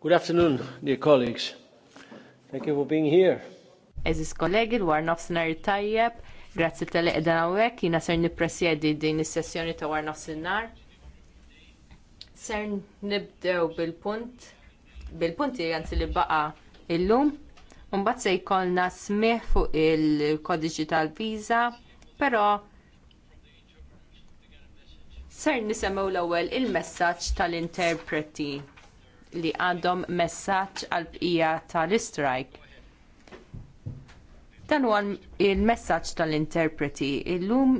Good afternoon, dear colleagues. Thank you for being here. Eżis kollegi l-war nofsinhar tajjeb, grazzi tal-li hawnhekk, jiena ser nippresjedi din is-sessjoni ta' war nofsinhar. Ser nibdew bil-punt bil-punti għanzi li baqa illum, Mbagħad se jkollna smih fuq il-kodiċi tal-viża, però ser nisemgħu l-ewwel il-messaġġ tal-interpreti li għandhom messaġġ għal bqija tal-istrajk. Dan huwa il-messaġġ tal-interpreti. Illum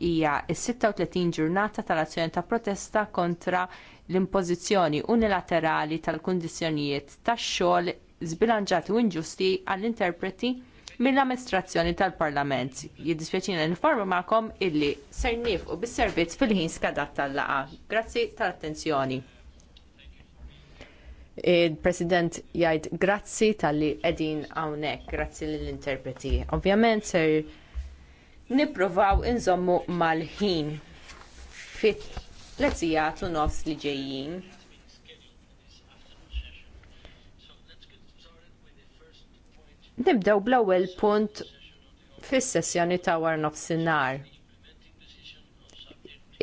hija s-36 ġurnata tal-azzjoni ta' protesta kontra l-impożizzjoni unilaterali tal-kundizzjonijiet tax-xogħol żbilanċati u inġusti għall-interpreti mill-amministrazzjoni tal-Parlament. Jiddispjaċina informa ma'kom illi ser nifqu bis-servizz fil-ħin skadat tal laqgħa Grazzi tal-attenzjoni il-President jgħid grazzi tal-li edin għawnek, grazzi l-interpreti. Ovvjament ser niprovaw inżommu mal-ħin fit l-ezzijat u nofs li ġejjin. Nibdew bl-ewwel punt fis-sessjoni ta' war nofsinhar.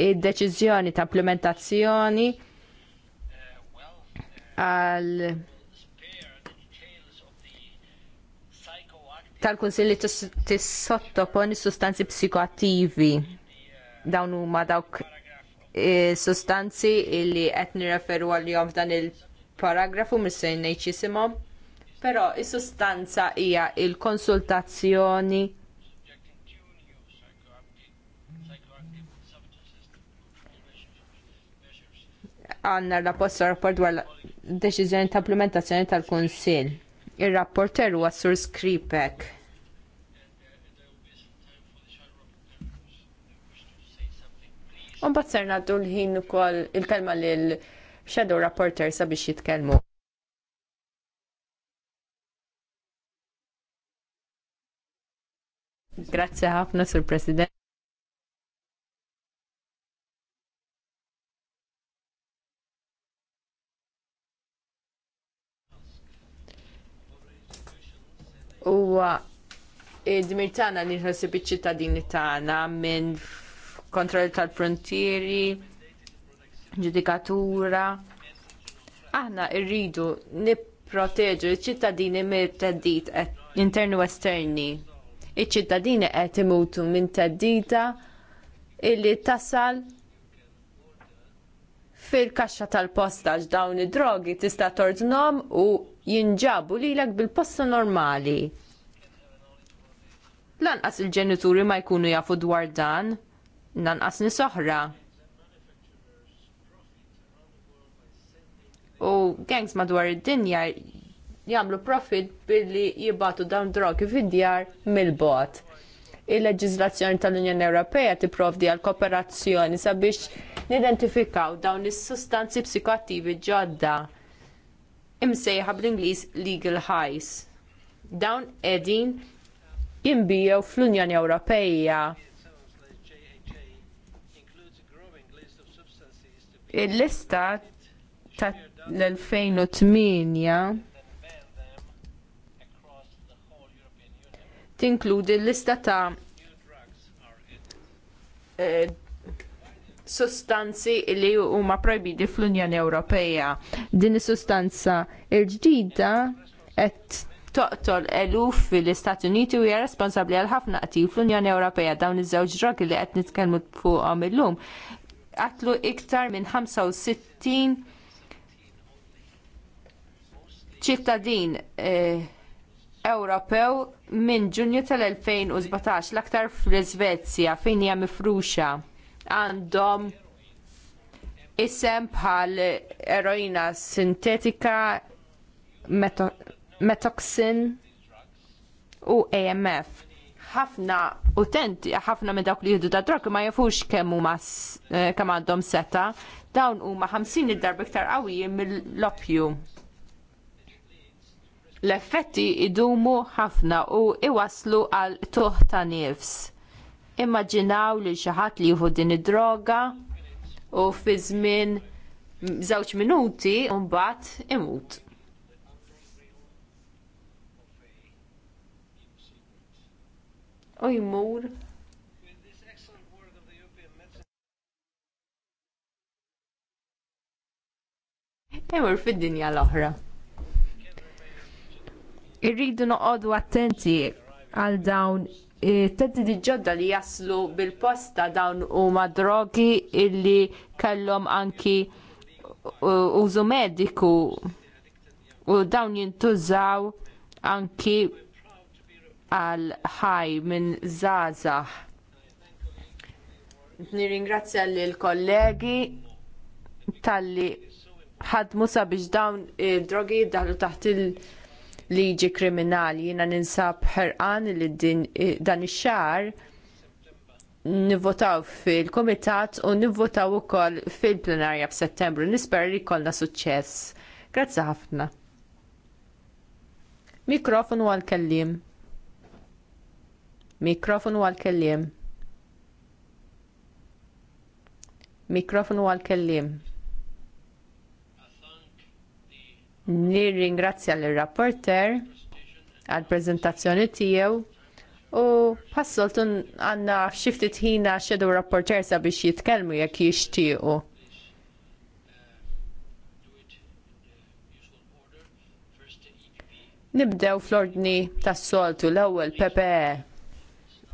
Id-deċiżjoni ta' implementazzjoni għal tal-kunsilli t tissottoponi sustanzi psikoattivi dawn u madawk e, sustanzi illi li referu għal-jom dan il-paragrafu mis sejn ngħid pero il sustanza hija il konsultazzjoni għanna rapport rapport dwar deċiżjoni ta' implementazzjoni tal-Kunsill. Ir-rapporter huwa Sur Skripek. Unbat ser naddu l-ħin ukoll il-kelma lil shadow rapporter sabiex jitkellmu. Grazie ħafna sur President. huwa id-dmir tagħna li nħossib iċ-ċittadini tagħna minn kontroll tal-frontieri, ġudikatura. Aħna rridu nipproteġu iċ-ċittadini mill teddid interni u esterni. Iċ-ċittadini qed imutu minn teddita illi tasal fil-kaxxa tal-postaġ dawn id-drogi tista' tordnom u jinġabu lilek bil-posta normali lanqas il-ġenituri ma jkunu jafu dwar dan, lanqas nisoħra. U gangs madwar id-dinja jagħmlu profit billi jibatu dawn drog fid-djar mill-bot il-leġizlazzjoni tal-Unjoni Ewropea tipprovdi għal kooperazzjoni sabiex nidentifikaw dawn is-sustanzi psikoattivi ġodda imsejħa bl-Ingliż legal highs. Dawn qegħdin jimbijew fl-Unjoni Ewropeja. Il-lista ta' l-2008 tinkludi l-lista ta' eh, sustanzi li huma projbidi fl-Unjoni Ewropeja. Din is-sustanza l ġdida qed toqtol eluf fil-Istati Uniti u hija responsabbli għal ħafna qtil fl-Unjoni Ewropea dawn iż-żewġ drogi li qed nitkellmu fuqhom illum. Qatlu iktar minn 65 ċittadin eh, Ewropew minn Ġunju tal-2017 l-aktar fl-Iżvezja fejn hija mifruxa għandhom isem bħal eroina sintetika metoxin u AMF. Ħafna utenti, ħafna minn dawk li jihdu da drog ma jafux kemm huma eh, kemm għandhom seta, dawn huma 50 id-darba iktar qawwi mill opju L-effetti idumu ħafna u iwaslu għal tuħ ta' nifs. Immaġinaw li xi ħadd li jieħu din id-droga u fi żmien żewġ minuti u mbagħad imut. u jmur Ewr fid-dinja l-oħra. Irridu noqogħdu attenti għal dawn tetti di ġodda li jaslu bil-posta dawn huma drogi illi kellhom anki użu mediku u dawn jintużaw anki għal ħaj minn Zaza. Nirringrazzja lill kollegi talli ħadmu sabiex dawn id-drogi daħlu taħt il-liġi kriminali. Jiena ninsab ħerqan li dan ix-xar nivvotaw fil kumitat u nivvotaw ukoll fil-plenarja f'Settembru. Nisper li jkollna suċċess. Grazzi ħafna. Mikrofon u għal-kellim. Mikrofonu għal-kellim. Mikrofonu għal-kellim. Nirringrazzja l-rapporter għal-prezentazzjoni tiegħu u passoltun għanna xiftit ħina xedu rapporter sabiex jitkellmu jekk jixtiequ. Nibdew fl-ordni tas-soltu l-ewwel PPE.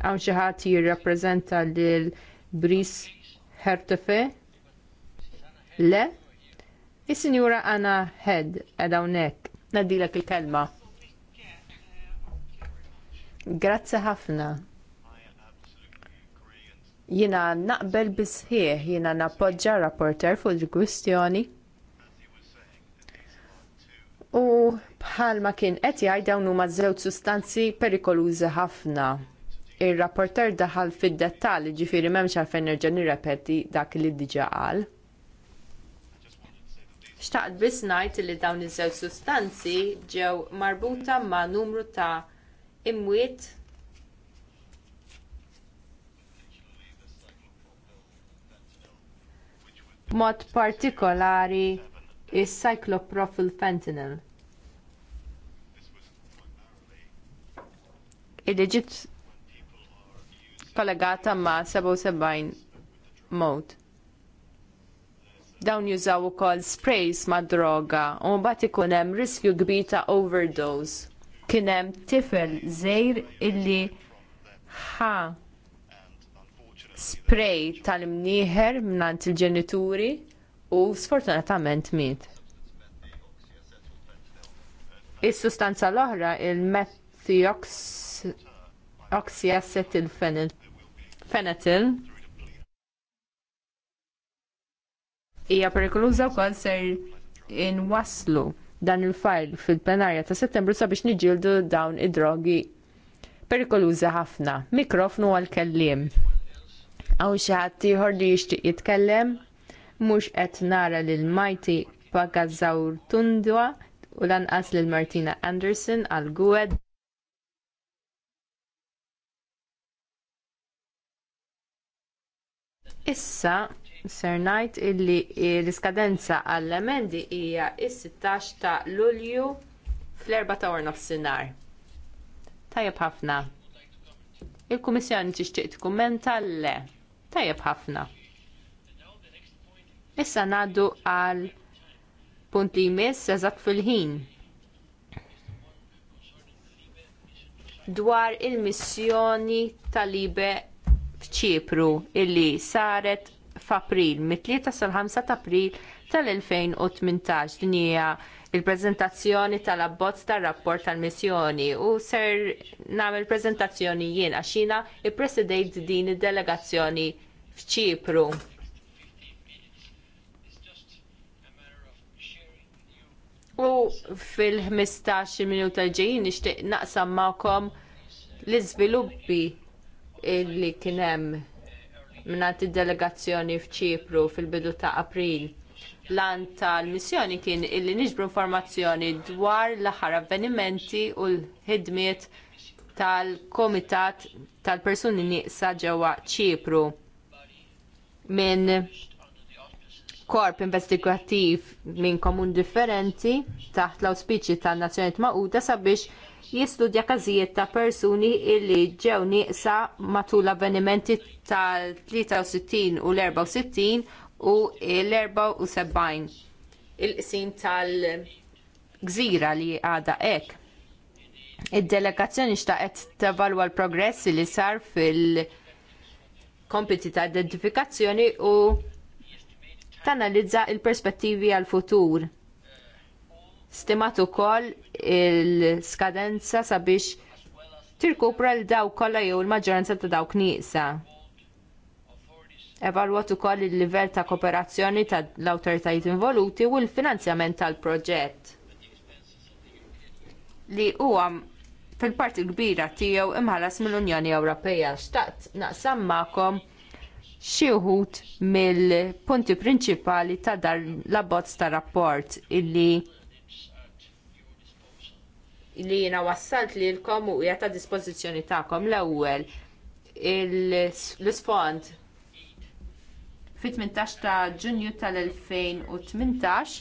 Hawn xi ħadd jirrappreżenta lil Bris Hertefe? Le? Is-Sinjura Anna Head qed hawnhekk. Nadilek il-kelma. Grazzi ħafna. Jiena naqbel bisħieħ, jiena nappoġġa rapporter fuq il-kwistjoni u bħalma kien qed jgħid dawn huma żewġ sustanzi perikolużi ħafna. Ir-rapporter daħal fid-dettall, ġifiri memx fejn nerġa' nirrepeti dak li diġa qal. Xtaqt biss ngħid li dawn iż-żewġ sustanzi ġew marbuta ma' numru ta' imwiet mod partikolari is cycloprofil fentanyl. Il-ġit kollegata ma' 77 mod. Dawn jużaw ukoll sprays ma' droga u mbagħad ikun hemm riskju gbita ta' overdose. Kien hemm tifel żgħir illi ħa spray tal-imnieħer mingħand il-ġenituri u sfortunatament miet. Is-sustanza l-oħra il methioxyacetylphenyl fentanyl hija perikoluża wkoll ser inwaslu dan il-fajl fil-plenarja ta' settembru sabiex niġildu dawn id-drogi perikoluża ħafna. Mikrofnu għal-kellim. Għaw xaħat tiħor li jishtiq jitkellem, mux qed nara lil majti Pagazzawr Tundwa u lanqas lil Martina Anderson għal-Gued. Issa ser ngħid illi l-iskadenza għall-emendi hija s-16 ta' Lulju fl-4 ta' nofsinhar. Tajjeb ħafna. Il-Kummissjoni tixtieq tkummenta le. Tajjeb ħafna. Issa ngħaddu għal punt li jmiss eżatt fil-ħin. Dwar il-missjoni tal-Libe f'ċipru illi saret f'April, mit-3 sal-5 ta' April tal-2018 din hija il-prezentazzjoni tal-abbozz tar-rapport tal-missjoni u ser nagħmel prezentazzjoni jien għax jiena ippresidejt din id-delegazzjoni f'ċipru. U fil-15 minuta ġejjin nixtieq naqsam magħkom l-iżviluppi illi kien hemm mingħand id-delegazzjoni f'Ċipru fil-bidu ta' April. Lan tal-missjoni kien illi niġbru informazzjoni dwar l-aħħar avvenimenti u l-ħidmiet tal kumitat tal-persuni nieqsa ġewwa ċipru minn korp investigattiv minn komun differenti taħt l-auspiċi tan-Nazzjonijiet Magħquda sabiex jistudja każijiet ta' persuni illi ġew nieqsa matul avvenimenti tal-63 u l-64 u l-74 il-qsim tal-gżira li għadha hekk. Id-delegazzjoni xtaqet tevalwa l-progress li sar fil-kompiti ta' identifikazzjoni u tanalizza l perspettivi għal-futur stimat ukoll il-skadenza sabiex tirkupra l daw kollha jew il-maġġoranza ta' dawk nieqsa. Evalwat ukoll il-livell ta' kooperazzjoni tal awtoritajiet involuti u l-finanzjament tal-proġett. Li huwa fil-parti kbira tiegħu imħallas mill-Unjoni Ewropea xtaqt naqsam magħkom xi wħud mill-punti prinċipali ta' dar l-abbozz tar rapport illi li jina wassalt l-kom u hija ta' dispożizzjoni tagħkom l-ewwel l-isfond fit-18 ta' Ġunju tal-2018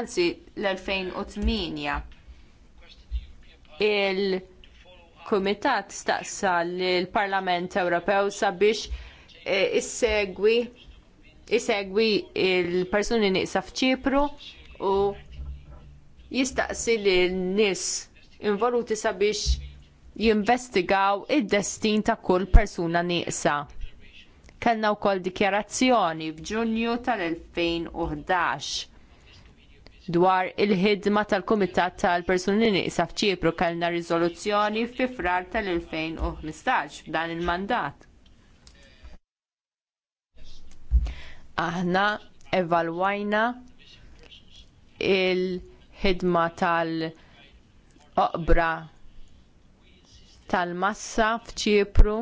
anzi l-2008 il-Kumitat staqsa l-Parlament Ewropew sabiex eh, issegwi isegwi il-persuni nieqsa f'ċipru u jistaqsi li n-nis involuti sabiex jinvestigaw id-destin ta' kull persuna nieqsa. Kellna wkoll dikjarazzjoni f'Ġunju tal-2011 dwar il-ħidma tal-Kumitat tal-Persuni Nieqsa f'Ċipru kellna riżoluzzjoni f'Fifrar tal-2015 f'dan il-mandat. Aħna evalwajna il-ħidma tal-oqbra tal-massa f'ċipru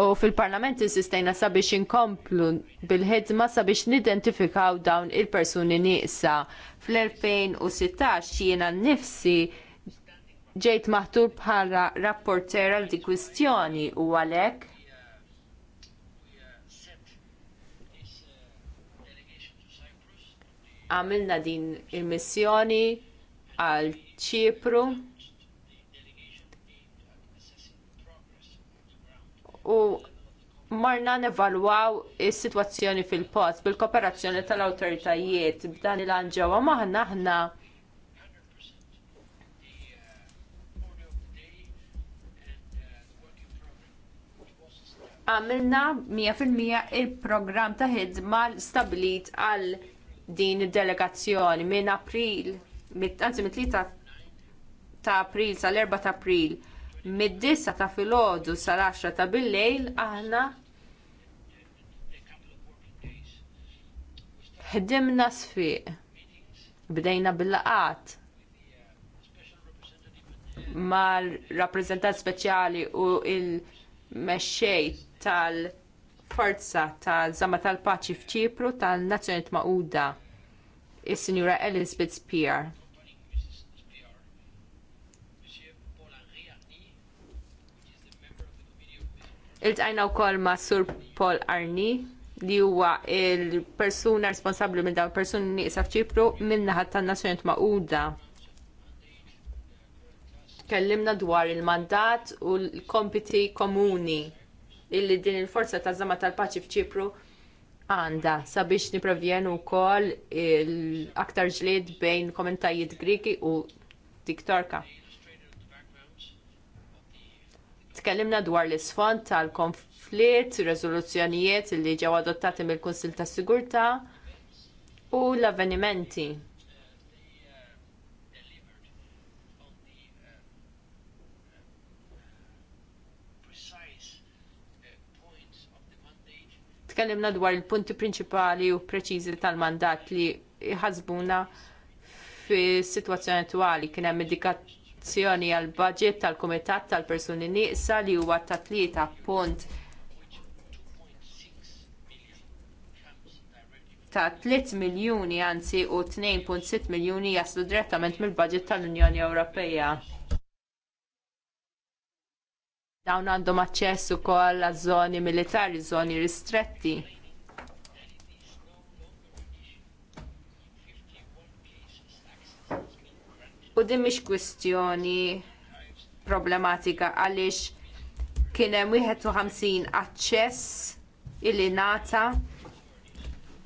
u fil-parlament insistejna sabiex inkomplu bil-ħidma sabiex nidentifikaw dawn il-persuni nieqsa. Fl-2016 jiena nnifsi ġejt maħtur bħala rapportera l-di kwistjoni u għalhekk għamilna din il-missjoni għal ċipru u marna nevalwaw is-sitwazzjoni fil-post bil-kooperazzjoni tal-awtoritajiet b'dan il ġewwa maħna aħna għamilna 100% il-programm ta' ħidma stabilit għal din id-delegazzjoni minn April, anzi minn 3 ta' April sal-4 ta' April, mid-9 ta' filgħodu sal-10 ta' billejl aħna ħdimna sfiq. Bdejna bil-laqat mal-rappreżentant speċjali u l mexxej tal- forza tal-żama tal-paċi f'Ċipru tal-Nazzjonijiet Magħquda is-Sinjura Elizabeth Spear. Iltqajna wkoll ma' Sur Paul Arni li huwa l persuna responsabbli minn dawn persuni nieqsa f'Ċipru min-naħa tan-Nazzjonijiet Magħquda. Kellimna dwar il-mandat u l-kompiti komuni illi din il-forza ta' żama tal-paċi f'Ċipru għanda sabiex nipravjenu wkoll l-aktar ġlied bejn komentajiet Griki u dik Tkellimna dwar l-isfond tal-konflitt, rezoluzzjonijiet li ġew adottati mill-Kunsil tas-Sigurtà u l-avvenimenti tkellimna dwar il-punti prinċipali u preċiżi tal-mandat li ħasbuna fis-sitwazzjoni attwali kien hemm indikazzjoni għall budget tal-Kumitat tal-Persuni Nieqsa li huwa ta' tlieta punt ta' 3 miljuni anzi u 2.6 miljuni jaslu direttament mill-budget tal-Unjoni Ewropea. Dawn għandhom aċċess ukoll għaż-żoni militari, żoni ristretti. U din mhix kwistjoni problematika għaliex kien hemm 51 aċċess illi nata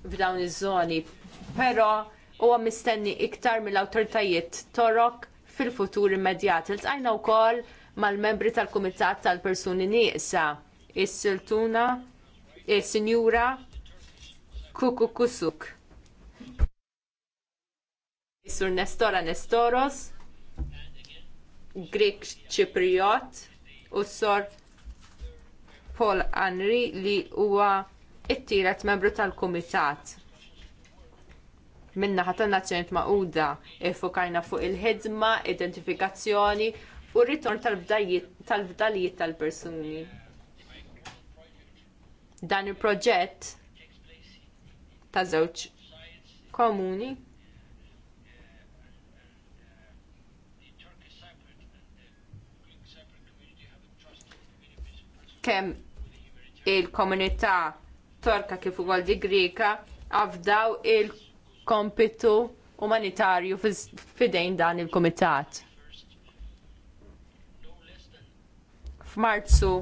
f'dawn iż-żoni, però huwa mistenni iktar mill-awtoritajiet torok fil-futur immedjat. Iltqajna wkoll mal-membri tal-Kumitat tal-Persuni Nieqsa, is-Sultuna, is-Sinjura Kuku Kusuk. Is-Sur Nestora Nestoros, Greek Ċipriot u s-Sor Paul Henry li huwa it-tielet membru tal-Kumitat. Minna tan-Nazzjonijiet maquda, ifokajna fuq il-ħidma, identifikazzjoni u r-ritorn tal-fdalijiet tal-persuni. Dan il-proġett ta' żewġ komuni kemm il-komunità torka kif ukoll di Greka għafdaw il-kompitu umanitarju fidejn dan il-kumitat. f'Marzu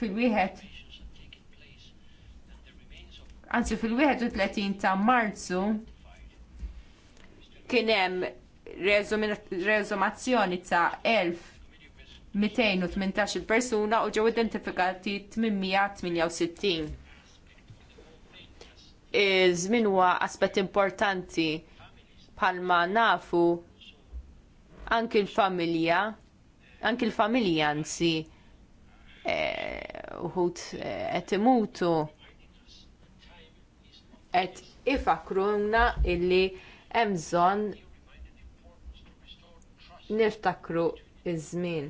fil-wieħed anzi fil-31 ta' Marzu kien hemm reżumazzjoni ta' 1218 persuna u ġew identifikati 868. Iż-żmien huwa aspett importanti bħalma nafu anki l-familja anki l-familja anzi eh, uħut eh, qed imutu qed ifakruna illi hemm niftakru iż-żmien.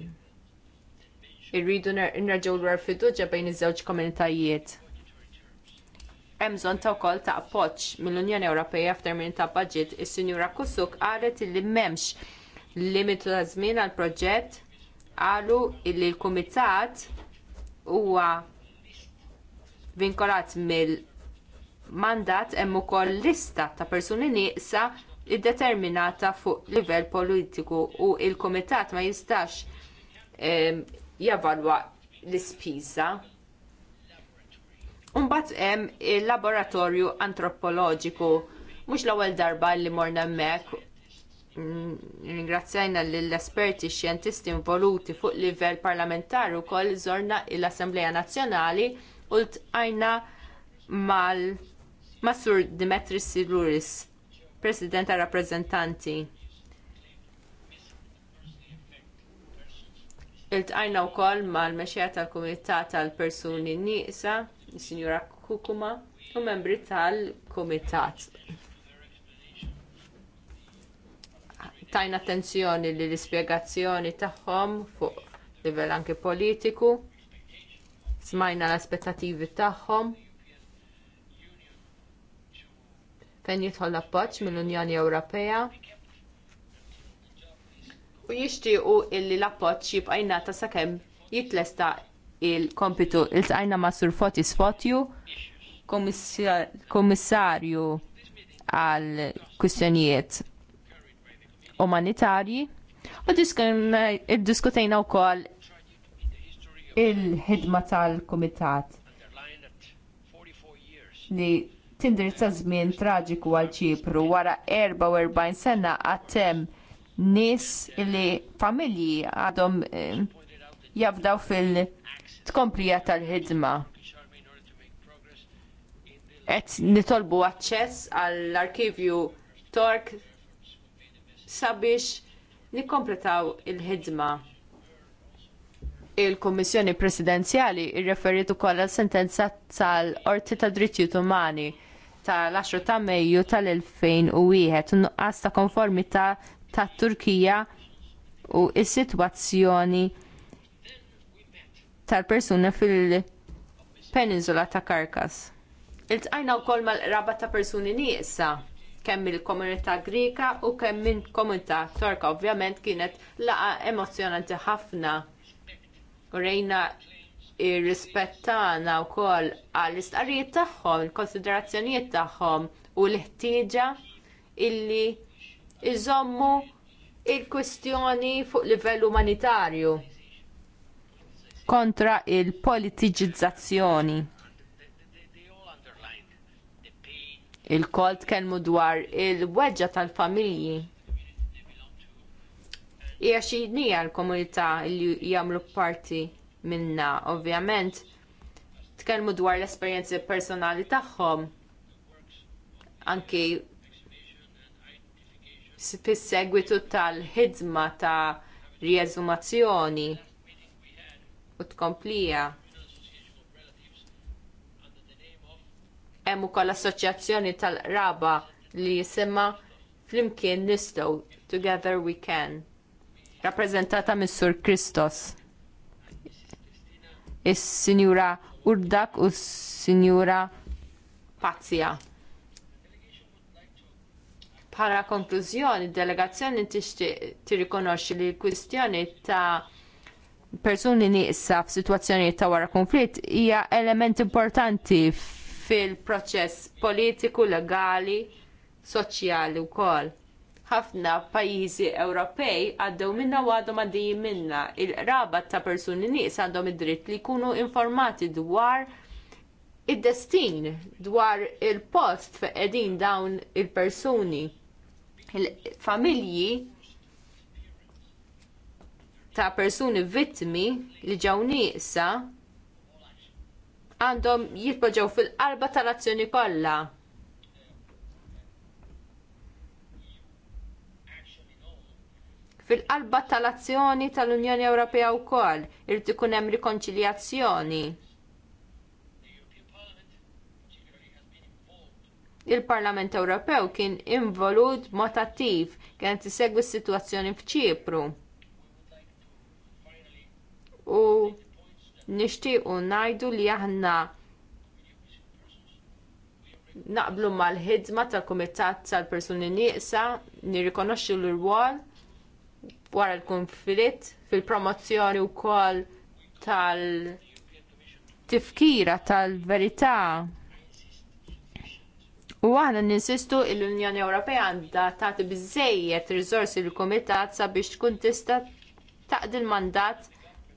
Irridu nerġgħu l fiduċja bejn iż-żewġ komunitajiet. Hemm ta' wkoll ta' appoġġ mill-Unjoni Ewropea f'termini ta' budget, is-Sinjura Kusuk qalet li m'hemmx limitu ta' żmien għall proġett qalu illi l-kumitat huwa vinkolat mill-mandat hemm ukoll lista ta' persuni nieqsa iddeterminata fuq livell politiku u l kumitat ma jistax javalwa l-ispiża. Umbat hemm il-laboratorju antropoloġiku mhux l-ewwel darba li morna hemmhekk ringrazzjajna lill-esperti xjentisti involuti fuq livell parlamentari wkoll żorna l-Assembleja Nazzjonali u tqajna mal Masur Dimetris Siluris, President tar Rappreżentanti. Iltqajna wkoll mal-mexxija tal-Kumitat tal-Persuni Nieqsa, is-Sinjura Kukuma, u membri tal-Kumitat tajna attenzjoni li l-ispjegazzjoni tagħhom fuq livell anke politiku, smajna l aspettattivi tagħhom. Fejn jidħol l-appoġġ mill-Unjoni Ewropea. U jixtiequ illi l-appoġġ jibqa' jingħata sakemm jitlesta il-kompitu il-tajna ma' Sur Fotis Fotju, komissarju għal kwistjonijiet umanitarji u diskutejna u wkoll il-ħidma tal komitat li tindirizza żmien traġiku għal ċipru wara 44 sena għattem nis li familji għadhom eh, jafdaw fil-tkomplija tal-ħidma Et nitolbu għacċess għall-arkivju Tork sabiex nikkompletaw il-ħidma. il kummissjoni Presidenzjali irreferiet ukoll għal sentenza tal-Qorti tad Drittijiet Umani tal-10 ta' Mejju tal-2001 nuqqas ta' konformità tat Turkija u s-sitwazzjoni tal-persuna fil-peninsula ta' Karkas. Iltqajna wkoll mal raba ta' persuni nieqsa kemm mill-komunità Grika u kemm minn komunità Torka ovvjament kienet laqa emozjonanti ħafna. Rejna irrispettana wkoll għall istqarrijiet tagħhom, il-konsiderazzjonijiet tagħhom u l-ħtieġa illi iżommu il-kwestjoni fuq livell umanitarju kontra il-politiġizzazzjoni. Il-kol tkellmu dwar il-weġġa tal-familji. Hija xi dnija l-komunità li jagħmlu parti minna, ovvjament. Tkellmu dwar l-esperjenzi personali tagħhom. Anki fis-segwitu tal-ħidma ta' rieżumazzjoni u tkomplija. hemm ukoll assoċjazzjoni tal-raba li jisimha flimkien nistgħu Together We Can. Rappreżentata mis Sur Kristos. Is-Sinjura Urdak u s-Sinjura Pazja. Bħala konklużjoni, delegazzjoni tixtieq tirrikonoxxi li l-kwistjoni ta' persuni nieqsa f'sitwazzjonijiet ta' wara konflitt hija element importanti f fil-proċess politiku, legali, soċjali wkoll. Ħafna pajjiżi Ewropej għaddew minna u għadhom għaddejjin minna. Il-qraba ta' persuni nies għandhom id-dritt li jkunu informati dwar id-destin, dwar il-post qegħdin dawn il-persuni. Il-familji ta' persuni vittmi li ġew nieqsa għandhom jitpoġġew fil-qalba tal-azzjoni kollha. Fil-qalba tal-azzjoni tal-Unjoni Ewropea wkoll irid ikun hemm rikonċiljazzjoni. il-Parlament Ewropew kien involut b'mod attiv kien tisegwi s-sitwazzjoni f'Ċipru. U nixtiequ ngħidu li aħna naqblu mal-ħidma tal-Kumitat tal-Persuni Nieqsa nirrikonoxxu l-rwol wara l-konflitt fil-promozzjoni wkoll tal-tifkira tal-verità. U aħna ninsistu l unjoni Ewropea għandha tagħti biżżejjed riżorsi lill kumitat sabiex tkun tista' taqdi l-mandat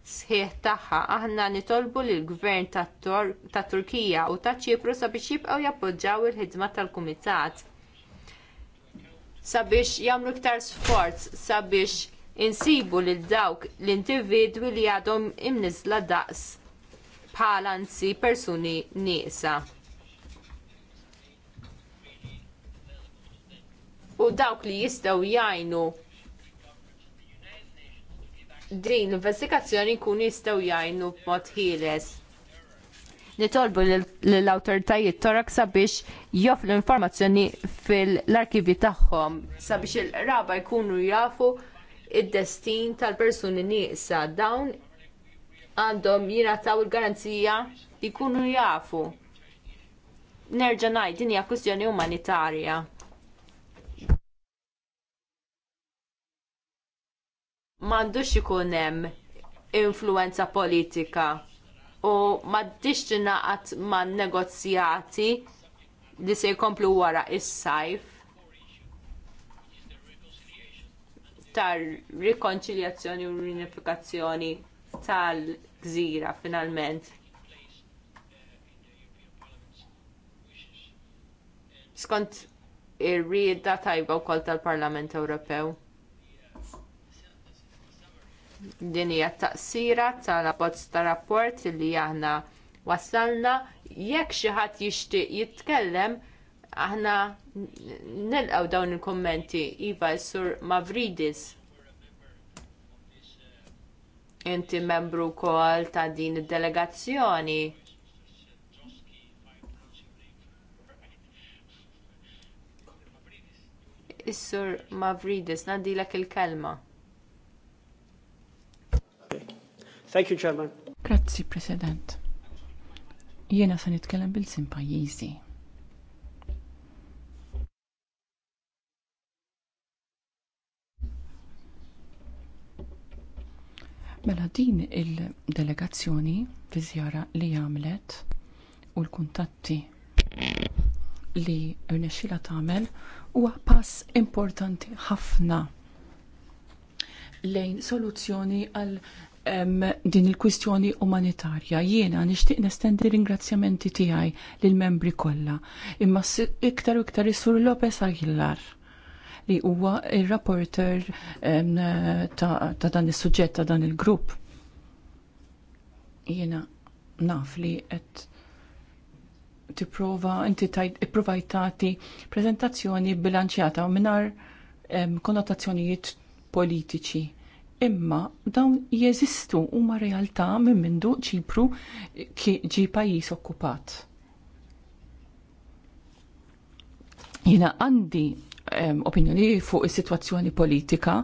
sħiħ tagħha aħna nitolbu lill gvern tat Turkija u ta' Ċipru sabiex jibqgħu jappoġġjaw il-ħidma tal-Kumitat sabiex jagħmlu iktar sforz sabiex insibu lil dawk l-individwi li għadhom imniżla daqs bħala nsi persuni nieqsa. U dawk li jistgħu jgħinu din l-investigazzjoni jkunu jistgħu jgħinu b'mod ħieles. Nitolbu l-autoritajiet torak sabiex jof informazzjoni fil-arkivi tagħhom sabiex il-raba jkunu jafu id-destin tal-persuni nieqsa dawn għandhom jingħataw il-garanzija jkunu jafu. Nerġa' ngħid din hija kwistjoni umanitarja m'għandux ikun hemm influenza politika u m'għaddix tingħaqad man negozjati li se jkomplu wara is-sajf tar rikonċiljazzjoni u rinifikazzjoni tal-gżira finalment. Skont ir-rieda tajba wkoll tal-Parlament Ewropew. Din hija taqsira tal-abbozz ta' rapport li aħna wassalna jekk xi ħadd jixtieq jitkellem aħna nelqgħu dawn il-kummenti iva sur Mavridis. Inti membru wkoll ta' din id-delegazzjoni. Is-sur Mavridis, nadilek il-kelma. Thank you, Chairman. Grazzi, President. Jiena se nitkellem bil-sim pajjiżi. Mela din il-delegazzjoni fi żjara li għamlet u l-kuntatti li rnexxila tagħmel huwa pass importanti ħafna lejn soluzzjoni għal din il-kwistjoni umanitarja. Jiena nixtieq nestendi ringrazzjamenti tiegħi lill membri kollha, imma iktar u iktar is-Sur Lopez Aguilar li huwa ir-rapporter ta', ta dan is-suġġett ta' dan il-grupp. Jiena naf li qed tipprova inti ipprovaj tagħti preżentazzjoni bilanċjata u mingħajr konnotazzjonijiet politiċi imma dawn jeżistu huma realtà minn mindu ċipru ġi pajjiż okkupat. Jiena għandi opinjoni fuq is-sitwazzjoni politika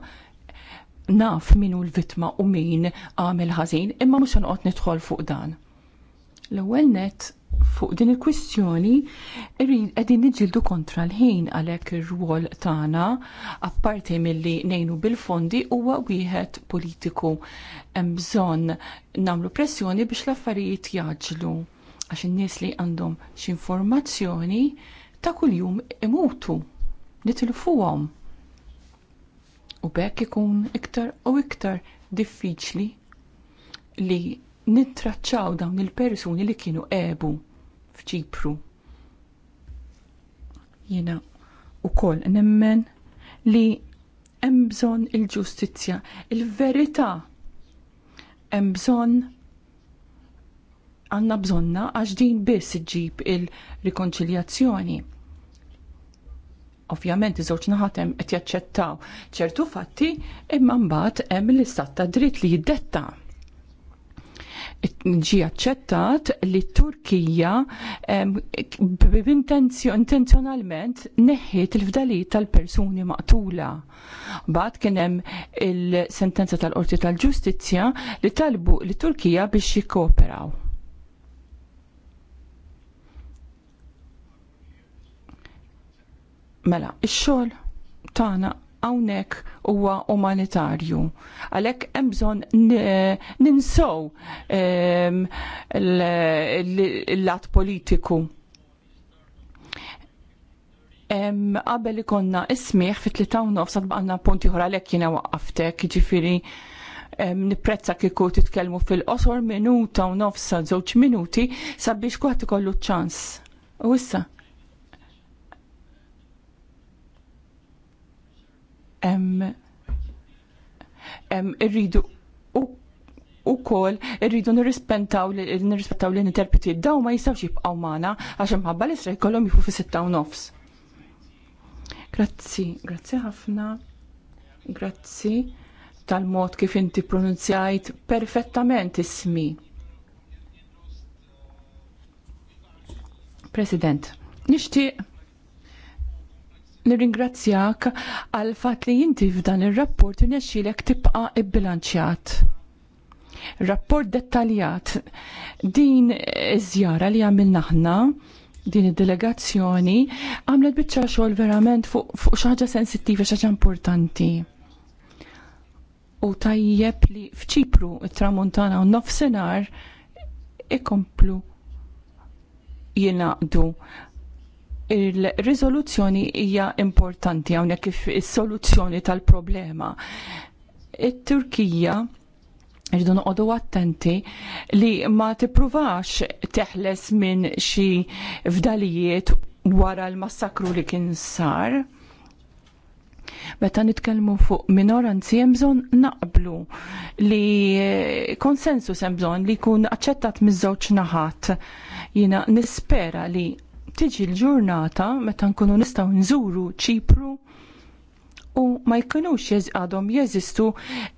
naf minu l-vitma u min għamil ħażin, imma mhux noqgħod nidħol fuq dan. L-ewwel net fuq din il-kwistjoni qegħdin niġġieldu kontra l-ħin għalhekk ir-rwol tagħna apparti milli ngħinu bil-fondi huwa wieħed politiku hemm bżonn nagħmlu pressjoni biex l-affarijiet jaġlu għax in-nies li għandhom x'informazzjoni informazzjoni ta' kuljum imutu nitilfuhom. U bekk ikun iktar u iktar diffiċli li nittraċċaw dawn il-persuni li kienu ebu f'Ċipru. Jiena wkoll nemmen li hemm bżonn il-ġustizzja, il-verità hemm bżonn għandna bżonna għax din biss iġib il-rikonċiljazzjoni. Ovvjament iżoċ naħatem naħat hemm qed jaċċettaw ċertu fatti imma mbagħad hemm l istatta dritt li jiddetta' ġi aċċettat li t Turkija intenzjonalment neħħiet il-fdalijiet tal-persuni maqtula. Bad kien hemm il-sentenza tal-Qorti tal-Ġustizzja li talbu li Turkija biex jikkooperaw. Mela, ix-xogħol tagħna hawnhekk huwa umanitarju. Għalhekk hemm bżonn eh, ninsow ehm, l-lat politiku. Qabel ikonna ismiħ fit-3 nofs għadbaqna punti ħor għalhekk jina waqqaftek, ġifiri nipprezza kieku titkellmu fil-qosor minuta u nofsa żewġ minuti sabiex kuħat ikollu ċans. U issa? irridu u kol irridu nirrispettaw l-interpreti daw ma jistawx jibqaw mana għax imħabba l-isra jkollhom jifu fi sitta u nofs. Grazzi, grazzi ħafna, grazzi tal-mod kif inti pronunzjajt perfettament ismi. President, nixtieq nirringrazzjak għal fatt li inti f'dan ir-rapport irnexxielek tibqa' ibbilanċjat. Rapport dettaljat din iż-żjara li għamilna aħna din id-delegazzjoni għamlet biċċa xogħol verament fuq fu xi ħaġa sensittiva xi ħaġa importanti u tajjeb li fċipru tramuntana u nofsenar ikomplu jinaqdu il-rizoluzzjoni hija importanti hawnhekk kif is-soluzzjoni tal-problema. It-Turkija irridu noqogħdu attenti li ma tippruvax teħles minn xi fdalijiet wara l-massakru li kien sar. Meta nitkellmu fuq minoranzi hemm bżonn naqblu li konsensus hemm bżonn li jkun aċċettat miż-żewġ naħat. Jiena nispera li tiġi l-ġurnata meta nkunu nistgħu nżuru ċipru u ma jkunux għadhom jeżistu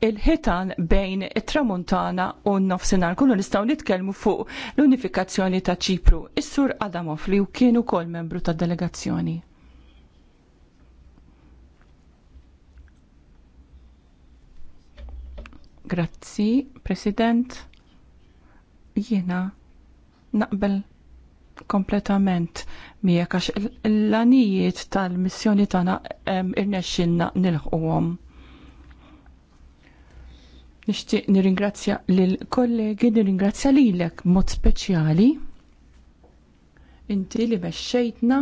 il-ħitan bejn it-tramuntana u n-nofsinhar. kunu nistgħu nitkellmu fuq l-unifikazzjoni ta' ċipru. Is-sur Adamov li kien ukoll membru tad delegazzjoni. Grazzi, President. Jiena naqbel kompletament miegħek għax l-anijiet tal-missjoni tagħna irnexxinna nilħquhom. Nixtieq nirringrazzja lil kollegi, nirringrazzja lilek mod speċjali inti li mexxejtna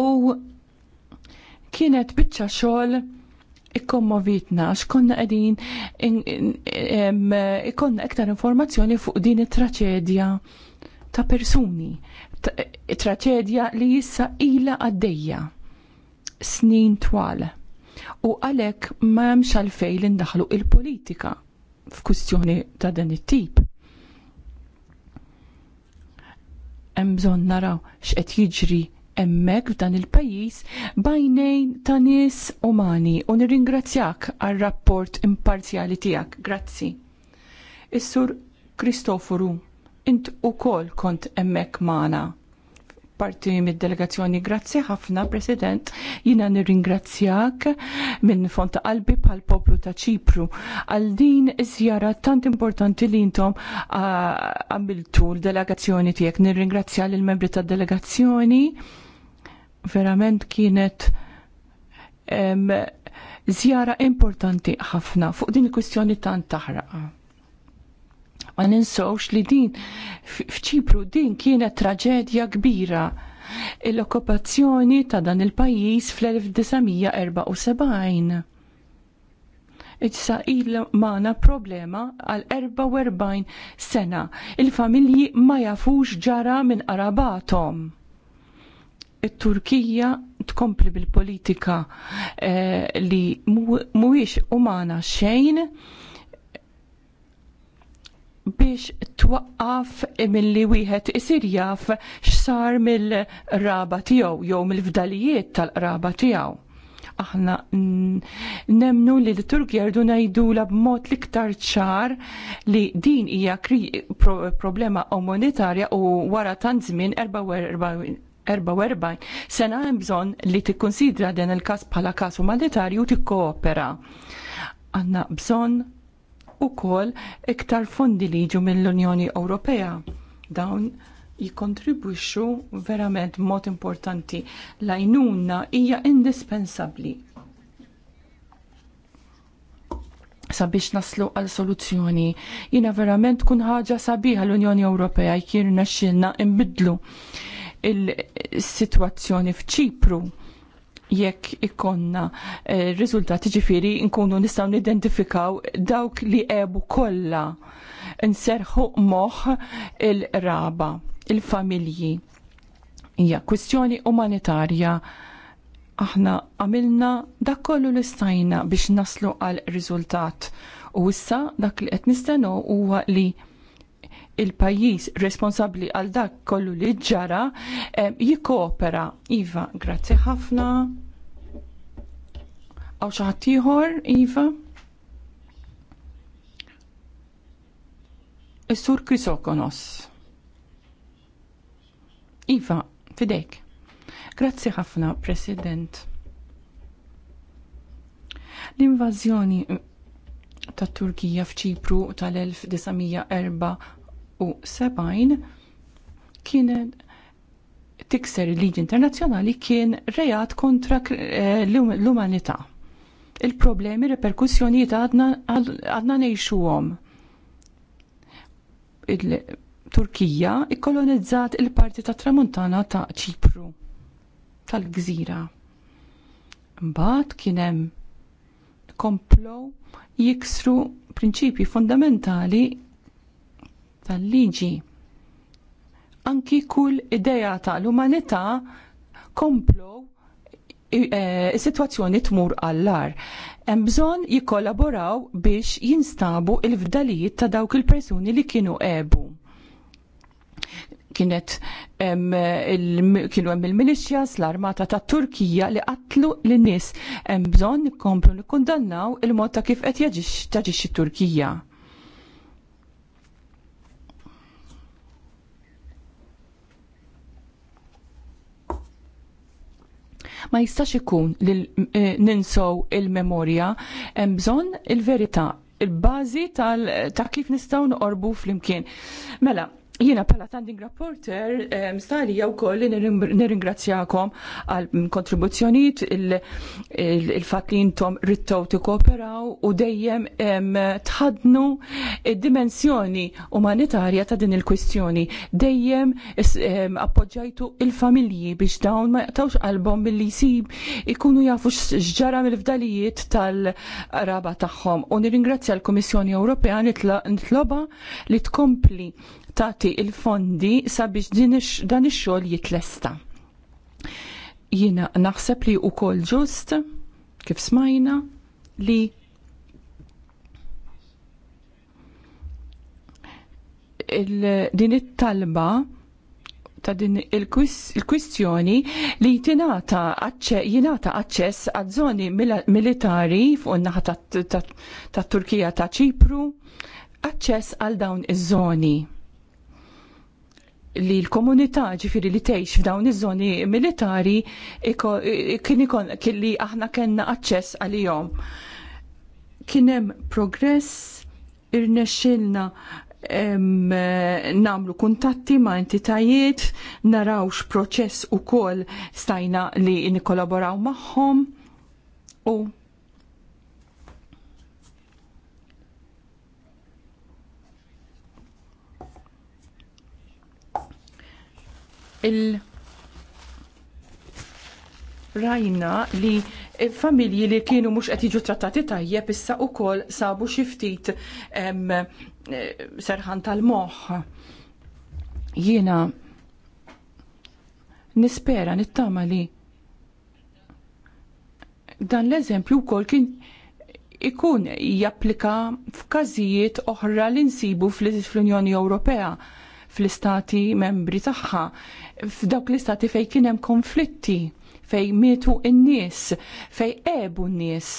u kienet biċċa xogħol ikkommovitna għax konna qegħdin ikonna iktar informazzjoni fuq din it-traċedja ta' persuni. Traċedja li jissa ila għaddejja snin twal. U għalek ma jemx għalfej li ndaħlu il-politika f'kustjoni ta' dan it-tip. Hemm bżonn naraw x'qed jiġri emmek f'dan il-pajis bajnejn ta' nies umani u nirringrazzjak għal rapport imparzjali tijak. Grazzi. Is-sur Kristoforu, int u kol kont emmek mana. Parti mid-delegazzjoni, grazzi ħafna, President, jina nirringrazzjak minn font qalbi pal poplu ta' ċipru għal din iż-żjara tant importanti li intom għamiltu l-delegazzjoni tiegħek. Nirringrazzja l-membri tad delegazzjoni verament kienet em, zjara importanti ħafna fuq din il-kwistjoni tant taħraqa. Ma ninsawx li din fċipru din kienet traġedja kbira l-okkupazzjoni ta' dan il-pajjiż fl-1974. Iġsa il mana problema għal 44 sena. Il-familji ma jafux ġara minn qarabatom it-Turkija tkompli bil-politika eh, li mhuwiex umana xejn biex twaqqaf milli wieħed isir jaf x'sar mill-raba tiegħu jew mill-fdalijiet tal-qraba tiegħu. Aħna nemnu li l-Turkija rdu ngħidula b'mod l-iktar ċar li din hija problema umanitarja u wara tant żmien 44 sena hemm bżonn li tikkunsidra dan il-każ bħala każ umanitarju tikkoopera. Għandna bżonn ukoll iktar fondi li jiġu mill-Unjoni Ewropea. Dawn jikontribwixxu verament mod importanti. l hija indispensabbli sabiex naslu għal soluzzjoni. Jina verament kun ħaġa sabiħa l-Unjoni Ewropea jkirna xilna imbidlu il-situazzjoni f'ċipru jekk ikonna rizultati eh, riżultati ġifiri nkunu nistaw nidentifikaw dawk li ebu kolla nserħu moħ il-raba, il-familji. Ja, kwistjoni umanitarja aħna għamilna dak kollu li stajna biex naslu għal riżultat u issa dak li qed nistennu huwa li il-pajjiż responsabbli għal dak kollu li ġara eh, jikkoopera. Iva, grazzi ħafna. Għaw xi ħadd ieħor, Iva? Is-sur Krisokonos. Iva, fidejk. Grazzi ħafna, President. L-invażjoni tat Turkija f'Ċipru tal-1904 1970 kien tikser il-liġi internazzjonali kien rejat kontra eh, l-umanità. Il-problemi, reperkussjonijiet għadna ngħixuhom. Il-Turkija ikkolonizzat il-parti ta' tramuntana ta' ċipru, tal-gżira. Mbagħad kien hemm komplow jiksru prinċipji fundamentali tal-liġi. Anki kull ideja tal-umanità komplow situazzjoni e, sitwazzjoni tmur għallar. Hemm bżonn jikkollaboraw biex jinstabu il-fdalijiet ta' dawk il-persuni li kienu ebu. Kienet kienu hemm il-milixjas, l-armata ta' Turkija li qatlu lin nies Hemm bżonn nikkomplu nikkundannaw il-mod ta' kif qed jaġ'ixxi turkija Ma jistax ikun li eh, ninsow il-memorja, hemm bżonn il-verità, il-bażi ta' kif nistgħu noqorbu flimkien. Mela, Jiena pala tanding rapporter, eh, mstari jaw koll li nirringrazzjakom għal kontribuzzjoniet il-fat li jintom rittaw tikkooperaw u dejjem tħadnu dimensjoni umanitarja ta' din il-kwistjoni. Dejjem appoġġajtu il-familji biex dawn ma jaqtawx qalbhom billi jsib ikunu jafu x'ġara mill-fdalijiet tal-raba tagħhom. U nirringrazzja l-Kummissjoni Ewropea nitloba li tkompli tagħti il-fondi sabiex dan ix-xogħol jitlesta. Jiena naħseb li wkoll ġust kif smajna li din it-talba ta' din il-kwistjoni li jitinata jinata aċċess għad zoni militari fuq naħa ta' Turkija ta' Ċipru, aċċess għal dawn iż-żoni li l-komunità ġifiri li tgħix f'dawn iż-żoni militari kien ikon li aħna kellna aċċess għalihom. Kien hemm progress irnexxilna namlu kuntatti ma' entitajiet, narawx proċess ukoll stajna li nikkollaboraw magħhom u il- rajna li familji li kienu mhux qed jiġu trattati tajjeb issa wkoll sabu xi ftit eh, serħan tal-moħħ. Jiena nispera nittama li dan l-eżempju wkoll kien ikun japplika f'każijiet oħra li nsibu fl-Unjoni Ewropea fl-istati membri tagħha, f'dawk l-istati fejn kien hemm konflitti, fejn mietu n-nies, fejn qebu n-nies.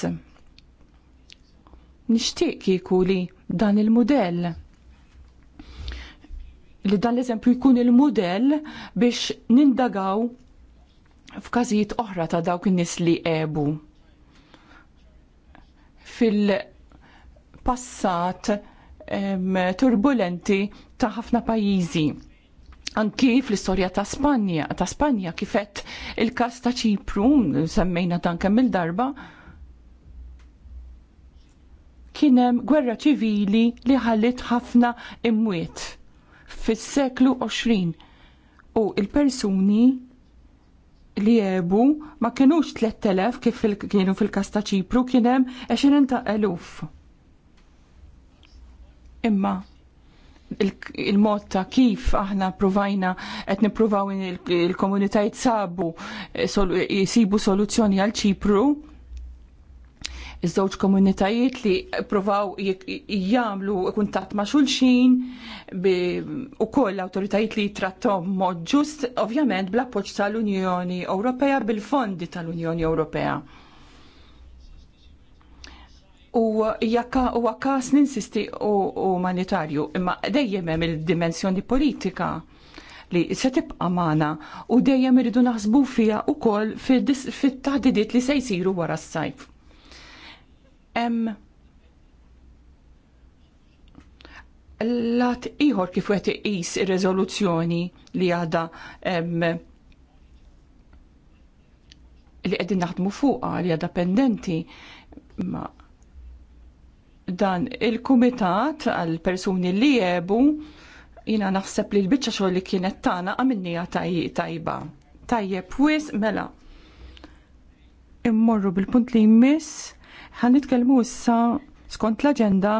Nixtieq kieku li dan il-mudell li dan l-eżempju jkun il-mudell biex nindagaw f'każijiet oħra ta' dawk in-nies li qebu. Fil-passat turbulenti ta' ħafna pajjiżi. Anki fl-istorja ta' Spanja, ta' Spanja kifet il-kas ta' Ċipru, semmejna dan kemm il-darba, kienem gwerra ċivili li ħallit ħafna imwiet fis-seklu 20 u il-persuni li jebu ma kienux 3000 kif kienu fil-kas ta' ċipru kienem 20,000. Imma il-mod ta' kif aħna provajna qed nippruvaw il-komunitajiet sabu eh, jisibu soluzzjoni għal ċipru iż-żewġ komunitajiet li provaw jagħmlu kuntatt ma' xulxin u koll awtoritajiet li trattom mod ġust, ovvjament bl-appoġġ tal-Unjoni Ewropea bil-fondi tal-Unjoni Ewropea u jaka u għakas ninsisti u umanitarju, imma dejjem hemm il-dimensjoni politika li se tibqa' magħna u dejjem irridu naħsbu fiha wkoll fit-taħdidiet li se jsiru wara s-sajf. Hemm lat ieħor kif qed iqis ir-riżoluzzjoni li għadha li qegħdin naħdmu fuqha li għadha pendenti ma' dan il-kumitat għal persuni li jebu jina naħseb li l-bicċa xogħol li kienet tagħna għamilnija tajba. Tajjeb wis mela. Immorru bil-punt li jmiss ħan nitkellmu issa skont l-aġenda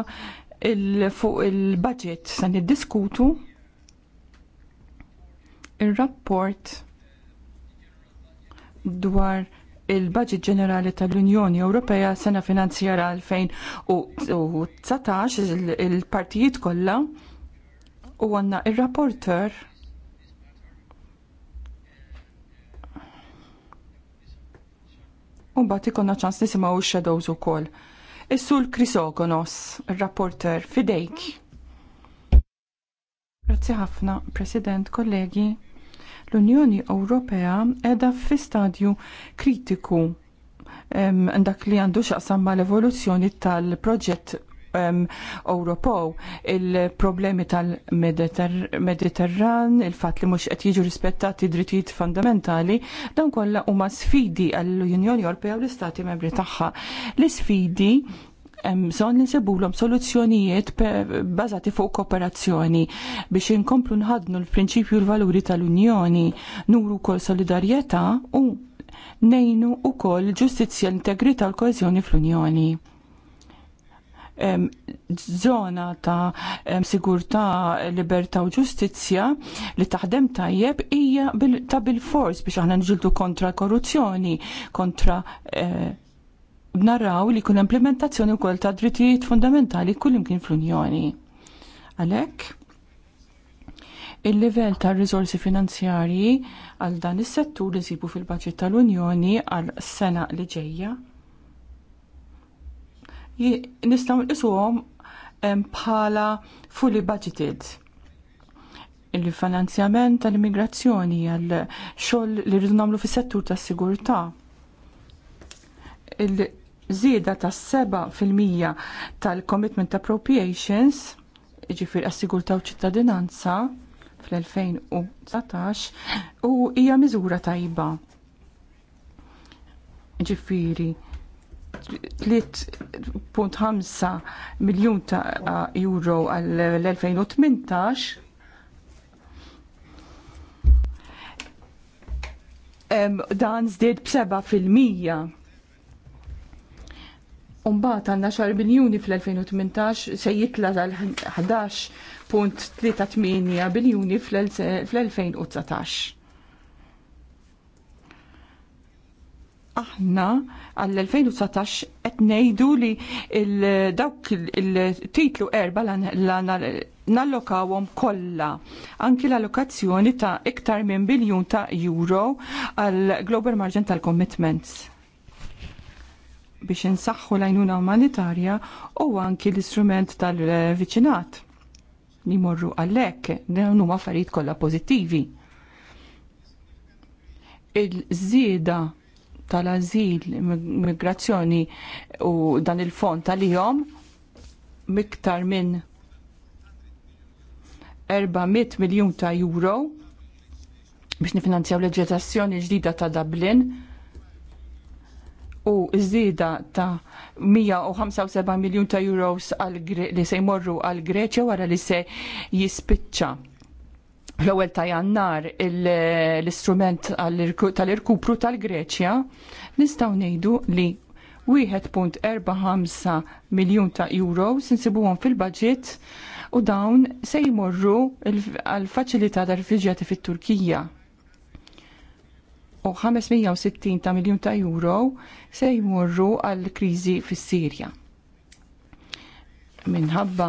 il fuq il-budget se niddiskutu ir rapport dwar il-Budget Ġenerali tal-Unjoni Ewropea sena finanzjara 2019 il-partijiet kollha u għanna il-rapporter u bati konna ċans nisimaw il-shadows u kol. Issul krisogonos il-rapporter, fidejk. Grazie ħafna, President, kollegi. L-Unjoni Ewropea edha fi stadju kritiku dak li għandu xaqsam ma l-evoluzzjoni tal-proġett Ewropew, il-problemi tal-Mediterran, il-fat li mhux qed jiġu rispettati drittijiet fundamentali, dan kollha huma sfidi għall-Unjoni Ewropea u l-Istati Membri tagħha. L-sfidi hemm bżonn nsibulhom soluzzjonijiet bażati fuq kooperazzjoni biex inkomplu nħadnu l-prinċipju l-valuri tal-Unjoni, nuru wkoll solidarjetà u nejnu wkoll ġustizzja l-integrità u l-koeżjoni fl-Unjoni zona ta' sigurtà, libertà u ġustizzja li taħdem tajjeb hija ta' bil-fors biex aħna nġildu kontra korruzzjoni, kontra eh, naraw li kun implementazzjoni wkoll ta' drittijiet fundamentali kull imkien fl-Unjoni. Għalhekk il-livell ta' risorsi finanzjarji għal dan is-settur li zibu fil-baġġett tal-Unjoni għal sena li ġejja. Nistgħu nqisuhom bħala fully budgeted il-finanzjament tal-immigrazzjoni għal xogħol li rridu nagħmlu fis-settur tas-sigurtà żieda ta' 7% tal-commitment appropriations, ġifir assigurta u ċittadinanza fl-2019, u hija miżura tajba. Ġifiri, 3.5 miljun ta' euro għal-2018 dan zdied b'7 fil-mija Umbat għanna xar biljuni fl-2018 se jitla tal-11.38 biljuni fl-2019. aħna għall-2019 qed ngħidu li dawk il-titlu erba nallokawhom kollha. Anki l-allokazzjoni ta' iktar minn biljun ta' euro għal Global Margin tal-Commitments biex insaħħu l-għajnuna umanitarja u anki l-istrument tal-viċinat li morru għallek, dawn huma affarijiet kollha pożittivi. Il-żieda tal-azil, migrazzjoni u dan il-fond tal-jom miktar minn 400 miljon ta' euro biex nifinanzjaw l-eġassjoni l-ġetazzjoni ġdida ta' Dublin u zida żieda ta' 175 miljun ta' euros li se jmorru għal Greċja wara li se jispiċċa l-ewwel ta' jannar l-istrument tal-irkupru tal-Greċja nistgħu ngħidu li 1.45 miljun ta' euros insibuhom fil-budget u dawn se jmorru għal faċilità tal-rifuġjati fit-Turkija u 560 ta' miljun ta' euro se jmorru għal kriżi fis-Sirja. Minħabba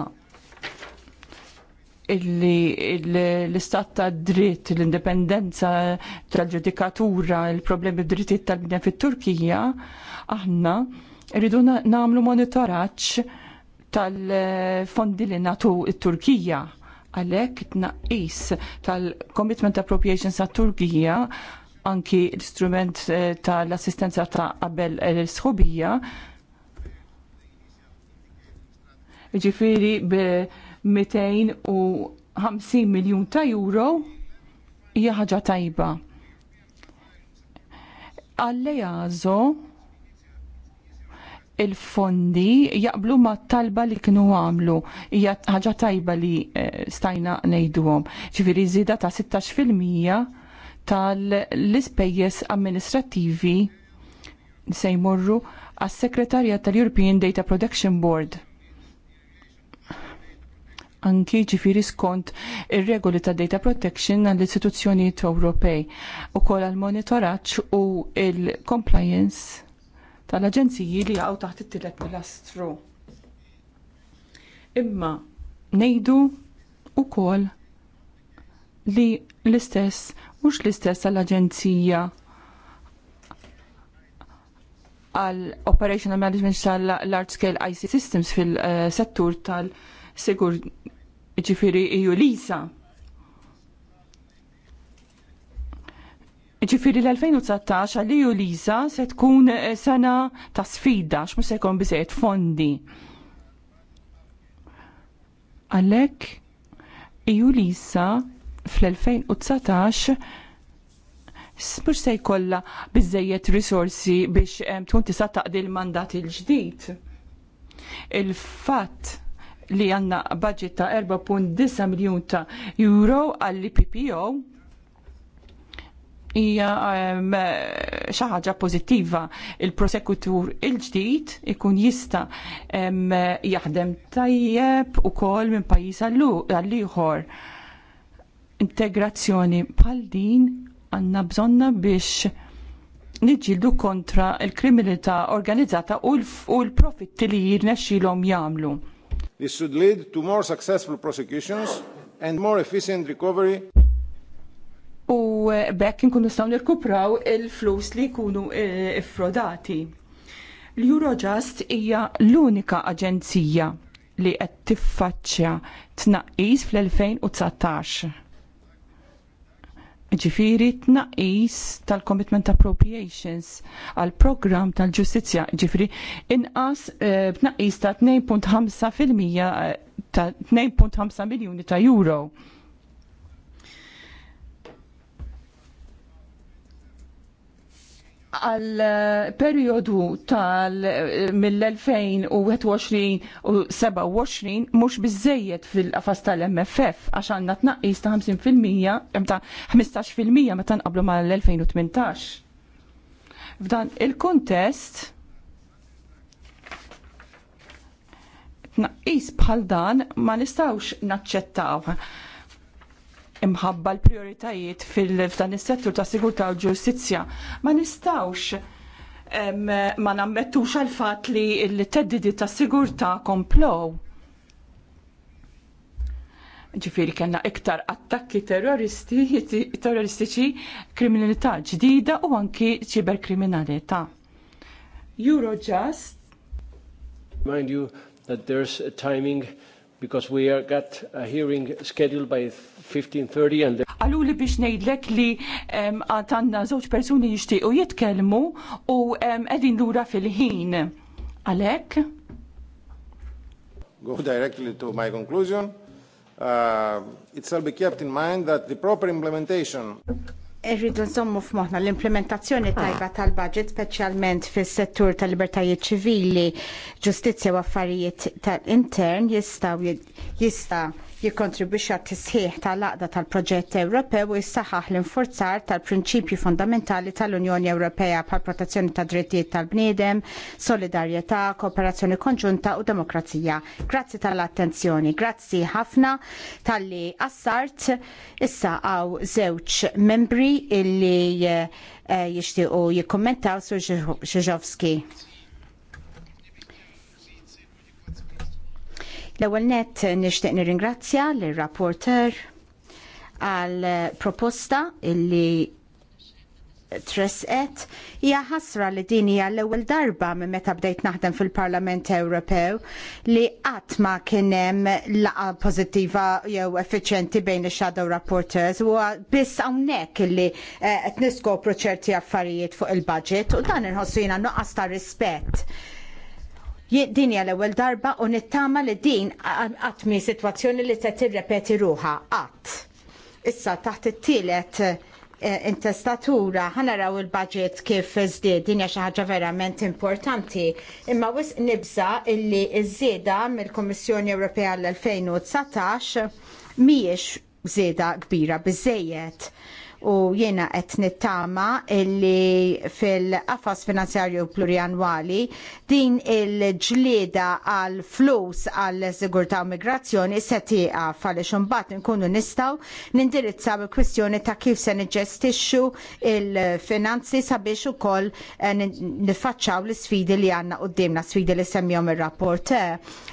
l-istat ta' dritt, l-indipendenza tal-ġudikatura, il-problemi drittijiet tal-bnja fit-Turkija, aħna rridu nagħmlu monitoraġġ tal-fondi li natu il turkija għalhekk it tnaqqis tal-Commitment Appropriations għat-Turkija anki l-istrument eh, tal-assistenza ta' qabel l-sħubija. Ġifiri b 250 miljon ta' euro hija ħaġa tajba. Għallejazo il-fondi jaqblu ma talba li kienu għamlu. Hija ħaġa tajba li eh, stajna ngħiduhom. Ġifiri żieda ta' 16 fil-mija tal-ispejjeż amministrattivi se jmorru għas sekretarja tal-European Data Protection Board. Anki ġifiri skont ir-regoli ta' data protection għall istituzzjonijiet Ewropej u kol għal monitoraġġ u il-compliance tal-aġenziji li għaw taħt it tielet pilastru. Imma nejdu u kol li l-istess mhux l-istess għall-Aġenzija għal Operational Management tal-Large Scale IC Systems fil-settur tal-sigur ġifiri iju e Lisa. Ġifiri l-2019 għal iju e Lisa se tkun sena ta' sfida, x'mhux se jkun biżejjed fondi. Għalhekk Iju e Lisa fl-2019 mux se jkollha biżżejjed risorsi biex tkun tista' taqdi l-mandat il-ġdid. Il-fatt li għanna budget ta' 4.9 miljon ta' euro għall-IPPO hija xi ħaġa pożittiva il-prosekutur il-ġdid ikun jista' jaħdem tajjeb ukoll minn pajjiż għall ieħor integrazzjoni bħal din għandna bżonna biex niġġieldu kontra l kriminalità organizzata u l-profitti li jirnexxilhom jagħmlu. This should lead to more successful prosecutions and more efficient recovery. U bekk nkunu nistgħu nirkupraw il-flus li jkunu iffrodati. Eh, L-Eurojust hija l-unika aġenzija li qed tiffaċċja tnaqqis fl-2019 ġifiri tnaqis tal-commitment appropriations għal program tal-ġustizja ġifiri inqas eh, tnaqis ta' 2.5% eh, ta' 2.5 miljoni ta' euro għal eh, periodu tal eh, mill-2021 u 27 mux bizzejiet fil-qafas tal-MFF għax għanna tnaqqis ta' 50% ta' 15% meta nqablu ma' l-2018. F'dan il-kontest tnaqqis bħal dan ma nistawx naċċettaw imħabba l-prioritajiet fil-dan is-settur ta' sigurtà u ġustizzja. Ma nistawx ma nammettux għal fatt li l-teddidi ta' sigurtà komplow. Ġifiri kellna iktar attakki terroristiċi, kriminalità ġdida u anki ċiberkriminalità. Eurojust. Mind you that there's a timing because we are got a hearing scheduled by 15.30 and Għalu li biex nejdlek li għatanna zoċ personi jishtiqu jitkelmu u għedin lura fil-ħin. Alek? Go directly to my conclusion. Uh, it shall be kept in mind that the proper implementation Irridu nżommu f'moħħna l-implementazzjoni ah. tajba tal-budget speċjalment fis-settur tal-libertajiet ċivili, ġustizzja u affarijiet tal-intern jistgħu jista' jikkontribwixxa tisħiħ tal-laqda tal-proġett Ewropew u jissaħħaħ l-infurzar tal-prinċipji fundamentali tal-Unjoni Ewropea pal protezzjoni tad drittijiet tal-bniedem, solidarjetà, kooperazzjoni konġunta u demokrazija. Grazzi tal-attenzjoni, grazzi ħafna tal-li assart issa għaw żewġ membri illi eh, jixtiequ jikkommentaw sur Xiġovski. L-ewwel nett nixtieq nirringrazzja lir-rapporter għal proposta illi tresqet hija ħasra li din hija l-ewwel darba minn meta bdejt naħdem fil-Parlament Ewropew li qatt ma kien hemm laqgħa pożittiva jew effiċjenti bejn ix-shadow rapporteurs u biss hawnhekk illi eh, qed niskopru ċerti affarijiet fuq il-budget u dan inħossu jiena nuqqas ta' rispett Din hija l-ewwel darba u nittama li din qatt mi sitwazzjoni li se tirrepeti ruha qatt. Issa taħt it-tielet eh, intestatura ħanaraw il-budget kif żdied dinja xi ħaġa verament importanti. Imma wisq nibża illi ż-żieda mill-Kummissjoni Ewropea l-2019 mhijiex żieda kbira biżejjed u jiena qed nittama illi fil-qafas finanzjarju plurianwali din il-ġlieda għal flus għal sigurtà u migrazzjoni se tieqa' għaliex imbagħad nkunu nistgħu nindirizzaw il-kwistjoni ta' kif se niġġestixxu il-finanzi sabiex ukoll eh, niffaċċaw l-isfidi li għandna qudiemna sfidi li semmihom ir-rapport.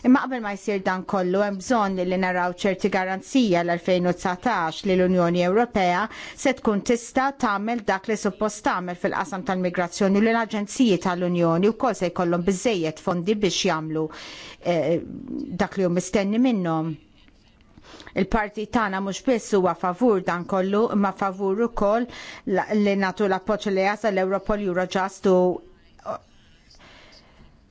Imma qabel ma jsir dan kollu hemm bżonn li naraw ċerti garanzija l-2019 li l-Unjoni Ewropea se tkun tista tagħmel dak li suppost tagħmel fil-qasam tal-migrazzjoni l aġenziji tal-Unjoni wkoll se jkollhom biżejjed fondi biex jagħmlu eh, dak li hu mistenni minnhom. Il-parti tagħna mhux biss huwa favur dan kollu, imma favur ukoll li nagħtu l-appoġġ li jasal l-Europol Eurojust u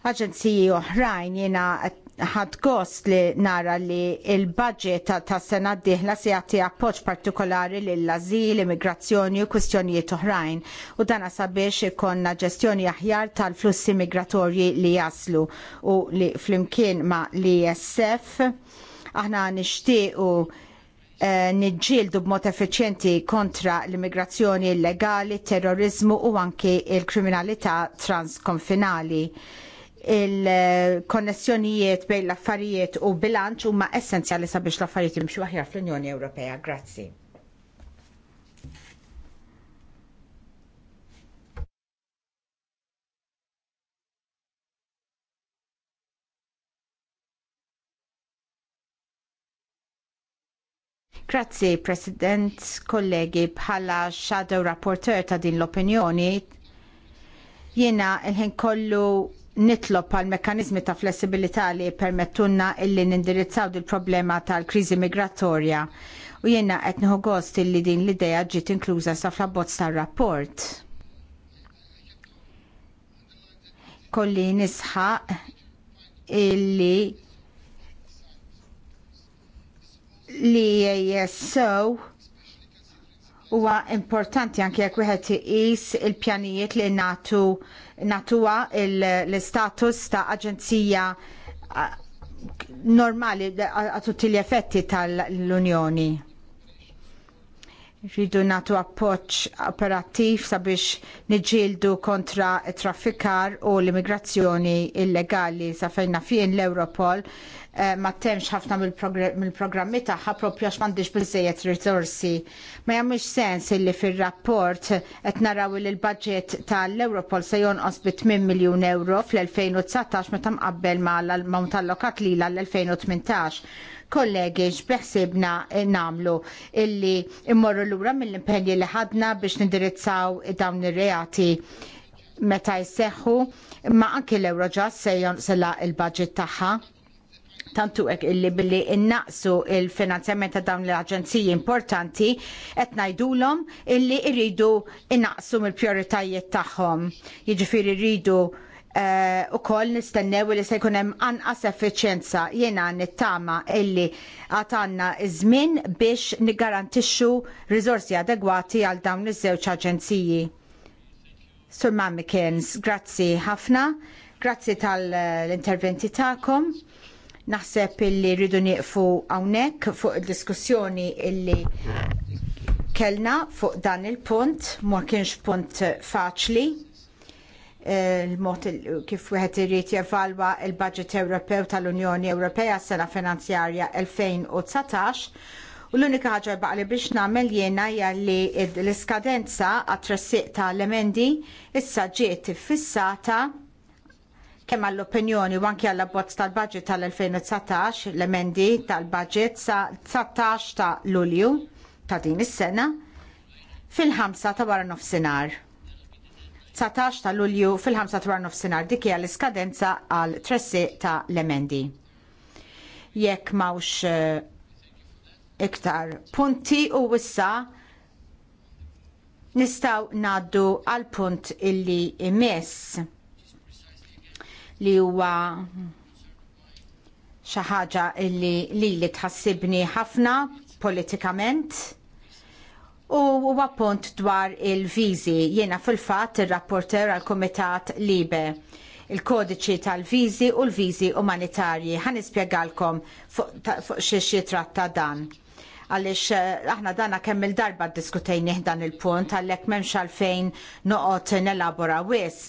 aġenziji oħrajn jiena qed ħad gost li nara li il-budget ta' sena d diħla se jagħti appoġġ partikolari lill azil immigrazzjoni u kwistjonijiet oħrajn u dana sabiex ikonna ġestjoni aħjar tal-flussi migratorji li jaslu u li flimkien ma' l-ISF aħna nixtiequ eh, niġġieldu b'mod effiċjenti kontra l-immigrazzjoni illegali, terrorizmu u anki l kriminalità transkonfinali il-konnessjonijiet bejn l-affarijiet u bilanċ huma essenzjali sabiex l-affarijiet jimxu aħjar fl-Unjoni Ewropea. Grazzi. Grazzi, President, kollegi, bħala Shadow Rapporteur ta' din l-opinjoni, jiena il-ħin kollu nitlob għal mekkanizmi ta' flessibilità li permettunna illi nindirizzaw il problema tal-kriżi migratorja u jenna qed nieħu gost illi din l-idea ġiet inkluża sa fl-abbozz tar-rapport. Kolli nisħaq illi li jesso huwa importanti anke jekk wieħed iqis il-pjanijiet li natu natuha l-istatus ta' aġenzija normali tutti l effetti tal-Unjoni. Rridu nagħtu appoġġ operattiv sabiex niġġieldu kontra traffikar u l-immigrazzjoni illegali sa fejna fien l-Europol Eh, ma temx ħafna mill-programmi tagħha propju għax m'għandix biżejjed risorsi. Ma jagħmilx sens illi fir-rapport qed naraw li l-budget tal-Europol se jonqos bi 8 miljun euro fl-2019 meta mqabbel ma l-ammont allokat li l-2018. Kollegi, x'beħsibna nagħmlu illi mmorru lura mill-impenji li ħadna biex nindirizzaw dawn ir-reati meta jseħħu, ma anki l-Eurojust se jonsela il-budget tagħha tantu hekk illi billi innaqsu il-finanzjament ta' dawn l-aġenziji importanti qed ngħidulhom illi rridu innaqsu mill-prijoritajiet tagħhom. Jiġifieri rridu Uh, eh, u nistennew li se jkunem anqas effiċjenza jena nittama illi għatanna iż-żmien biex nigarantixxu riżorsi adegwati għal dawn iż-żewġ aġenziji. Sur Mamikens, grazzi ħafna, grazzi tal-interventi tagħkom. Naħseb illi rridu nieqfu hawnhekk fuq id diskussjoni illi kellna fuq dan il-punt, ma kienx punt faċli eh, il-mod kif wieħed irid jevalwa l budget Ewropew tal-Unjoni Ewropea sena finanzjarja 2019 u l-unika ħaġa baqli biex nagħmel jiena hija li l-iskadenza għat-tressiq tal-emendi issa ġiet iffissata kemm għall-opinjoni u anki għall-abbozz tal-budget tal-2019, l-emendi tal-budget sa 19 ta' Lulju ta' din is-sena fil-ħamsa ta' wara nofsinhar. 19 ta' Lulju fil-ħamsa ta' wara nofsinhar dik hija l-iskadenza għal tressi ta' l-emendi. Jekk mawx eh, iktar punti u wissa nistaw naddu għal punt illi jmiss li huwa xi ħaġa li li tħassibni ħafna politikament. U huwa punt dwar il-viżi jiena fil-fatt ir-rapporter għall kumitat Libe il-kodiċi tal-viżi u l-viżi umanitarji. Ħan ispjegalkom fuq xi tratta dan għaliex eh, aħna dana kemm il-darba diskutejni dan il-punt għalhekk memx għalfejn noqgħod nelabora wis.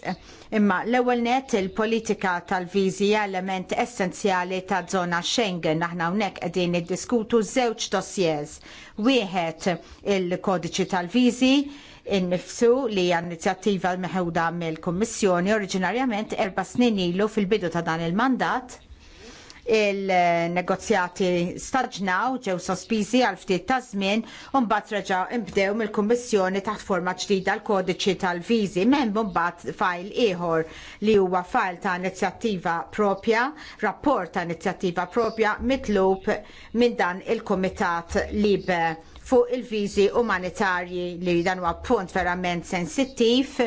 Imma l-ewwel net il-politika tal-viżi element essenzjali ta' żona Schengen aħna hawnhekk qegħdin diskutu żewġ dossiers. Wieħed il-kodiċi tal-viżi innifsu li hija inizjattiva meħuda mill-Kummissjoni oriġinarjament erba' snin ilu fil-bidu ta' dan il-mandat il-negozjati starġnaw ġew sospiżi għal ftit ta' żmien u mbagħad reġa' nbdew mill-Kummissjoni taħt forma ġdida l-kodiċi tal-viżi minn mbagħad fajl ieħor li huwa fajl ta' inizjattiva propja, rapport ta' inizjattiva propja mitlub minn dan il-Kumitat Libe fuq il-viżi umanitarji li dan huwa punt verament sensittiv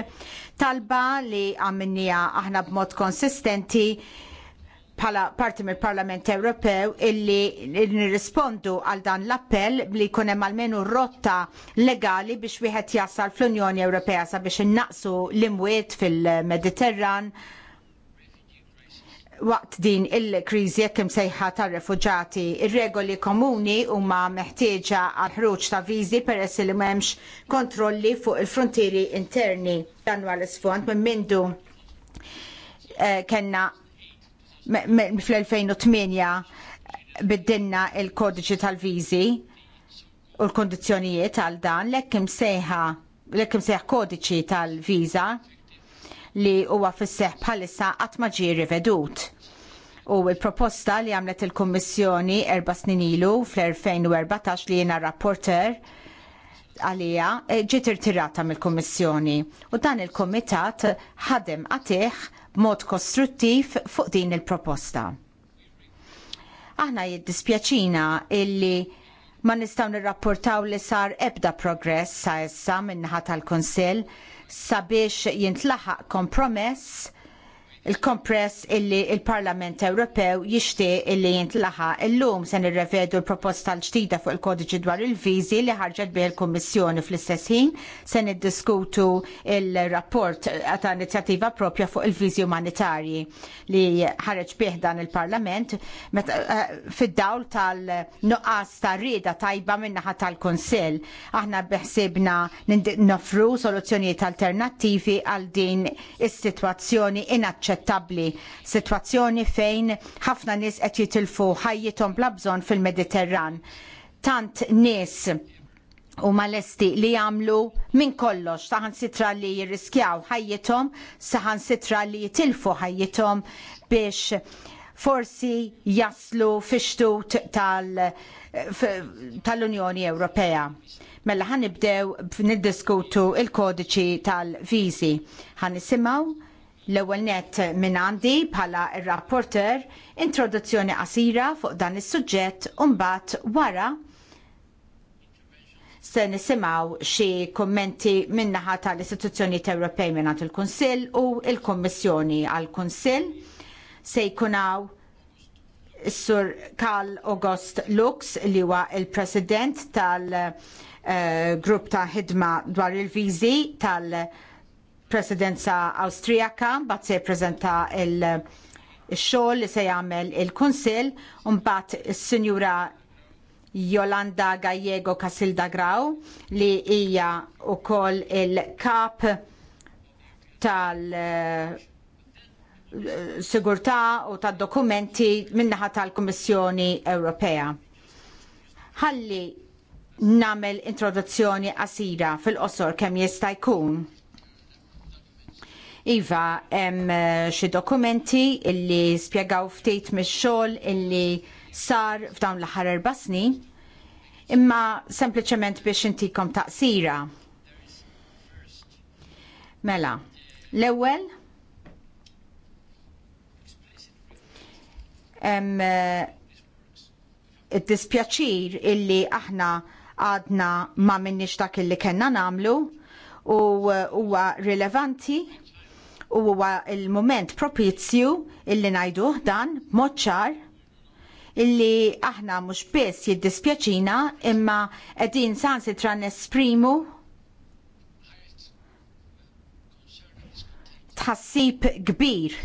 talba li għamminija aħna b'mod konsistenti bħala parti mill parlament Ewropew illi nirrispondu għal dan l-appell li jkun hemm almenu rotta legali biex wieħed jasal fl-Unjoni Ewropea sabiex innaqsu l-imwiet fil-Mediterran waqt din il kriżi jekk imsejħa tar-refuġati, ir-regoli komuni huma meħtieġa għal ħruġ ta' viżi peress li m'hemmx kontrolli fuq il-frontieri interni dan l isfond minn mindu eh, kellna fl-2008 biddinna il-kodiċi tal-viżi u l-kondizjonijiet għal dan lekk imsejħa lekk kodiċi tal-viża li huwa fis-seħħ bħalissa qatt ma ġie rivedut. U l proposta li għamlet il kummissjoni erba' snin ilu fl-2014 li jiena rapporter għalija eh, ġiet tirrata mill-Kummissjoni u dan il-Komitat ħadem għatih b'mod kostruttiv fuq din il-proposta. Aħna jiddispjaċina illi ma nistgħu nirrapportaw li sar ebda progress sa issa min-naħa tal-Kunsill sabiex jintlaħaq kompromess il-kompress illi l il parlament Ewropew jixtieq illi jintlaħa illum se nirrevedu l-proposta l-ġdida fuq il-kodiċi dwar il-viżi li ħarġet bih il-Kummissjoni fl-istess ħin se niddiskutu il-rapport ta' inizjattiva propja fuq il-viżi umanitarji li ħareġ bih dan il-Parlament eh, fid-dawl tal-nuqqas ta' rieda tajba min-naħa tal-Kunsill. Aħna biħsibna nofru soluzzjonijiet alternattivi għal din is-sitwazzjoni inaċċettabbli inaċċettabbli sitwazzjoni fejn ħafna nies qed jitilfu ħajjithom bla bżonn fil-Mediterran. Tant nies u malesti li jagħmlu minn kollox saħansitra li jirriskjaw ħajjithom, saħansitra li jitilfu ħajjithom biex forsi jaslu fixtut tal-Unjoni tal Ewropea. Mela ħanibdew nid-diskutu il-kodiċi tal-viżi. Ħanisimgħu L-ewwel nett minn għandi bħala r-rapporter introduzzjoni qasira fuq dan is-suġġett u mbagħad wara se nisimgħu xi kummenti min-naħa tal-istituzzjonijiet Ewropej minn għand il-Kunsill u l-Kummissjoni għall-Kunsill se jkunaw Sur Karl August Lux li huwa il-President tal-Grupp eh, ta' ħidma dwar il-viżi tal-, -President tal presidenza Awstrijaka, bat se prezenta il- xogħol li se jagħmel il-Kunsill u mbagħad is-Sinjura Jolanda Gallego Casilda Grau li hija wkoll il-kap tal- eh, sigurtà u tad dokumenti min-naħa tal-Kummissjoni Ewropea. Ħalli nagħmel introduzzjoni qasira fil-qosor kemm jista' jkun Iva, hemm eh, xi dokumenti illi spjegaw ftit mix-xogħol illi sar f'dawn l-aħħar erba' snin, imma sempliċement biex intikom taqsira. Mela, l-ewwel hemm eh, id-dispjaċir illi aħna għadna ma minnix dak illi kellna nagħmlu u eh, huwa rilevanti u huwa il-moment propizju illi ngħidu dan b'mod ċar illi aħna mhux biss jiddispjaċina imma qegħdin sansitra nesprimu tħassib kbir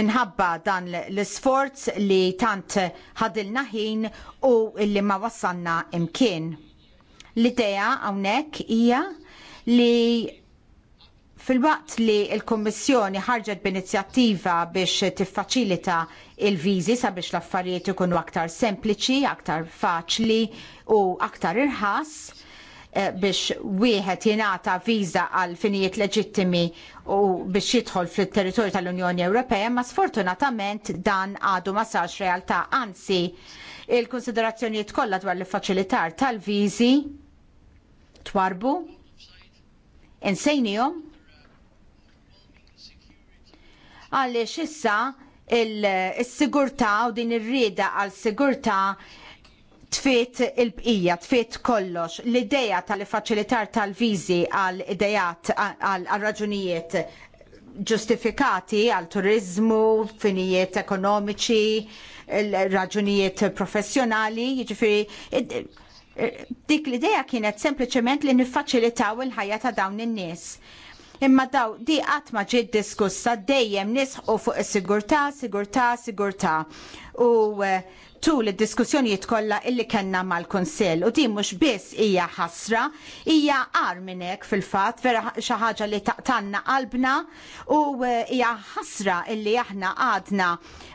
minħabba dan l isforz li tant ħadilna ħin u illi ma wassalna imkien. L-idea hawnhekk hija li Fil-waqt li l-Kommissjoni ħarġet b'inizjattiva biex tiffaċilita il-viżi sabiex l-affarijiet ikunu aktar sempliċi, aktar faċli u aktar irħas eh, biex wieħed jingħata viża għal finijiet leġittimi u biex jidħol fil-territorju tal-Unjoni Ewropea, ma sfortunatament dan għadu ma sarx realtà, anzi il-konsiderazzjonijiet kollha dwar l-faċilitar tal-viżi twarbu, insejnijom, għaliex issa il-sigurta u din ir-rieda għal-sigurta tfiet il-bqija, tfiet kollox, l-ideja tal-facilitar tal-vizi għal-idejat għal-raġunijiet ġustifikati għal turizmu, finijiet ekonomiċi, raġunijiet professjonali, jiġifieri dik l-ideja kienet sempliċement li niffaċilitaw il-ħajja ta' dawn in-nies. Imma daw di qatt ma ġiet diskussa dejjem nisħu fuq is-sigurtà, sigurtà, sigurtà. U eh, tul id-diskussjonijiet kollha illi kellna mal-Kunsill u din mhux biss hija ħasra, hija qar minn hekk fil-fatt vera xi ħaġa li taqtanna qalbna u e, hija ħasra illi aħna għadna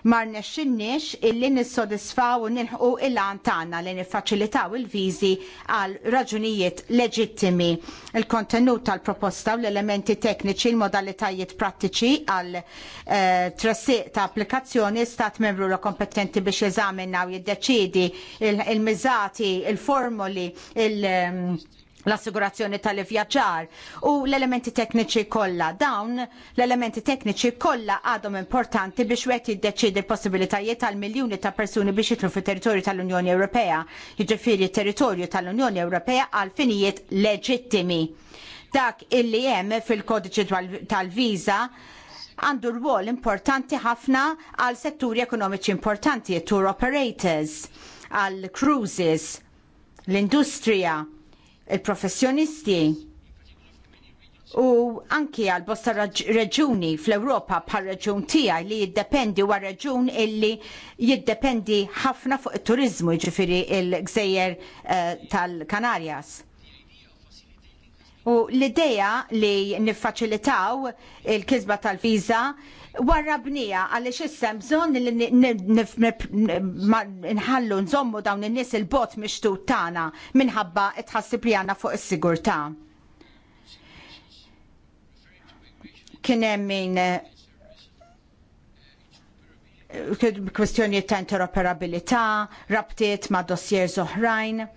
ma rnexxinniex illi nissodisfaw u nilħqu il-għan tagħna li niffaċilitaw il-viżi għal raġunijiet leġittimi. Il-kontenut tal-proposta u l-elementi tekniċi, l-modalitajiet prattiċi għal e, trassiq ta' applikazzjoni stat membru la kompetenti biex jeżamina jiddetermina u jiddeċidi il-miżati, il-formuli, um, l-assigurazzjoni tal-vjaġġar u l-elementi tekniċi kollha. Dawn l-elementi tekniċi kollha għadhom importanti biex wieħed jiddeċidi l-possibilitajiet tal-miljuni ta' persuni biex jitlu fit-territorju tal-Unjoni Ewropea, jiġifieri territorju tal-Unjoni Ewropea għal finijiet leġittimi dak illi hemm fil-kodiċi tal-viża għandu rwol importanti ħafna għal setturi ekonomiċi importanti, tour operators, għal cruises, l-industrija, il-professjonisti, U anki għal bosta reġuni fl-Europa par reġun tijaj li jiddependi u reġun illi jiddependi ħafna fuq il-turizmu ġifiri il-gżejjer uh, eh, tal-Kanarjas. U l-ideja li niffaċilitaw il-kizba tal-viza warra għaliex għalli bżonn li nħallu nżommu dawn in-nies il-bot mixtut tagħna minħabba tħassib li għandna fuq is-sigurtà. Kien hemm min eh, kwestjoni ta' interoperabilità, rabtiet ma' dossier oħrajn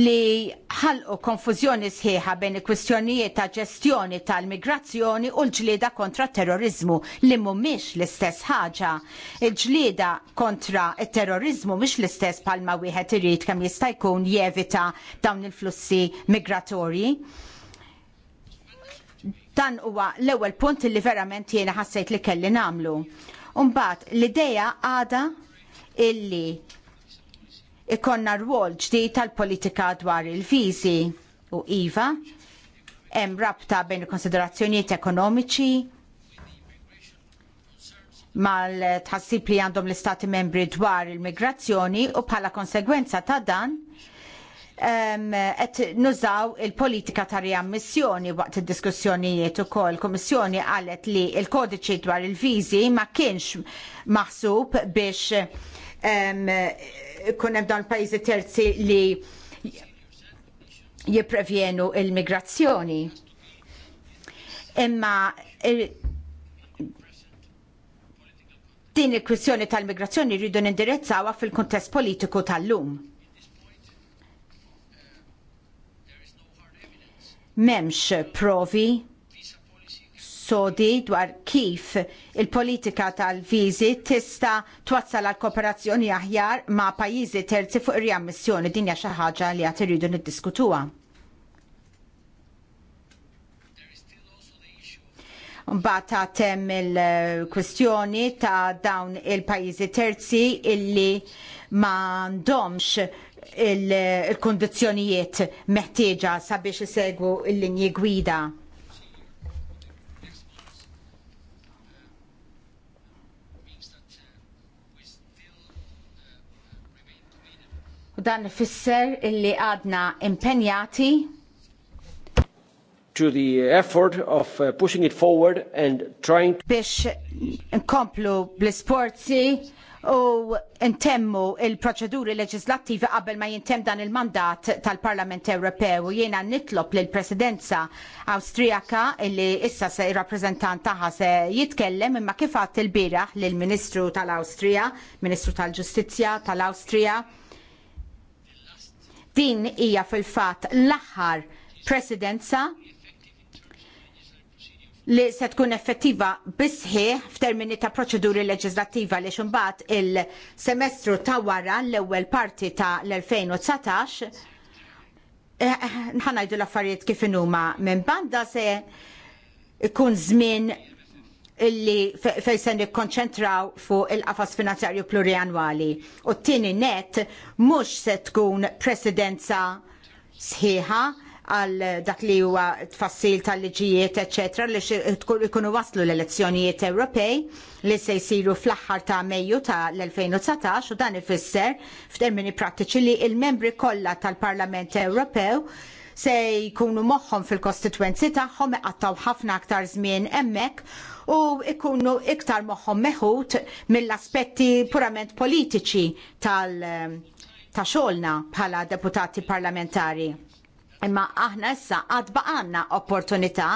li ħalqu konfużjoni sħiħa bejn il-kwistjonijiet ta' ġestjoni tal-migrazzjoni u l-ġlieda kontra terrorizmu li mhumiex l-istess ħaġa. Il-ġlieda kontra terrorizmu mhix l-istess palma wieħed irid kemm jista' jkun jevita dawn il-flussi migratorji. Dan huwa l-ewwel punt li verament jiena ħassejt li kelli nagħmlu. Umbat l-idea għada illi ikonna rwol ġdid tal-politika dwar il-viżi u IVA, hemm rabta bejn konsiderazzjonijiet ekonomiċi mal-tħassib li għandhom l-istati membri dwar il-migrazzjoni u bħala konsegwenza ta' dan qed nużaw il-politika ta' riammissjoni waqt id-diskussjonijiet ukoll. Kummissjoni qalet li l kodiċi dwar il-viżi ma kienx maħsub biex um, kunem dawn pajjiżi terzi li jipprevjenu l migrazzjoni Imma din il kwissjoni tal-migrazzjoni rridu nindirezzawha fil-kuntest politiku tal-lum. Memx provi sodi dwar kif il-politika tal-viżi tista' twassal għall kooperazzjoni aħjar ma' pajjiżi terzi fuq ir-riammissjoni din hija xi ħaġa li qed iridu niddiskutuha. Mbagħad tem il-kwistjoni ta' dawn il-pajjiżi terzi illi m'għandhomx il kundizzjonijiet meħtieġa sabiex isegwu l linji gwida dan ifisser illi għadna impenjati to the effort of uh, pushing it forward and trying to biex nkomplu bl-sportsi u ntemmu il-proċeduri leġislattivi qabel ma jintem dan il-mandat tal-Parlament Ewropew u jiena nitlob lill presidenza Awstrijaka li issa se rappresentant taħħa se jitkellem imma kifat il-bieraħ lill-Ministru tal-Awstrija, Ministru tal-Ġustizzja tal-Awstrija, tal awstrija Din hija fil-fatt l-aħħar presidenza li se tkun effettiva bisħieħ f'termini ta' proċeduri leġislattiva li xumbat il-semestru ta' wara l-ewwel parti ta' l-2019 nħanajdu eh, eh, l-affarijiet kif inhuma minn banda se ikun żmien illi fejn se nikkonċentraw fuq il-qafas finanzjarju plurianwali. U t-tieni net mhux se tkun presidenza sħiħa għal dak li huwa tfassil tal-liġijiet, eċetera, li jkunu waslu l-elezzjonijiet Ewropej li se jsiru fl-aħħar ta' Mejju ta' l-2019 u dan ifisser f'termini prattiċi li l membri kollha tal-Parlament Ewropew se jkunu moħħom fil-kostituenzi tagħhom iqattaw ħafna aktar żmien hemmhekk u ikunu iktar moħħom meħud mill-aspetti purament politiċi tal- eh, xogħolna bħala deputati parlamentari. Imma aħna issa għad baqanna opportunità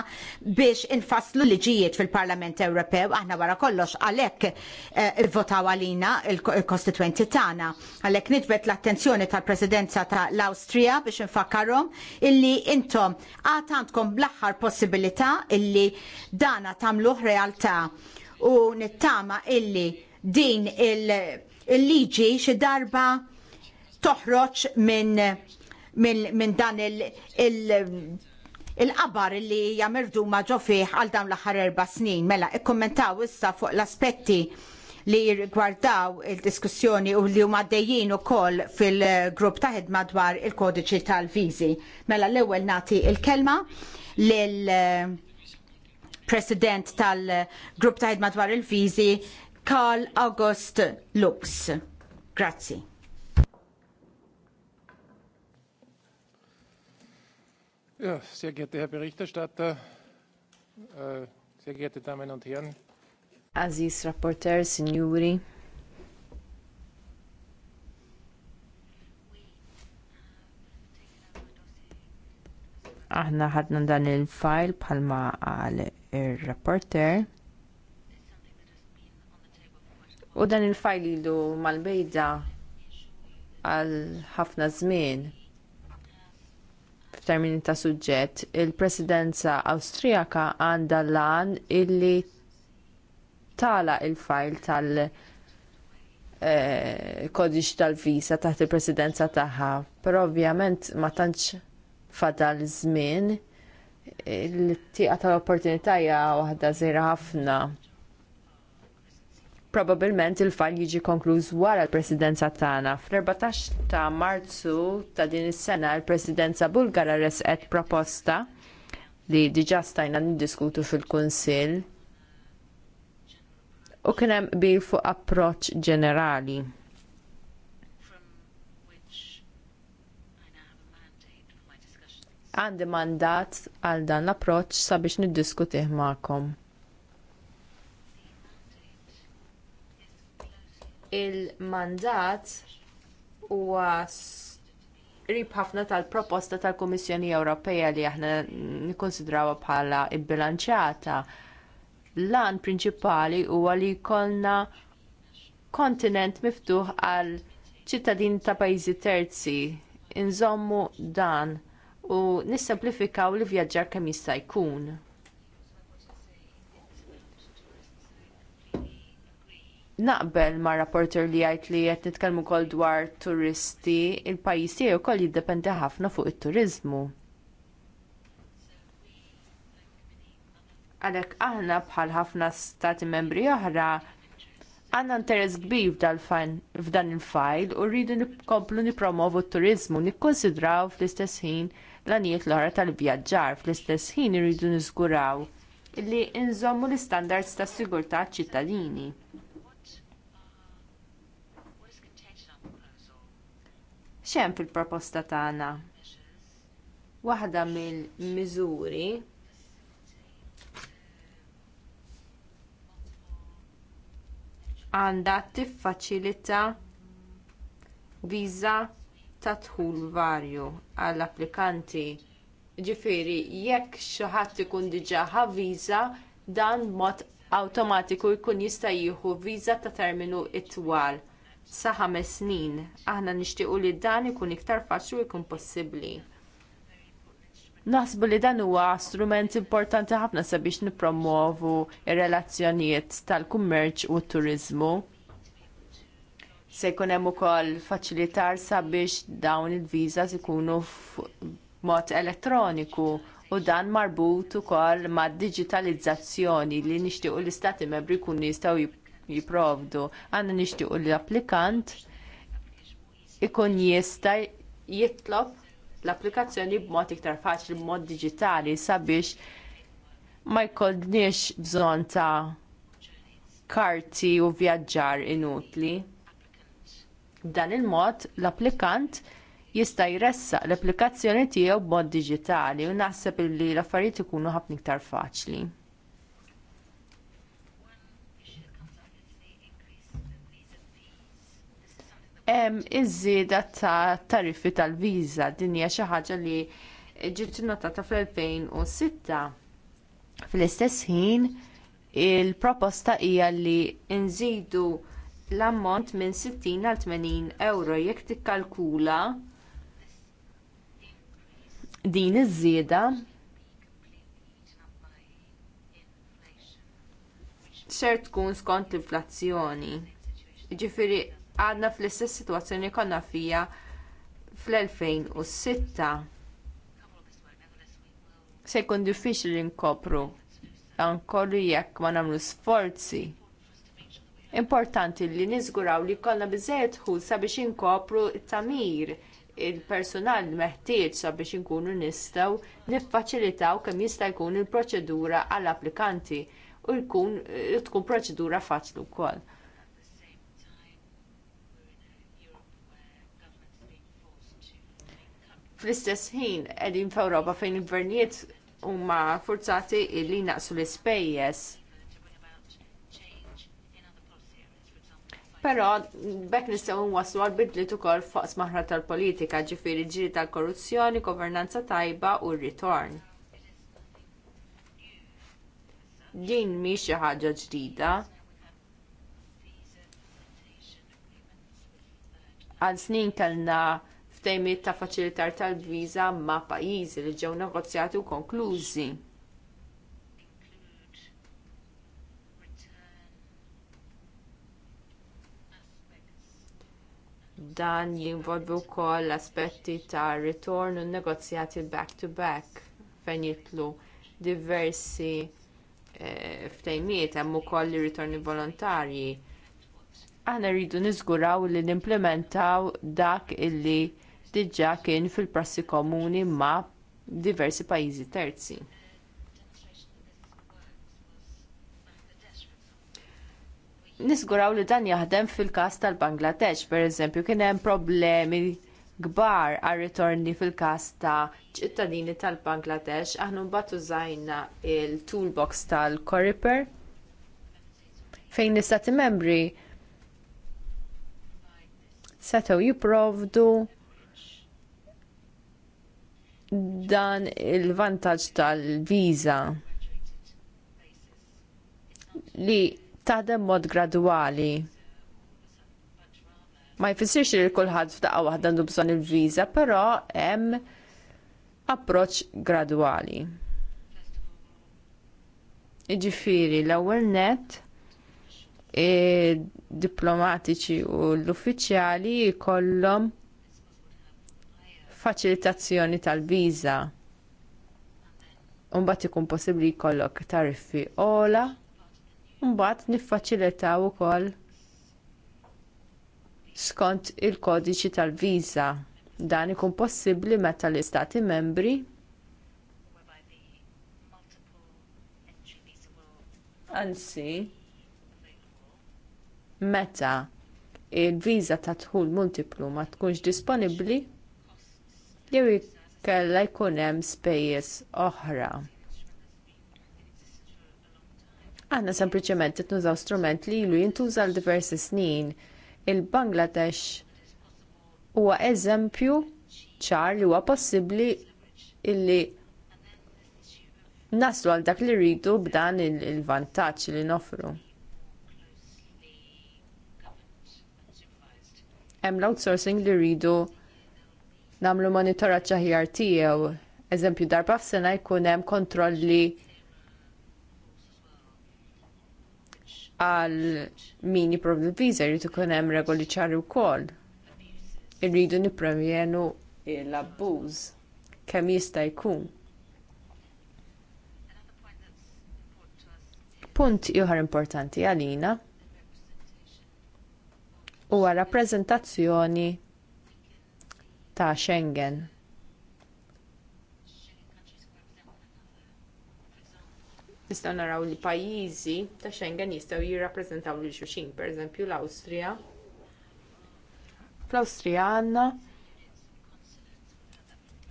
biex infaslu liġijiet fil-Parlament Ewropew, aħna wara kollox għalek eh, votaw għalina il-kostituenti tagħna. Għalek nitbet l-attenzjoni tal-presidenza ta' l-Austria biex infakkarom illi intom għad għandkom l-aħħar possibilità illi dana tamluħ realtà u nittama illi din il-liġi xi darba toħroġ minn minn dan il- il-qabar li jamirdu ġo fih għal dawn l-aħħar erba snin. Mela, ikkommentaw issa fuq l-aspetti li jirgwardaw il-diskussjoni u li huma dejjin ukoll fil-grupp ta' ħidma dwar il-kodiċi tal-viżi. Mela l-ewwel nagħti l kelma lil eh, President tal-grupp ta' ħidma dwar il-viżi Karl August Lux. Grazzi. Ja, sehr geehrter Herr Berichterstatter, äh, sehr geehrte Damen und Herren. Aziz Rapporteur, Signori. Aħna ħadna dan il file palma għal il rapporter U dan il-fajl ilu mal-bejda għal ħafna zmin f'termini ta' suġġett, il-Presidenza Awstrijaka għandha lan illi tala il-fajl tal- eh, kodiċ tal-visa taħt il-presidenza tagħha. Però ovvjament ma tantx fadal żmien il-tieqa tal-opportunità hija waħda żejra ħafna Probabilment il-fall jiġi konkluż wara l-presidenza tagħna. Fl-14 ta' Marzu ta' din is-sena l-presidenza Bulgara resqet proposta li diġà stajna niddiskutu fil-Kunsill u kien hemm bil fuq approċċ ġenerali. Għandi mandat għal dan l-approċċ sabiex niddiskutih magħkom. il-mandat huwa qrib ħafna tal-proposta tal-Kummissjoni Ewropea li aħna nikkonsidrawha bħala bbilanċjata. L-an prinċipali huwa li jkollna kontinent miftuħ għal ċittadin ta' pajjiżi terzi. Inżommu dan u nissemplifikaw li vjaġġar kemm jista' jkun. naqbel ma' rapporter li għajt li qed nitkellmu wkoll dwar turisti, il-pajjiż tiegħu wkoll jiddependi ħafna fuq it-turiżmu. Għalhekk aħna bħal ħafna stati membri oħra għandna interess kbir f'dan il-fajl u rridu nikomplu nipromovu t-turizmu nikkonsidraw fl-istess ħin l-għaniet l-ħara tal-vjaġġar fl-istess ħin irridu niżguraw li nżommu l-istandards tas sigurtà ċittadini. xem fil-proposta tagħna. Waħda mill-miżuri għandha tiffaċilita viża ta' dħul varju għall applikanti Ġifieri jekk xi ħadd ikun diġà ħa viża dan mod awtomatiku jkun jista' jieħu viża ta' terminu itwal sa ħames snin. Aħna nixtiequ li dan ikun iktar faċli u jkun possibbli. Naħsbu li dan huwa strument importanti ħafna sabiex nippromovu ir-relazzjonijiet tal-kummerċ u t-turiżmu. Se jkun hemm ukoll faċilitar sabiex dawn il-viżas ikunu f'mod elettroniku u dan marbut ukoll mad-diġitalizzazzjoni li nixtiequ l-istati membri jkunu jistgħu jiprovdu. Għanna nixtiequ li l-applikant ikun jista jitlob l-applikazzjoni b'mod iktar faċli b'mod digitali sabiex ma jkollniex bżonn ta' karti u vjaġġar inutli. B'dan il-mod l-applikant jista' jressaq l-applikazzjoni tiegħu b'mod diġitali u naħseb li l-affarijiet ikunu ħafna iktar faċli. hemm iż-żieda ta' tariffi tal-viża din hija xi ħaġa li ġiet notata fl-2006. Fl-istess ħin il-proposta hija li nżidu l-ammont minn 60 għal 80 euro jekk tikkalkula din iż-żieda ċert tkun skont l-inflazzjoni. Ġifiri għadna fl-istess situazzjoni konna fija fl-2006. Se jkun diffiċli nkopru dan kollu jekk ma nagħmlu sforzi. Importanti li niżguraw li jkollna biżejjed ħulsa biex inkopru t tamir il-personal meħtieġ sabiex inkunu nistgħu niffaċilitaw kemm jista' jkun il-proċedura għall-applikanti u jkun tkun proċedura faċli wkoll. Fl-istess ħin, qegħdin f'Ewropa fejn il-gvernijiet huma forzati li naqsu l-ispejjeż. Però bekk nistgħu nwasslu għal bidliet ukoll fuq smaħra tal-politika, ġifieri ġiri tal-korruzzjoni, governanza tajba u r-ritorn. Din mhix xi ħaġa ġdida. Għal snin kellna sistemi ta' faċilitar tal-viża ma' pajjiżi li ġew negozjati u konklużi. Dan jinvolvi wkoll aspetti ta' ritorn u negozjati back to back fejn jitlu diversi eh, ftejmiet hemm ukoll ritorni volontarji aħna rridu niżguraw li nimplementaw dak illi diġà kien fil-prassi komuni ma' diversi pajjiżi terzi. Nisguraw li dan jaħdem fil-każ tal-Bangladesh, pereżempju, kien hemm problemi kbar għar ritorni fil-każ ta' ċittadini tal-Bangladesh, aħna mbagħad użajna l toolbox tal-Coriper fejn l-istati membri setgħu jipprovdu dan il-vantaġġ tal-viża li taħdem mod gradwali. Ma jfissirx li kulħadd f'daqqa waħda għandu bżonn il-viża, però hemm approċċ gradwali. Jiġifieri l-ewwel net diplomatiċi u l-uffiċjali jkollhom faċilitazzjoni tal-viża. Imbagħad ikun possibbli jkollok tariffi ola, mbagħad niffaċilitaw ukoll skont il-kodiċi tal-viża. Dan ikun possibbli meta l-istati membri Ansi. meta il-viża ta' dħul multiplu ma tkunx disponibbli jew ikella jkun hemm spejjeż oħra. Aħna sempliċement qed nużaw strument li ilu jintuża għal diversi snin. Il-Bangladesh huwa eżempju ċar li huwa possibbli illi naslu għal dak li rridu b'dan il-vantaġġ li nofru. Hemm l-outsourcing li rridu namlu monitoraġġ ċaħjar tiegħu. Eżempju darba f'sena jkun hemm kontrolli għal min jiprovdu viża jrid ikun hemm regoli ċari wkoll. Irridu nippremjenu l-abbuż kemm jista' jkun. Punt ieħor importanti għalina huwa rappreżentazzjoni ta' Schengen. Nistgħu naraw li pajjiżi ta' Schengen jistgħu jirrappreżentaw lil xulxin, pereżempju l-Awstrija. Fl-Awstrija għandna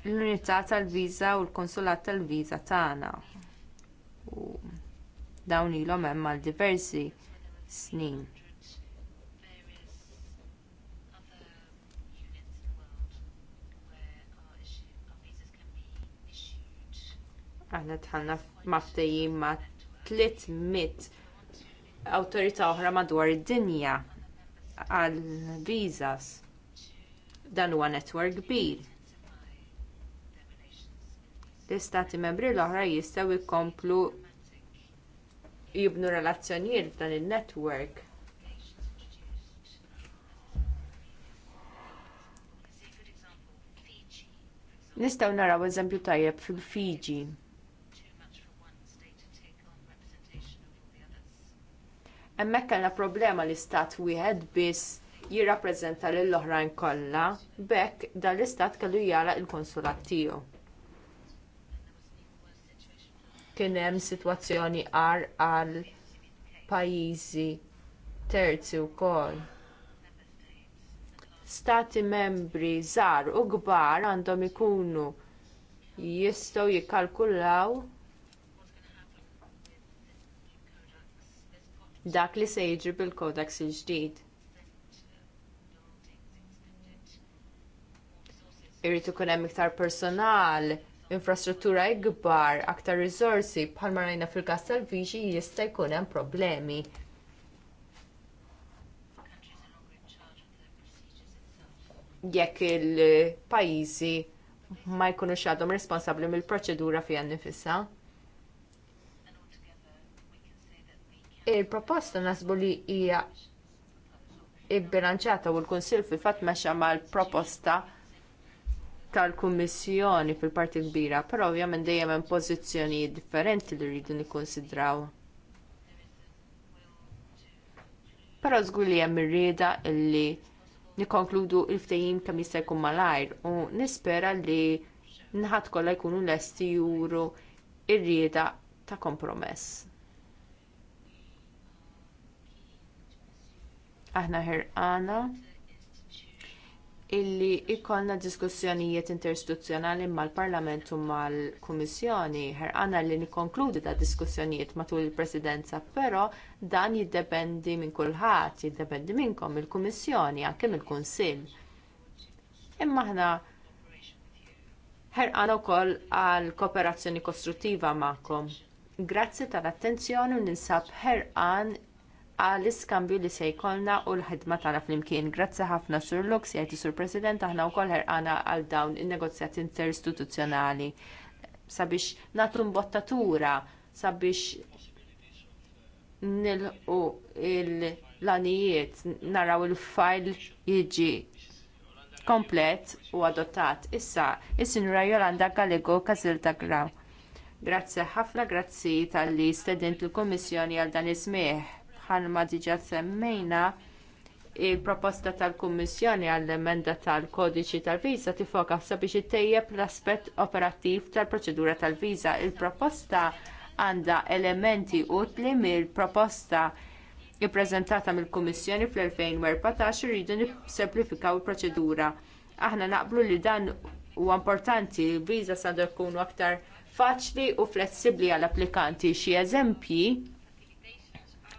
l-unità tal-viża u l-konsulat tal-viża tagħna. U dawn ilhom hemm mal diversi snin. Aħna tħanna maftejjim ma' 300 awtorità oħra madwar id-dinja għal visas dan huwa network. kbir. L-istati membri l-oħra jistgħu jkomplu jibnu relazzjonijiet f'dan il netwerk Nistgħu naraw eżempju tajjeb fil-Fiji. Hemmhekk kellna problema li stat wieħed biss jirrappreżenta lill oħrajn kollha, b'hekk dan l-istat kellu jara il-konsulat tiegħu. Kien hemm sitwazzjoni għar għal pajjiżi terzi wkoll. Stati membri żgħar u kbar għandhom ikunu jistgħu jikkalkulaw dak li se jiġri bil-kodaks il-ġdid. Irrid ikun hemm iktar personal, infrastruttura ikbar, aktar riżorsi bħalma rajna fil-każ tal-viġi jista' jkun hemm problemi. jekk il-pajjiżi ma jkunux għadhom responsabbli mill-proċedura fiha nifisha. Il-proposta nasbu li hija ibbilanċata u l-Kunsil fil fatt meċa mal proposta tal-Kummissjoni fil-parti kbira, però ovvjament dejjem hemm pożizzjonijiet differenti li rridu nikkonsidraw. Però żgur li hemm irrieda li nikkonkludu l-ftehim kemm jista' jkun malajr u nispera li nħadd kollha jkunu lesti juru r rieda ta' kompromess. aħna ħirqana illi jkollna diskussjonijiet interistituzzjonali mal-Parlament u mal-Kummissjoni ħirqana li nikkonkludi da diskussjonijiet matul il-Presidenza, però dan jiddependi minn kulħadd, jiddependi minnkom il-Kummissjoni, anke mill-Kunsill. Imma aħna ħerqana wkoll għal kooperazzjoni kostruttiva magħkom. Grazzi tal-attenzjoni u ninsab ħerqan għall-iskambju li se jkollna u l-ħidma tagħna flimkien. Grazzi ħafna Sur Lux, jgħid Sur President, aħna wkoll ħerqana għal dawn in-negozjati interistituzzjonali sabiex nagħtu mbottatura sabiex nilqu l-lanijiet naraw il-fajl jiġi komplet u adottat. Issa, is-sinura Jolanda Gallego Kazilta Graw. Grazzi ħafna, grazzi tal-li stedint il kummissjoni għal dan ismieħ bħalma diġà semmejna il-proposta tal-Kummissjoni għall-emenda tal-kodiċi tal-viża tifoka sabiex ittejjeb l-aspett operattiv tal-proċedura tal-viża. Il-proposta għandha elementi utli mill-proposta ippreżentata mill-Kummissjoni fl-2014 iridu nissemplifikaw il-proċedura. Aħna naqblu li dan huwa importanti l-viża sandu jkunu aktar faċli u flessibbli għall-applikanti. Xi eżempji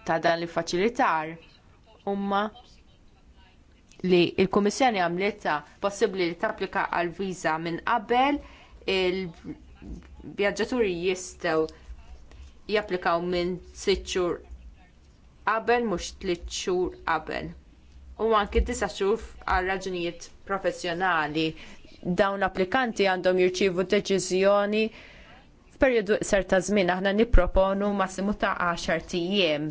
ta' dan li faċilitar huma li l kummissjoni għamlitha possibbli li tapplika għal viża minn qabel il-vjaġġaturi jistgħu japplikaw minn sitt xhur qabel mhux tliet xhur qabel. U anki disa' xhur għal raġunijiet professjonali dawn applikanti għandhom jirċievu deċiżjoni f'perjodu qsar ta' żmien aħna nipproponu massimu ta' 10 ijiem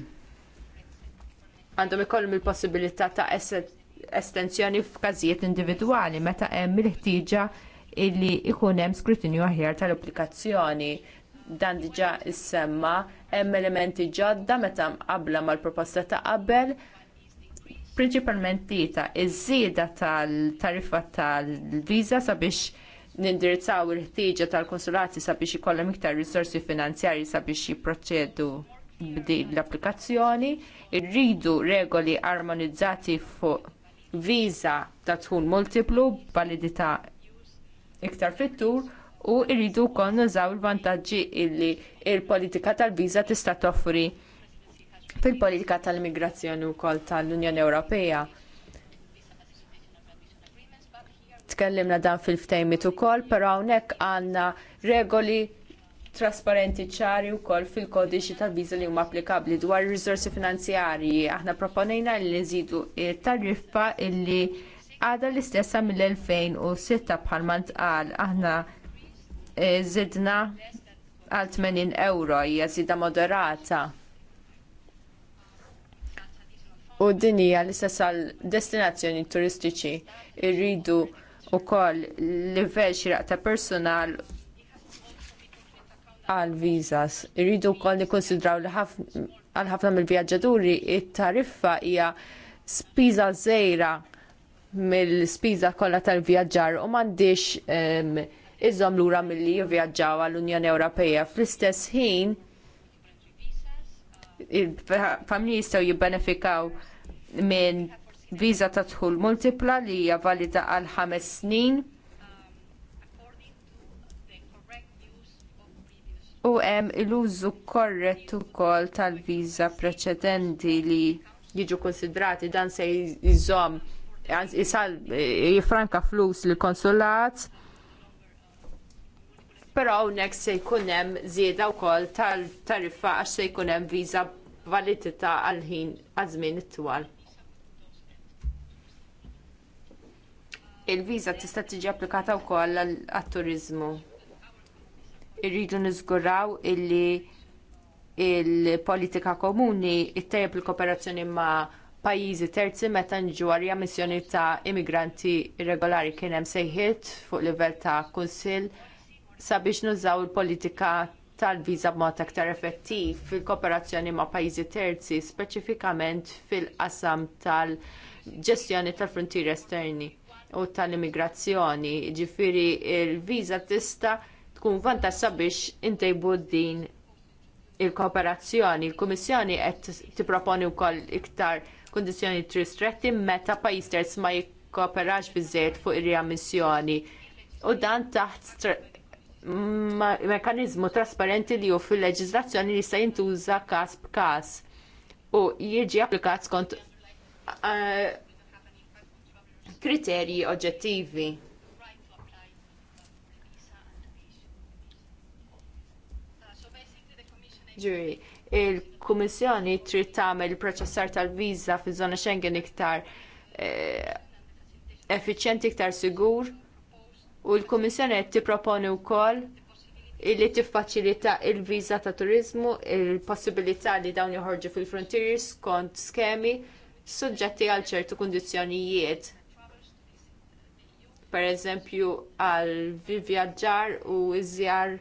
għandhom ikollhom il-possibilità ta' estensjoni f'każijiet individwali meta hemm il-ħtieġa illi ikun hemm skrutinju aħjar tal-applikazzjoni. Dan diġà issemma hemm elementi ġodda meta mqabbla mal-proposta ta' qabel prinċipalment tita iż-żieda tal-tariffa tal-viża sabiex nindirizzaw il-ħtieġa tal-konsulati sabiex ikollhom iktar risorsi finanzjarji sabiex jipproċedu b'din l-applikazzjoni, irridu regoli armonizzati fuq visa ta' tħun multiplu b'validità iktar fittur u rridu wkoll nużaw il-vantaġġi illi l politika tal-viża tista' toffri fil-politika tal-immigrazzjoni wkoll tal-Unjoni Ewropea. Tkellimna dan fil-ftejmit ukoll, però hawnhekk għandna regoli trasparenti ċari wkoll fil-kodiċi tal biza li huma applikabbli dwar ir rizorsi finanzjarji. Aħna proponejna li nżidu tariffa illi għadha l-istessa mill-2006 bħalma ntqal aħna żidna eh, għal 80 euro hija żida moderata. U din hija l-istess għal destinazzjoni turistiċi irridu wkoll livell xiraq ta' personal għal visas Irridu wkoll nikkonsidraw li għal ħafna mill-vjaġġaturi it-tariffa hija spiża żejra mill-spiża kollha tal-vjaġġar u m'għandix iżom lura milli jivvjaġġaw għall-Unjoni Ewropea fl-istess ħin il-familji jistgħu jibbenefikaw minn viża ta' dħul multipla li hija valida għal ħames snin u hemm l-użu korrett ukoll tal-viża preċedenti li jiġu konsidrati dan se jżomm jifranka flus lill konsulat però hawnhekk se jkun hemm żieda wkoll tal-tariffa għax se jkun hemm viża validità għal ħin għal żmien it-twal. Il-viża tista' tiġi applikata wkoll għat-turiżmu irridu niżguraw illi il-politika komuni ittejjeb il-kooperazzjoni ma' pajjiżi terzi meta nġu missjoni ta' immigranti irregolari kien hemm sejħiet fuq livell ta' kunsill sabiex nużaw il-politika tal-viża b'mod aktar effettiv fil-kooperazzjoni ma' pajjiżi terzi, speċifikament fil-qasam tal-ġestjoni tal-frontieri esterni u tal-immigrazzjoni. Ġifiri, il-viża tista' tkun vantaġġ sabiex intejbu din il-kooperazzjoni. Il-Kummissjoni qed tipproponi wkoll iktar kundizzjoni tristretti meta pajjiż terz ma jikkooperax biżżejjed fuq ir-riammissjoni. U dan taħt mekanizmu trasparenti li hu fil-leġiżlazzjoni li se jintuża każ b'każ u jiġi applikat skont uh, kriterji oġġettivi. Ġuri, il-Kummissjoni trid tagħmel il-proċessar tal-viża fiż-żona Schengen iktar eh, effiċjenti iktar sigur u l-Kummissjoni qed tipproponi wkoll illi tiffaċilita l viża ta' turiżmu, il-possibilità li dawn joħorġu fil-frontier skont skemi suġġetti għal ċertu kundizzjonijiet. Pereżempju għal vivjaġġar u iżjar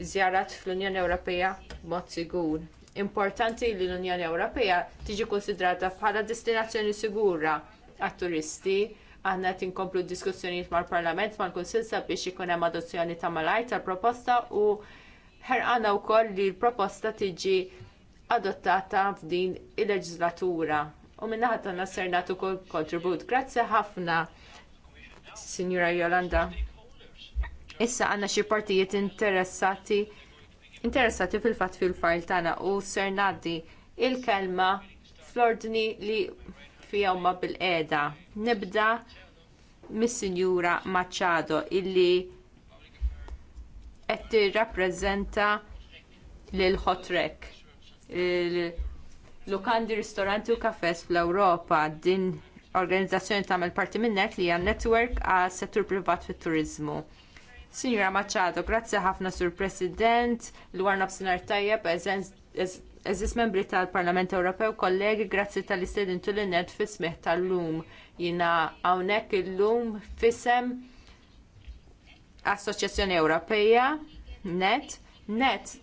żjarat fl-Unjoni Ewropea b'mod sigur. Importanti li l-Unjoni Ewropea tiġi konsidrata bħala destinazzjoni sigura għat-turisti aħna qed inkomplu diskussjonijiet mal-Parlament mal-Kunsill sabiex ikun hemm adozzjoni ta' malajr tal-proposta u ħerqana wkoll li l-proposta tiġi adottata f'din il-leġislatura. U minna ħadd għandna ser nagħtu kontribut. Grazzi ħafna, Sinjura Jolanda. Issa għandna xi partijiet interessati interessati fil-fatt fil-fajl tagħna u ser ngħaddi l kelma fl-ordni li fiha huma bil-qeda. Nibda mis-Sinjura Machado illi qed tirrappreżenta lil Hotrek lukandi ristoranti u kafes fl-Ewropa din organizzazzjoni tagħmel parti minnek li hija netwerk għas settur privat fit-turiżmu. Sinjura Machado, grazzi ħafna sur President, l-warna b'sinar tajjeb, eżis membri tal-Parlament Ewropew, kollegi, grazzi tal istedin l-net fismiħ tal-lum. Jina għawnek il-lum fisem Assoċjazzjoni Ewropeja, net, net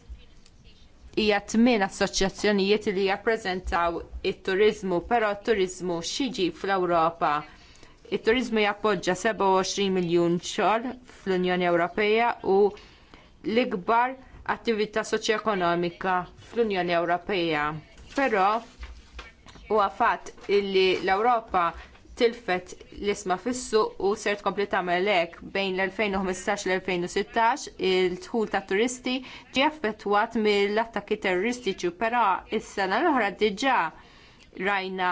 hija tmien assoċjazzjonijiet li jappreżentaw it-turizmu, però t-turizmu xiġi fl-Ewropa it-turizmu jappoġġa 27 miljun xogħol fl-Unjoni Ewropea u l-ikbar attività soċjoekonomika fl-Unjoni Ewropea. Però huwa fatt illi l-Ewropa tilfet l-isma fissu u sert tkompli tagħmel hekk bejn l-2015 l-2016 il-dħul tat turisti ġie affettwat mill-attakki terroristiċi, però is-sena l-oħra diġà rajna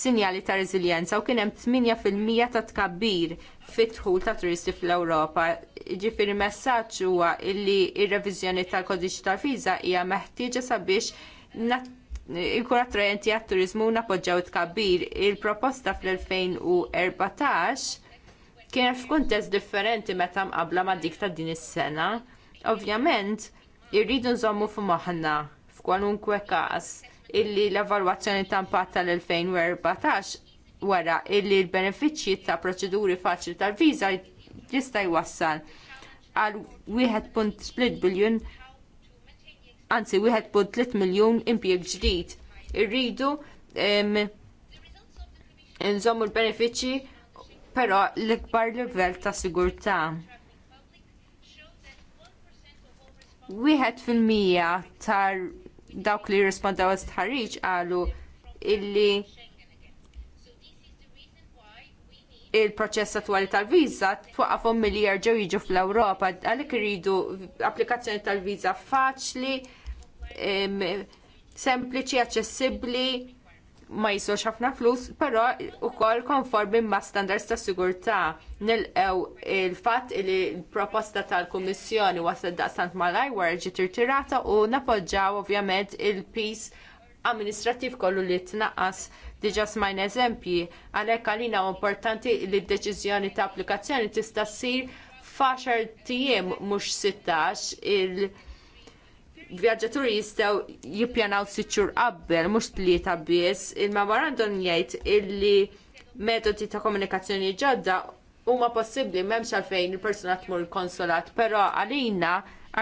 sinjali ta' reżiljenza u kien hemm 8% ta' tkabbir fit-dħul ta' turisti fl-Ewropa. Ġifieri messaġġ huwa li r-reviżjoni tal-kodiċ tal-viża hija meħtieġa sabiex inkun attrajenti għat turiżmu u napoġġaw tkabbir. Il-proposta fl-2014 kienet f'kuntest differenti meta mqabbla ma' dik ta' din is-sena. Ovvjament, irridu nżommu f'moħħna f'kwalunkwe każ illi l-evalwazzjoni ta' tal-2014 wara illi l-benefiċċji ta' proċeduri faċli tal-viża jista' jwassal għal 1.3 biljun anzi 1.3 miljun impjeg ġdid. Irridu nżommu l-benefiċċji però l-ikbar livell ta' sigurtà. 1% tar dawk li rispondaw għas-tħarriġ qalu illi il-proċess attwali tal-viza twaqqafhom milli jerġgħu jiġu fl-Ewropa għalhekk iridu applikazzjoni tal-viża faċli, sempliċi, aċċessibbli ma jisux ħafna flus, però wkoll konformi ma' standards ta' sigurtà ew il-fatt li l-proposta tal-Kummissjoni da' sant malaj wara ġiet u napoġġaw ovvjament il-pis amministrattiv kollu li tnaqqas diġa smajn eżempji għalhekk għalina importanti li d-deċiżjoni ta' applikazzjoni tista' ssir faċar tiem mhux 16 il- vjaġġaturi jistgħu jippjanaw siċċur qabel, mhux tlieta biss, il-memorandum jgħid illi metodi ta' komunikazzjoni ġodda huma possibbli m'hemmx għalfejn il-persuna tmur konsolat, però għalina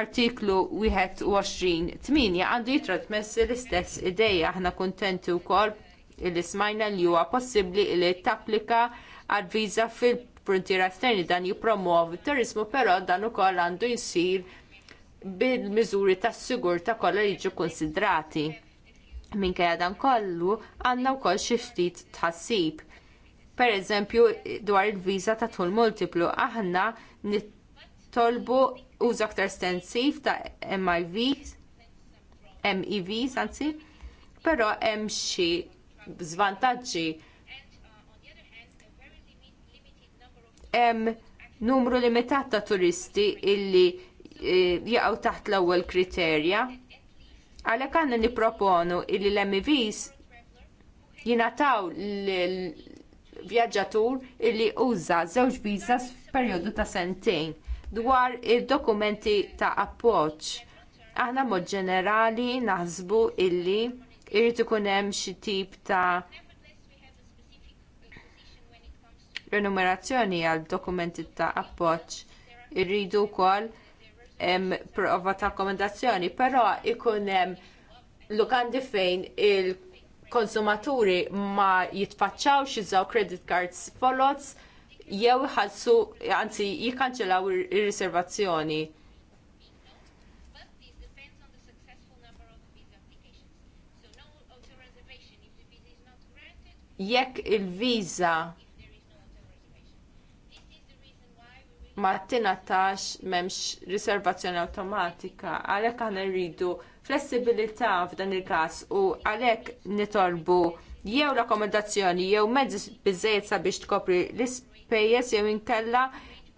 artiklu 21-8 għandu jitra tmessi l-istess ideja aħna kuntenti wkoll illi smajna li huwa possibbli li tapplika għal viża fil-frontiera esterni dan jippromovi turizmu però dan ukoll għandu jsir bil-miżuri tas ta' kollha jiġu konsidrati. Minkejja dan kollu għandna wkoll xi ftit tħassib. Pereżempju dwar il-viża ta' tul multiplu aħna nittolbu użu aktar stensiv ta' MIVs, MEVs anzi, però hemm xi żvantaġġi hemm numru limitat ta' turisti illi jaqgħu taħt l-ewwel kriterja. Għalhekk għandna nipproponu li l-MVs jingħataw l-vjaġġatur li uża żewġ biżas f'perjodu ta' sentejn dwar id-dokumenti ta' appoġġ. Aħna mod ġenerali naħsbu illi irrid ikun hemm xi tip ta' renumerazzjoni għal dokumenti ta' appoġġ irridu wkoll prova ta' komendazzjoni, però ikun hemm lukandi fejn il-konsumaturi ma jitfacċaw xizzaw credit cards folots jew ħalsu, anzi jikanċelaw ir-riservazzjoni. Jekk il-viza ma tingħatax m'hemmx riservazzjoni awtomatika għalhekk aħna rridu flessibilità f'dan il-każ u għalhekk nitolbu jew rakkomandazzjoni jew mezzi biżżejjed sabiex tkopri l-ispejjeż jew inkella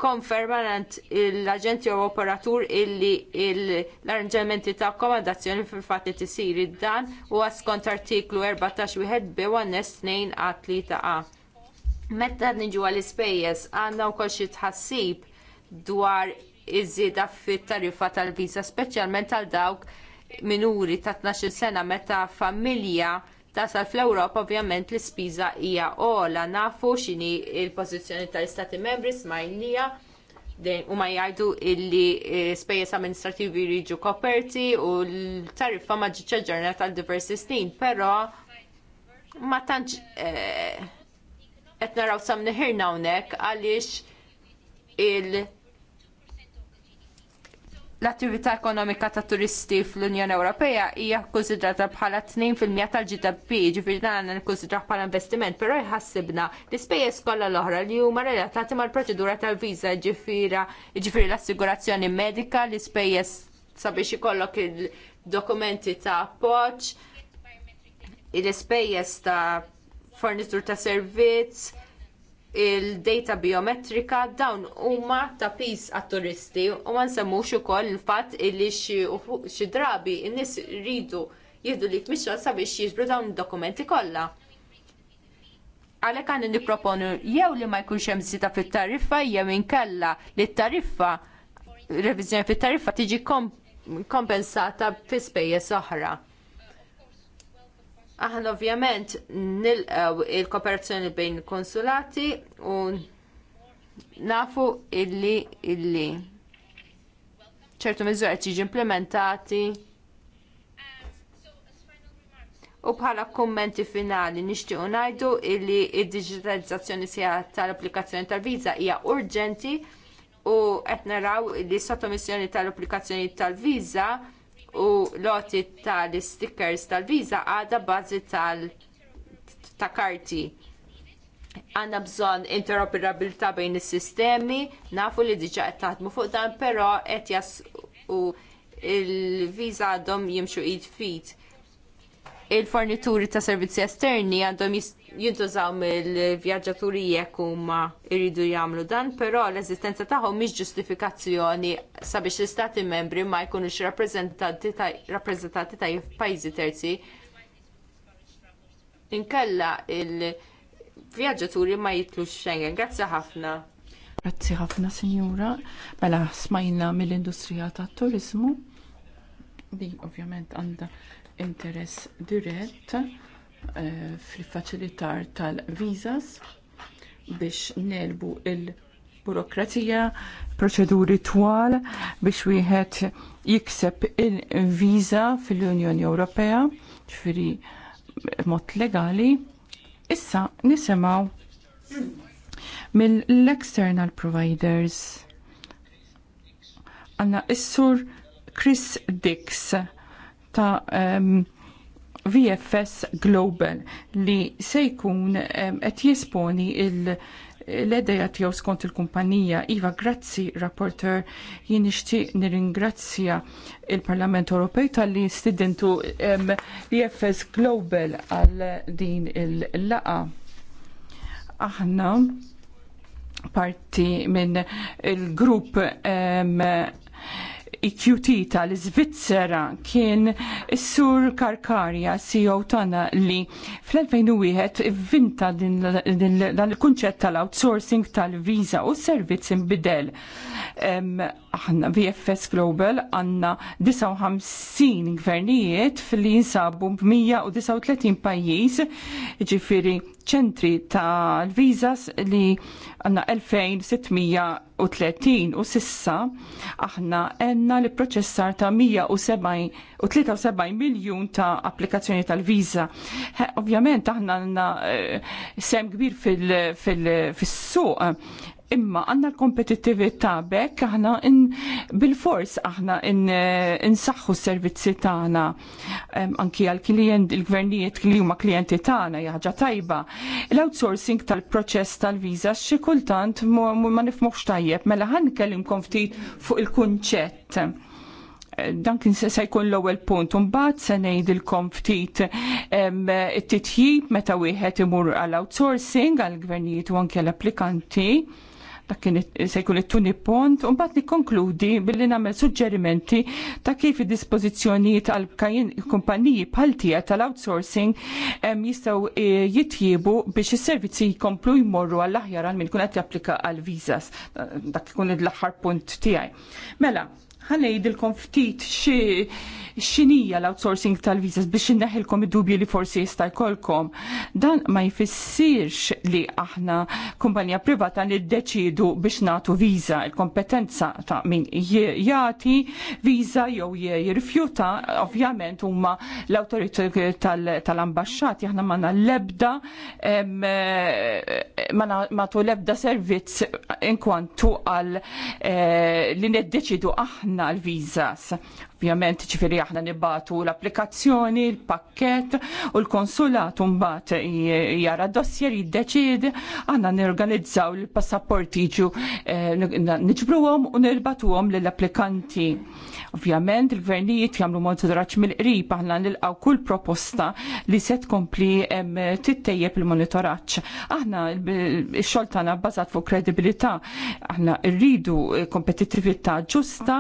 konfermanant l aġent jew operatur illi l-arranġamenti ta' akkomodazzjoni fil-fatt li tisir dan u skont artiklu 14 wieħed b 1 2 għat 3 a. Meta niġu għall ispejjeż għandna wkoll xi tħassib dwar iż-żieda fit-tariffa tal-viża, speċjalment għal dawk minuri ta' 12 sena meta familja tasal fl-Ewropa ovvjament l-ispiża hija ogħla nafu x'inhi l-pożizzjoni tal-Istati Membri smajnija u ma jgħidu illi spejjeż amministrativi jriġu koperti u l-tariffa ma ġiċċa ġurnata għal diversi snin, però ma tantx eh, qed naraw sam hawnhekk għaliex il l-attività ekonomika ta' turisti fl-Unjoni Ewropea hija kkunsidrata bħala 2% tal-GDP, ġifieri dan nikkunsidrah bħala investiment, però jħassibna l-ispejjeż kollha l-oħra li huma relatati mal-proċedura tal-viża, ġifieri l-assigurazzjoni medika, l-ispejjeż sabiex ikollok il-dokumenti ta' appoġġ, l-ispejjeż ta' fornitur ta' servizz, il-data biometrika dawn huma ta' pis għat-turisti u ma nsemmux ukoll il-fatt illi xi drabi n-nies rridu jieħdu li tmixxol sabiex jiġbru dawn id-dokumenti kollha. Għalhekk għandi nipproponu jew li ma jkunx hemm żita fit-tariffa jew inkella li t-tariffa reviżjoni fit-tariffa tiġi kompensata fi spejjeż oħra. Aħna ovvjament nilqaw il-kooperazzjoni bejn konsulati u nafu illi illi ċertu miżur qed jiġi implementati. U bħala kummenti finali nixtiequ ngħidu illi id-diġitalizzazzjoni sija tal-applikazzjoni tal-viża hija urġenti u qed naraw li sottomissjoni tal-applikazzjoni tal-viża tal applikazzjoni tal tal applikazzjoni tal viża u loti tal-stickers tal-viza għada bazi tal-karti. għanna bżon interoperabilità bejn is-sistemi, nafu li diġa qed taħdmu fuq dan, però qed jas u il-viża għadhom jimxu id fit. Il-fornituri ta' servizzi esterni għandhom jist jintużaw mill-vjaġġaturi jekk huma jridu jagħmlu dan, però l-eżistenza tagħhom mhix ġustifikazzjoni sabiex l-istati membri ma jkunux rappreżentati ta' pajjiżi terzi. Inkella il-vjaġġaturi ma jitlux Schengen. Grazzi ħafna. Grazzi ħafna, Sinjura. Mela smajna mill-industrija tat-turiżmu. Din ovvjament għandha interess dirett Eh, fil-facilitar tal-vizas biex nelbu il-burokrazija, proċeduri twal biex wieħed jikseb il-viza fil-Unjoni Ewropea, ġifiri mod legali. Issa nisimaw mill-external providers għanna issur Chris Dix ta' um, VFS Global li se jkun qed jisponi il- l-edeja tiegħu skont il-kumpanija. Iva, grazzi, rapporter, jien nixtieq nirringrazzja il-Parlament Ewropej tal-li stidentu l-IFS Global għal din il-laqa. Aħna parti minn il-grupp ikjutita e l-Svizzera kien is-sur Karkarja CEO tagħna li fl-2001 vinta dan il-kunċett tal-outsourcing tal visa u s-servizz imbidel. Aħna VFS Global għandna 59 gvernijiet fil-li jinsabu b-139 pajjiż, ġifiri ċentri tal-vizas li għanna 2600 1930 u sissa aħna enna li proċessar ta' 173 miljun ta' applikazzjoni tal-viza. Ovvjament aħna enna eh, sem kbir fil-suq imma għanna l kompetitivita bekk aħna bil-fors aħna insaxħu s-servizzi tagħna anki għal klient il-gvernijiet li huma klijenti tagħna jaħġa tajba. L-outsourcing tal-proċess tal-viża xi kultant ma nifmux tajjeb mela ħan kellimkom ftit fuq il-kunċett dan kien se jkun l-ewwel punt. Imbagħad se ngħidilkom ftit it-titjib meta wieħed imur għal outsourcing għall gvernijiet u anke l-applikanti ta' kien se jkun it-tuni pont, u mbagħad nikkonkludi billi nagħmel suġġerimenti ta' kif id-dispożizzjonijiet għal kumpaniji bħal tiegħek tal-outsourcing jistgħu eh, jitjiebu biex is-servizzi jkomplu jmorru għall aħjar għal min kun qed japplika għal visas. Dak ikun l-aħħar punt tiegħi. Mela, ħanejdilkom ftit xi x'inija l-outsourcing tal-visas biex inneħilkom id-dubji li forsi jista' jkollkom. Dan ma jfissirx li aħna kumpanija privata niddeċidu biex nagħtu viza il-kompetenza ta' min jagħti viza jew jirrifjuta ovvjament huma l-awtorità tal-ambaxxati aħna ma l-ebda ma eh, l-ebda servizz inkwantu għal eh, li neddeċidu aħna l-vizas. Ovvjament ċifiri aħna nibbatu l-applikazzjoni, l-pakket u l-konsulat mbagħad jara dossier jiddeċiedi aħna nirganizzaw l-passaporti ġu eh, niġbruhom u nirbatuhom lill-applikanti. Ovvjament il-gvernijiet jagħmlu monitoraġġ mill-qrib aħna nilqgħu kull proposta li se tkompli tittejjeb il-monitoraġġ. Aħna x-xogħol tagħna bbażat fuq kredibilità. Aħna rridu kompetittività ġusta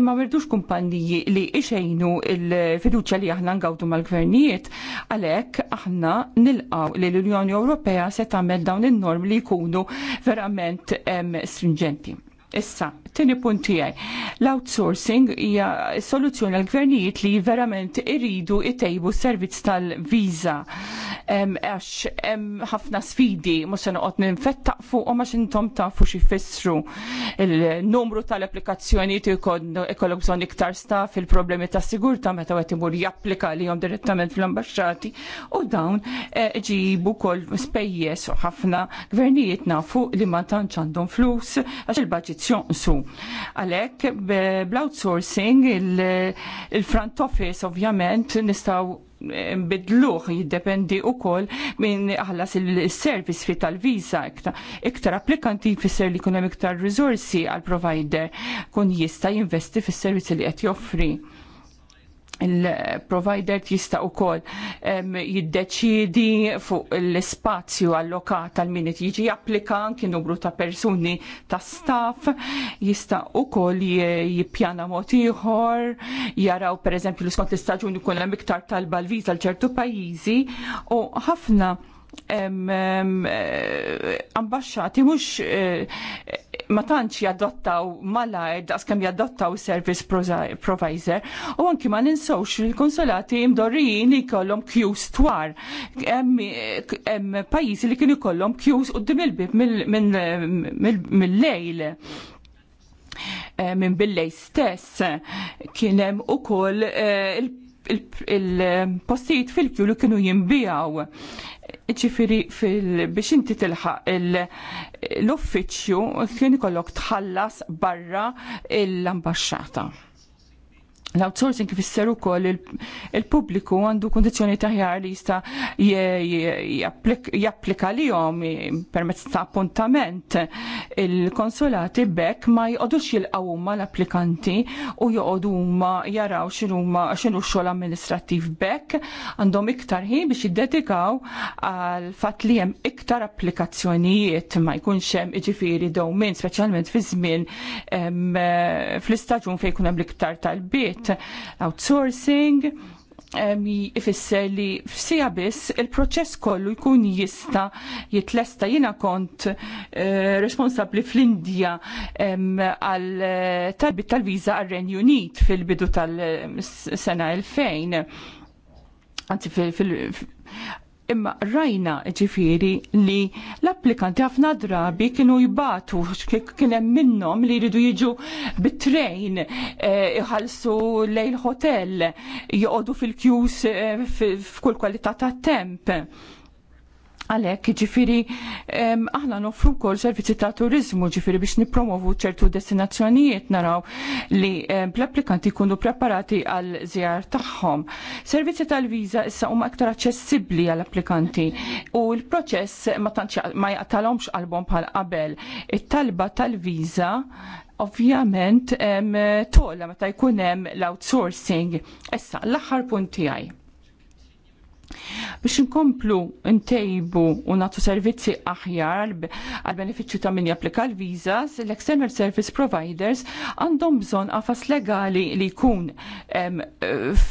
imma mirdux kumpanniji li ixejnu il-fiduċja li aħna ngawdu mal-gvernijiet għalhekk aħna nilqgħu li l-Unjoni Ewropea se tagħmel dawn in norm li jkunu verament stringenti. Issa, tini punti għaj. L-outsourcing hija soluzzjoni għal gvernijiet li verament iridu it-tejbu servizz tal-viza. Għax hemm ħafna sfidi, mhux se noqgħod ninfettaq fuq u għax intom tafu xi xifissru il-numru tal-applikazzjonijiet ikollok bżonn iktar sta il-problemi ta' sigurta meta qed imur japplika lihom direttament fl-ambaxxati u dawn e, ġibu kol spejjeż ħafna gvernijiet nafu li ma tantx għandhom flus għax il-budget jonqsu. Għalhekk bl-outsourcing il-front il office ovvjament nistgħu eh, bidluħ jiddependi u koll minn ħallas il-servis fi tal-viza iktar applikanti fisser li kunem iktar rizorsi għal-provider kun jista jinvesti fis servis li qed joffri il-provider jista' wkoll jiddeċiedi fuq l-ispazju allokat għal min jiġi applika anki numru ta' persuni ta' staff jista' wkoll jippjana mod ieħor jaraw pereżempju l-iskont l-istaġun ikun hemm iktar talba l-viża l ċertu pajjiżi u ħafna eh, ambasċati mhux eh, ma tantx jadottaw malajr kemm jadottaw service provider u anki ma ninsawx il-konsolati mdorrijin li jkollhom queues twar. Hemm pajjiżi li kienu jkollhom kjus qudiem il-bib mill-lejl eh, minn billej stess kien hemm ukoll eh, il-postijiet fil-kju li kienu jinbijaw ċifiri biex inti tilħaq l-uffiċju kien ikollok tħallas barra l-ambasċata. L-outsourcing kifisser ukoll il-pubbliku għandu kundizzjoni taħjar li jista' japplika lihom permezz ta' appuntament. Il-konsolati bekk ma jqogħdux jilqgħu huma l-applikanti u joqogħdu huma jaraw x'inhuma x'inhu xogħol amministrattiv bekk għandhom iktar ħin biex jiddedikaw għal fatt li hemm iktar applikazzjonijiet ma jkunx hemm iġifieri dewmin speċjalment fi żmien fl-istaġun fejn jkun hemm l-iktar tal-bit l-art, outsourcing, eh, ifisser li f'sija biss il-proċess kollu jkun jista jitlesta jina kont eh, responsabli fl-Indija għal eh, talbit tal-viza għal renju Unit fil-bidu tal-sena 2000. Anzi, fil Imma rajna ġifiri li l-applikanti ħafna drabi kienu jibatu, kien hemm minnhom li jridu jiġu bit-trejn, eh, iħallsu lejl hotel, joqogħdu fil-kjus eh, f'kull kwalità tat temp Għalek, ġifiri, aħna nofru kol servizzi ta' turizmu, ġifiri biex nipromovu ċertu destinazzjonijiet naraw li l-applikanti kunu preparati għal zjar tagħhom. Servizzi tal-viza issa huma aktar aċċessibbli għal applikanti u l-proċess ma tantx ma jaqtalhomx qalbhom bħal qabel. It-talba tal viza ovvjament tolla meta jkun hemm l-outsourcing. Issa l-aħħar punt tiegħi Biex nkomplu ntejbu u natu servizzi aħjar għal benefiċċju ta' min japplika l-visas, l-external service providers għandhom bżon għafas legali li jkun eh,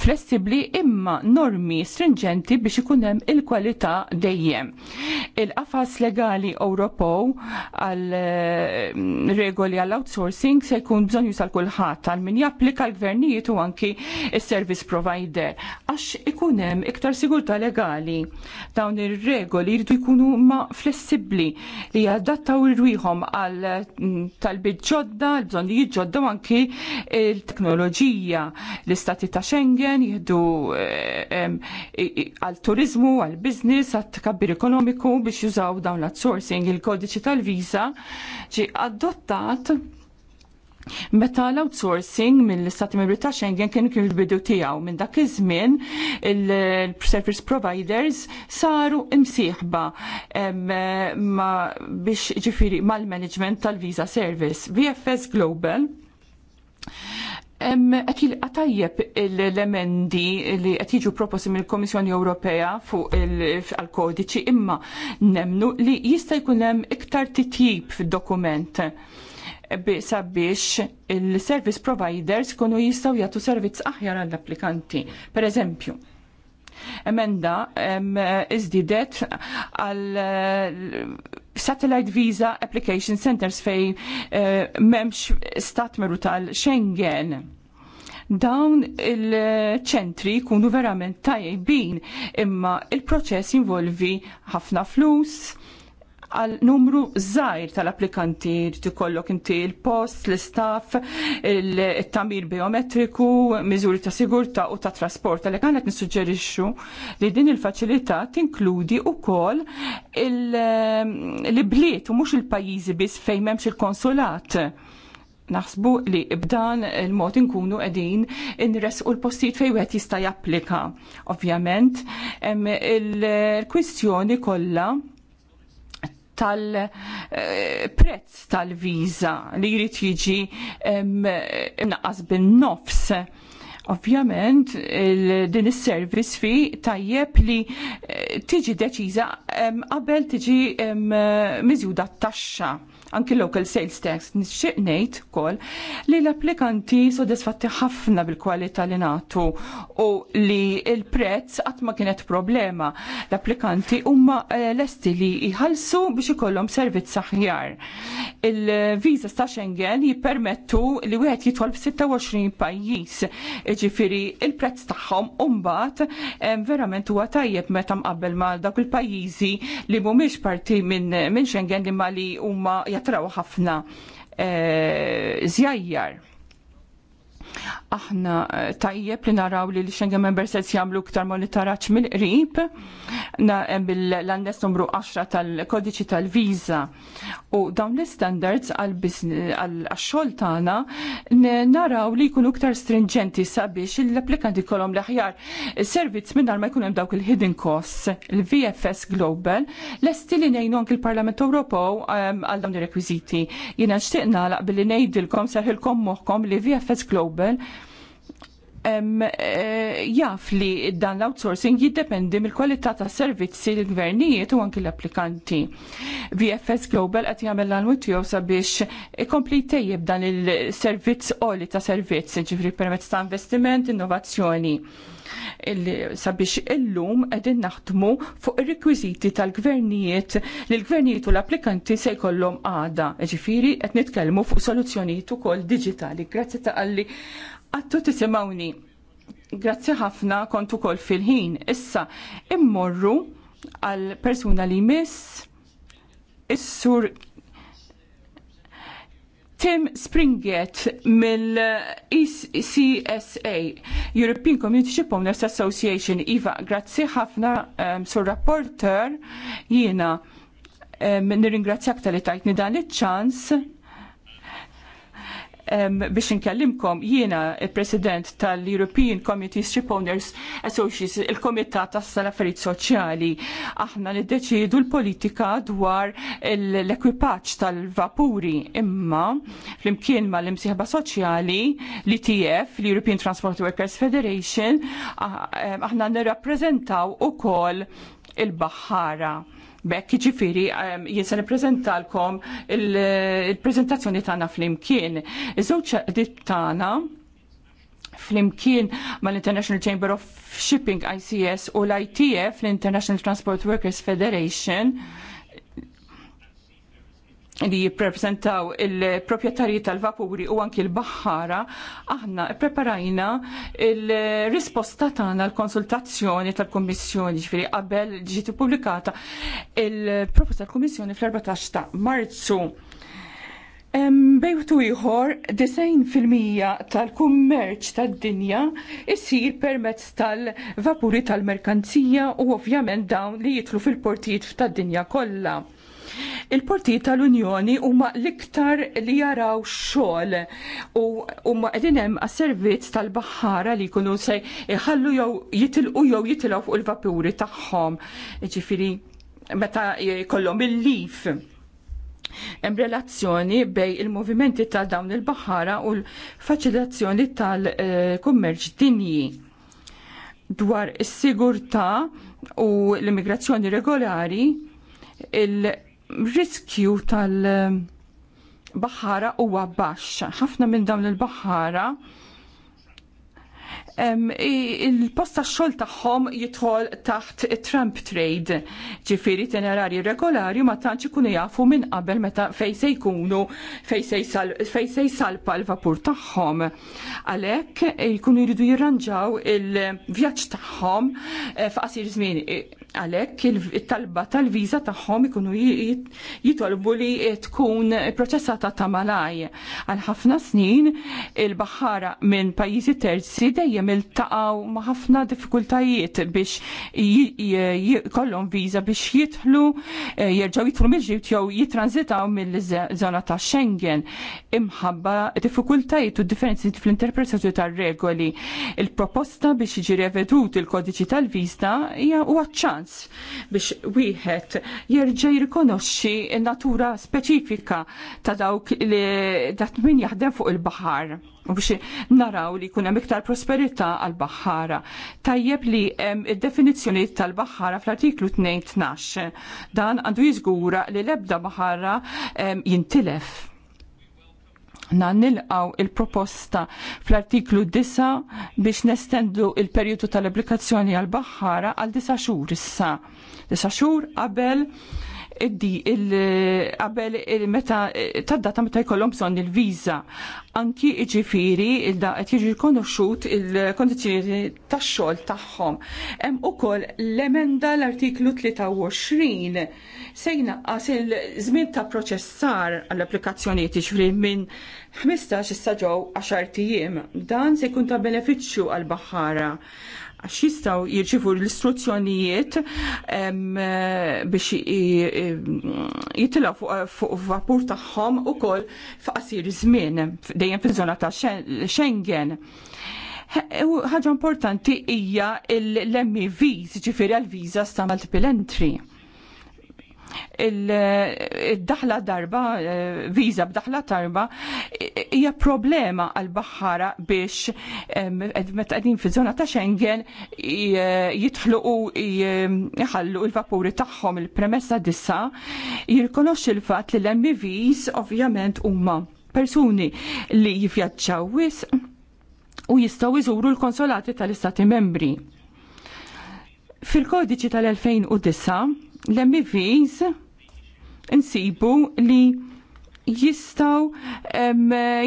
flessibli imma normi stringenti biex ikun hemm il-kwalità dejjem. Il-qafas legali Ewropew għal eh, regoli għall outsourcing se jkun bżon jusal kulħadd għal min japplika l-gvernijiet u anki il-service provider għax ikun hemm iktar sigurtà ta' legali. Dawn ir-regoli jridu jkunu ma flessibbli li jadattaw irwieħhom għal tal mm, tal-bid ġodda, l-bżonnijiet ġodda u anki l-teknoloġija. L-istati ta' Schengen jihdu eh, għal turizmu, għal biznis għal tkabbir ekonomiku biex jużaw dawn l-outsourcing il-kodiċi tal visa ġi adottat Meta l-outsourcing mill-Istati Membri ta' Schengen kien kien il-bidu tiegħu minn dak iż-żmien il-service providers saru imsieħba ma biex ġifiri mal-management tal-Visa Service. VFS Global qed jilqa' tajjeb l-emendi li qed jiġu proposti mill komissjoni Ewropea fuq il-kodiċi imma nemnu li jista' jkun hemm iktar titjib fid-dokument sabiex il-service providers kunu jistaw jagħtu servizz aħjar għall-applikanti. Per eżempju, emenda izdidet għal eh, Satellite Visa Application Centers fej eh, memx stat meru tal-Schengen dawn il-ċentri jkunu verament tajbin imma il-proċess jinvolvi ħafna flus, għal numru żgħir tal-applikanti ti ikollok inti l-post, l-istaff, il-tamir biometriku, miżuri ta' sigurtà u ta' trasport. Għalhekk għandek nissuġġerixxu li din il-faċilità tinkludi wkoll il-bliet u mhux il-pajjiżi biss fejn m'hemmx il-konsulat naħsbu li b'dan il-mod inkunu qegħdin inres u l-postijiet fejn wieħed jista' japplika. Ovvjament, il-kwistjoni kollha tal-prezz eh, tal-viża li jrid jiġi naqas bin-nofs. Ovvjament, din is-service fi tajjeb li eh, tiġi deċiża qabel tiġi miżjuda t-taxxa anki local sales tax, nixtieq ngħid ukoll li l-applikanti sodisfatti ħafna bil-kwalità li nagħtu u li l-prezz qatt ma kienet problema. L-applikanti huma eh, lesti li jħallsu biex ikollhom servizz aħjar. Il-viża ta' Schengen jippermettu li wieħed jidħol b'26 pajjiż. Ġifieri il-prezz tagħhom u mbagħad eh, verament huwa tajjeb meta mqabbel ma' dak il-pajjiżi li mhumiex parti minn Schengen li ma li huma jattraw ħafna eh, zjajjar. Aħna eh, tajjeb li naraw li l-Schengen Member States jagħmlu iktar monitoraġġ mill-qrib eh, bil-annes numru 10 tal-kodiċi tal-viża u dawn l-standards għall xogħol tagħna naraw li jkunu iktar stringenti sabiex l-applikanti kolom l-aħjar servizz minn ma jkun hemm dawk il-hidden costs, il-VFS Global, lesti li ngħinu anke l-Parlament Ewropew eh, għal dawn ir-rekwiżiti. Jiena nixtieq nagħlaq billi ngħidilkom serħilkom moħħkom li VFS Global qabel eh, jaf li dan l-outsourcing jiddependi mill-kwalità tas servizzi l-gvernijiet u anki l-applikanti. VFS Global qed jagħmel l-anwi tiegħu sabiex ikompli tejjeb dan il-servizz oli ta' servizz, ġifri permezz ta' investiment, innovazzjoni sabiex illum qegħdin naħdmu fuq ir-rekwiżiti tal-gvernijiet li l-gvernijiet u l-applikanti se jkollhom għada. Ġifieri qed nitkellmu fuq soluzzjonijiet ukoll diġitali. Grazzi ta' għalli għattu tisimawni. Grazzi ħafna kont ukoll fil-ħin. Issa immorru għal persuna li miss is-sur Tim Springett, mill-ECSA, European Community Owners Association, Iva, grazzi ħafna um, sur rapporter jiena um, nirringrazzjak tal-li tajtni dan iċ-ċans biex nkellimkom jiena il-President tal-European Committee Ship Owners Associates, il-Komitat tas affarijiet Soċjali. Aħna niddeċidu l-politika dwar l-ekwipaġġ tal-vapuri imma flimkien mal imsieħba soċjali l-ITF, l-European Transport Workers Federation, aħna nirrappreżentaw ukoll il-Baħħara Bekk ġifiri ehm, jinsen nippreżentalkom il-prezentazzjoni tagħna flimkien. Iż-żewġ tana tagħna flimkien mal-International Chamber of Shipping ICS u l-ITF, l-International Transport Workers Federation, li jipprepresentaw il-propjetarji tal-vapuri u anki l-baħħara, aħna preparajna il-risposta tagħna l-konsultazzjoni tal-Kummissjoni, ġifieri qabel ġiet ippubblikata il-proposta tal-Kummissjoni fl-14 ta' Marzu. Bejtu ieħor, 90% tal-kummerċ tad-dinja isir permezz tal-vapuri tal-merkanzija u ovvjament dawn li jitlu fil-portijiet tad-dinja kollha Il-portijiet tal-Unjoni huma l-iktar li jaraw xogħol u huma qegħdin hemm għas-servizz tal-baħħara li jkunu se jħallu jew jitilqu jew jitilgħu fuq il-vapuri tagħhom. Ġifieri meta jkollhom il-lif hemm relazzjoni bej il-movimenti ta' dawn il-baħħara u l-faċilitazzjoni tal-kummerċ dinji dwar is-sigurtà u l-immigrazzjoni regolari il- riskju tal-baħħara eh, huwa baxx. Ħafna minn dawn il-baħħara il-posta xol taħħom jitħol taħt Trump Trade. Ġifiri tenerari regolari ma tantx ikunu jafu minn qabel meta fej se jkunu fej se jsalpa l-vapur taħħom. Għalek eh, jkunu jridu jirranġaw il-vjaċ taħħom eh, f'qasir żmien. Għalek il-talba tal-viza taħħom ikunu jitolbu li tkun proċessata ta' malaj. Għal ħafna snin il-baħħara minn pajjiżi terzi dejjem dejjem iltaqgħu ma' ħafna diffikultajiet biex jkollhom viża biex jidħlu eh, jerġgħu jidħlu mill-ġid jew jitranzitaw mill-żona ta' Schengen imħabba diffikultajiet u differenzi fl-interpretazzjoni tar-regoli. Il-proposta biex jiġi revedut il-kodiċi tal vista hija huwa ċans biex wieħed jerġa' jirrikonoxxi n-natura speċifika ta' dawk li dat min jaħdem fuq il-baħar u biex naraw li kunem iktar prosperita għal-Bahara. Tajjeb li id-definizjoni tal-Bahara fl-artiklu 2.12 dan għandu jizgura li lebda Bahara jintilef. Na nilqaw il-proposta fl-artiklu 9 biex nestendu il-periodu tal-applikazzjoni għal-Bahara għal 9 xhur issa. 9 xhur qabel iddi il-qabel il-meta tad-data meta jkollhom bżonn il-viża. Anki jiġifieri il-da qed jiġi rikonoxxut il-kondizzjoni tax-xogħol tagħhom. Hemm ukoll l-emenda l-artiklu 23 se jnaqqas il-żmien ta' proċessar għall-applikazzjonijiet jiġifieri minn 15 issa ġew 10 tiem. Dan se jkun ta' benefiċċju għall-baħħara għax jistaw jirċifu l-istruzzjonijiet eh, biex jitilaw fuq vapur tagħhom ukoll f'qasir żmien dejjem fil żona ta' Schengen. Ħaġa importanti hija l-MEVs, ġifieri għal-viżas ta' multiple entry il-daħla darba, eh, viza b'daħla darba, hija problema għal baħħara biex meta qegħdin fi zona ta' Schengen jitħlu u jħallu il vapuri tagħhom il-premessa dissa, jirkonoxxi l-fatt li l-MVs ovvjament huma persuni li jivvjaġġaw wisq u jistgħu iżuru l-konsolati tal-istati membri. Fil-kodiċi tal-2009 l-MVs insibu li jistaw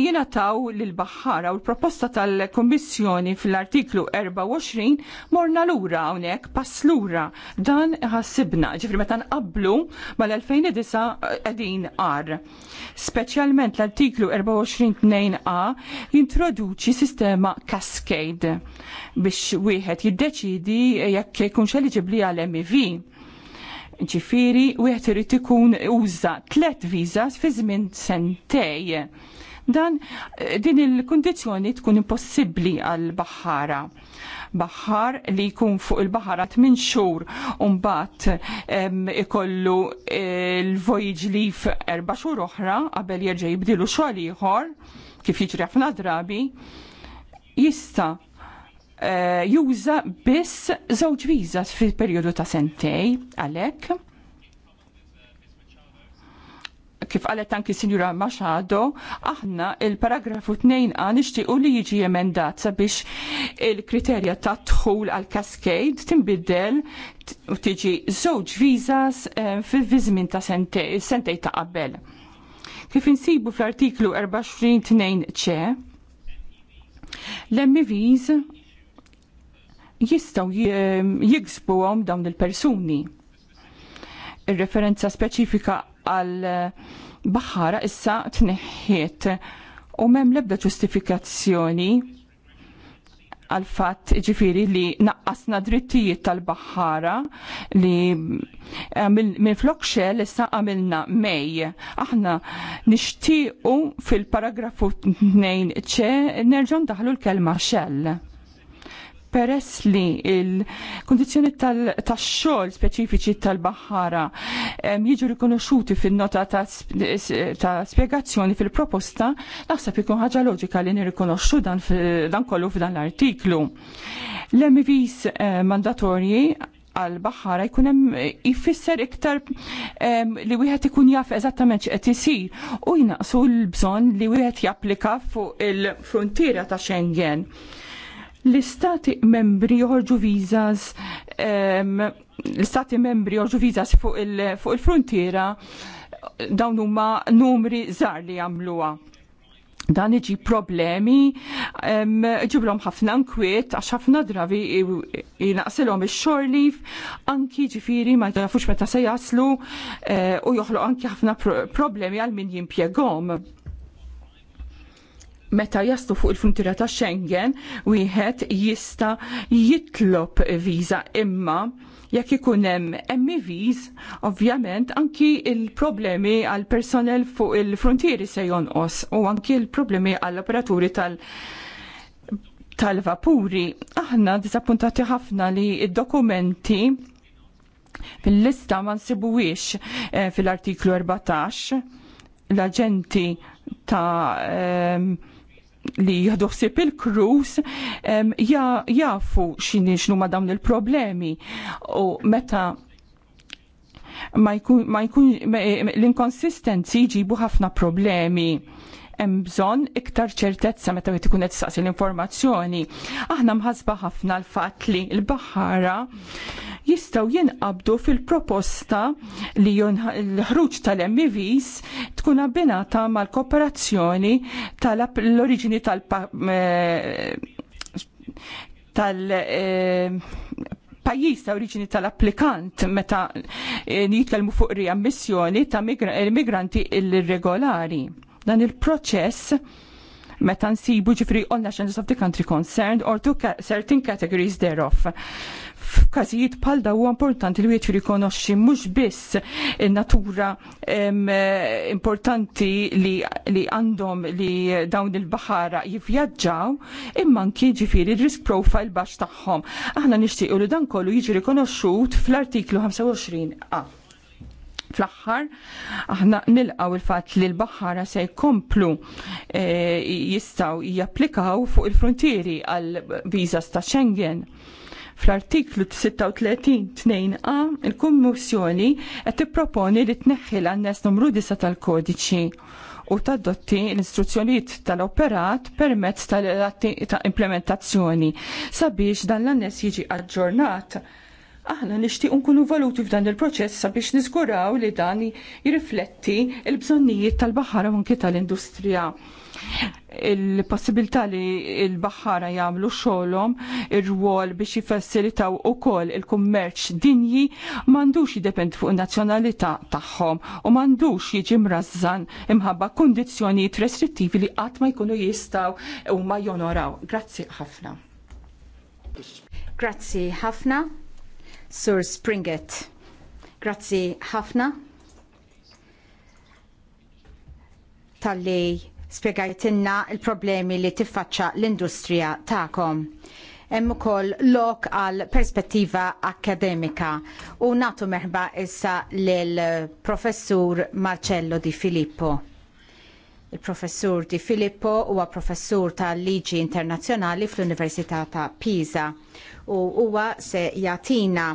jinataw l-Bahara u l-proposta tal-Kommissjoni fil-artiklu 24 morna l-ura unek, pass l-ura dan ħassibna, ġifri metan qablu mal-2009 għedin għar. Specialment l-artiklu 24-2a jintroduċi sistema cascade biex wieħed jiddeċidi jekk jkunx eligibli għal-MEV Ġifiri, wieħed irid ikun uża tliet viżas fi żmien sentej dan din il-kondizjoni tkun impossibbli għal baħħara. Baħar li jkun fuq il-baħħara 8 xhur mbagħad ikollu eh, l-voyage leaf erba' xhur oħra qabel jerġa' jibdilu xogħol ieħor kif jiġri ħafna drabi jista' Eh, juża biss żewġ viżas fil-perjodu ta' sentej għalhekk. Kif qalet anki Sinjura Machado, aħna il-paragrafu 2 a nixtiequ li jiġi emendat sabiex il-kriterja ta' dħul għal kaskade tinbidel u tiġi żewġ viżas eh, fil vizmin ta' sentej, ta' qabel. Kif insibu fl-artiklu 24 2 ċe, l-MVs jistaw jiksbu għom dawn il-persuni. Il-referenza speċifika għal eh, baħara issa tneħħiet u mem lebda ġustifikazzjoni għal fatt ġifiri li naqqasna drittijiet tal-baħħara li eh, minn flokxel issa għamilna mej. Aħna nishtiqu fil-paragrafu 2 ċe nerġon daħlu l-kelma xell peress li il-kondizjoni tal-xol speċifiċi tal-bahara jiġu rikonoxuti fil-nota ta' spiegazzjoni fil-proposta, naħseb ikun ħagġa loġika li nirrikonoxxu dan kollu f'dan l-artiklu. L-MVs eh, mandatorji għal bahara jkun hemm jfisser iktar li wieħed ikun jaf eżattament x'qed isir u jnaqsu l-bżonn li wieħed japplika fuq il-frontiera ta' Schengen l-istati membri joħorġu vizas l-istati membri joħorġu vizas fuq il-frontiera dawn huma numri żgħar li jagħmluha dan iġi problemi, ġibrom ħafna nkwiet, għax ħafna drabi jinaqsilhom ix-xorlif, anki ġifiri ma jafux meta se jaslu eh, u joħloq anki ħafna problemi għal min jimpjegom meta jaslu fuq il fruntiera ta' Schengen, wieħed jista' jitlob viża imma jekk ikun hemm MVs, ovvjament anki il-problemi għal personel fuq il-frontieri se jonqos u anki il-problemi għall operaturi tal- tal-vapuri. Aħna disappuntati ħafna li id-dokumenti fil-lista ma nsibuwiex eh, fil-artiklu 14 l-aġenti ta' eh, li ħsieb il-kruz jafu xini xnu ma dawn il-problemi u meta ma jkun l-inkonsistenzi jġibu ħafna problemi hemm bżonn iktar ċertezza meta qed ikun qed l-informazzjoni. Aħna mħasba ħafna l-fatt li l-baħħara jistgħu jinqabdu fil-proposta li l-ħruġ tal-MVs tkun abbinata mal-kooperazzjoni tal-oriġini eh, tal- eh, pajjiż ta' oriġini tal-applikant meta jitkellmu eh, fuq riammissjoni ta' immigranti irregolari. Dan il-proċess meta nsibu ġifri all nationals of the country concerned or to certain categories thereof f'każijiet bħal daw huwa importanti li wieħed jirrikonoxxi mhux biss in-natura importanti li għandhom li dawn il-baħara jivvjaġġaw imma anki ġifieri risk profile baxx tagħhom. Aħna nixtiequ li dan kollu jiġi rikonoxxut fl-artiklu 25a fl-axħar, aħna nilqaw il-fat li l-baħħara se jkomplu eh, jistaw japplikaw fuq il-frontieri għal vizas ta' Schengen. Fl-artiklu 36-2a il-Kummissjoni qed tipproponi li tneħħi l-annes numru 9 tal-kodiċi u tadotti l-istruzzjonijiet tal-operat permezz tal-implementazzjoni sabiex dan l-annes jiġi aġġornat aħna nixtieq nkunu valuti f'dan il-proċess sabiex niżguraw li dan jirrifletti l bżonnijiet tal-baħar u anke tal-industrija il-possibilità li l-baħħara jagħmlu xogħolhom ir-rwol biex jifassilitaw ukoll il-kummerċ dinji m'għandux jidepend fuq nazzjonalità tagħhom u m'għandux jiġi mrażżan imħabba kundizzjonijiet restrittivi li qatt ma jkunu jistgħu huma jonoraw. Grazzi ħafna. Grazzi ħafna, Sur Springet. Grazzi ħafna tal-li spiegajtinna il-problemi li tiffaċċa l-industrija tagħkom hemm ukoll lok għal perspettiva akademika u natu meħba issa lil professur Marcello Di Filippo. Il-professur Di Filippo huwa professur tal-Liġi Internazzjonali fl-Università ta' Pisa u huwa se jatina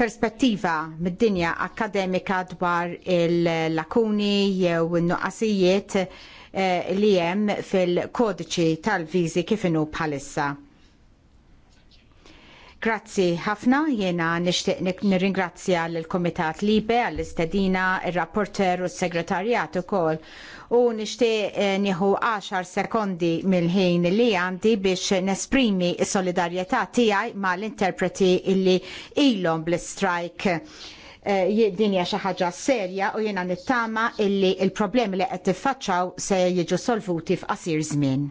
perspettiva mid-dinja akademika dwar il-lakuni jew in-nuqqasijiet eh, li hemm fil-kodiċi tal-viżi kif inhu bħalissa. Grazzi ħafna, jena nishtiq nirringrazzja l-Komitat Libe, għall-istedina, il-rapporter u s-segretarjat u kol u nixtieq eh, nieħu 10 sekondi mill-ħin li għandi biex nesprimi s solidarjetà tiegħi mal-interpreti illi ilhom bl-strike eh, dinja xi ħaġa serja u jiena nittama illi l problemi li qed tiffaċċaw se jiġu solvuti f'qasir żmien.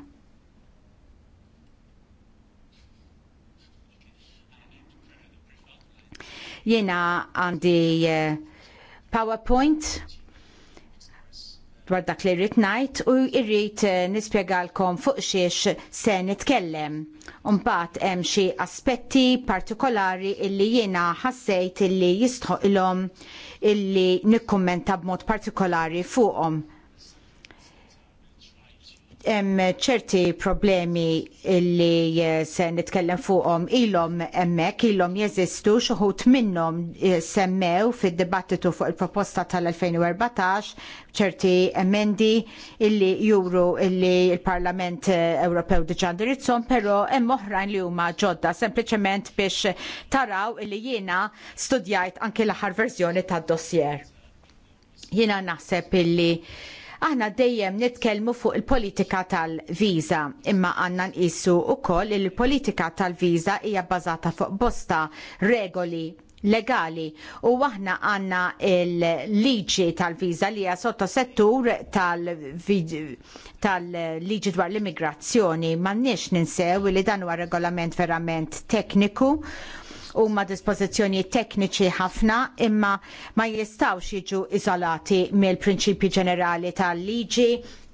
Jiena għandi eh, PowerPoint dwar dak li rrit ngħid u rrid eh, nispjegalkom fuq xiex se nitkellem. Mbagħad hemm xi aspetti partikolari illi jiena ħassejt illi jistħoqilhom illi nikkummenta b'mod partikolari fuqhom hemm ċerti problemi li eh, se nitkellem fuqhom ilhom hemmhekk ilhom jeżistu xuħut minnhom eh, semmew fid-dibattitu fuq il-proposta tal-2014 ċerti emendi illi juru illi il-Parlament eh, Ewropew diġà ndirizzhom, però hemm oħrajn li huma ġodda sempliċement biex taraw illi jiena studjajt anke l-aħħar verżjoni tad-dossier. Jiena naħseb illi Aħna dejjem nitkellmu fuq il-politika tal-viża, imma għandna nqisu wkoll il-politika tal-viża hija bbażata fuq bosta regoli legali u aħna għanna il-liġi tal-viza li hija sottosettur tal-liġi dwar l-immigrazzjoni m'għandniex ninsew li dan huwa regolament verament tekniku huma dispożizzjoni tekniċi ħafna imma ma jistgħux jiġu iżolati mill-prinċipji ġenerali tal-liġi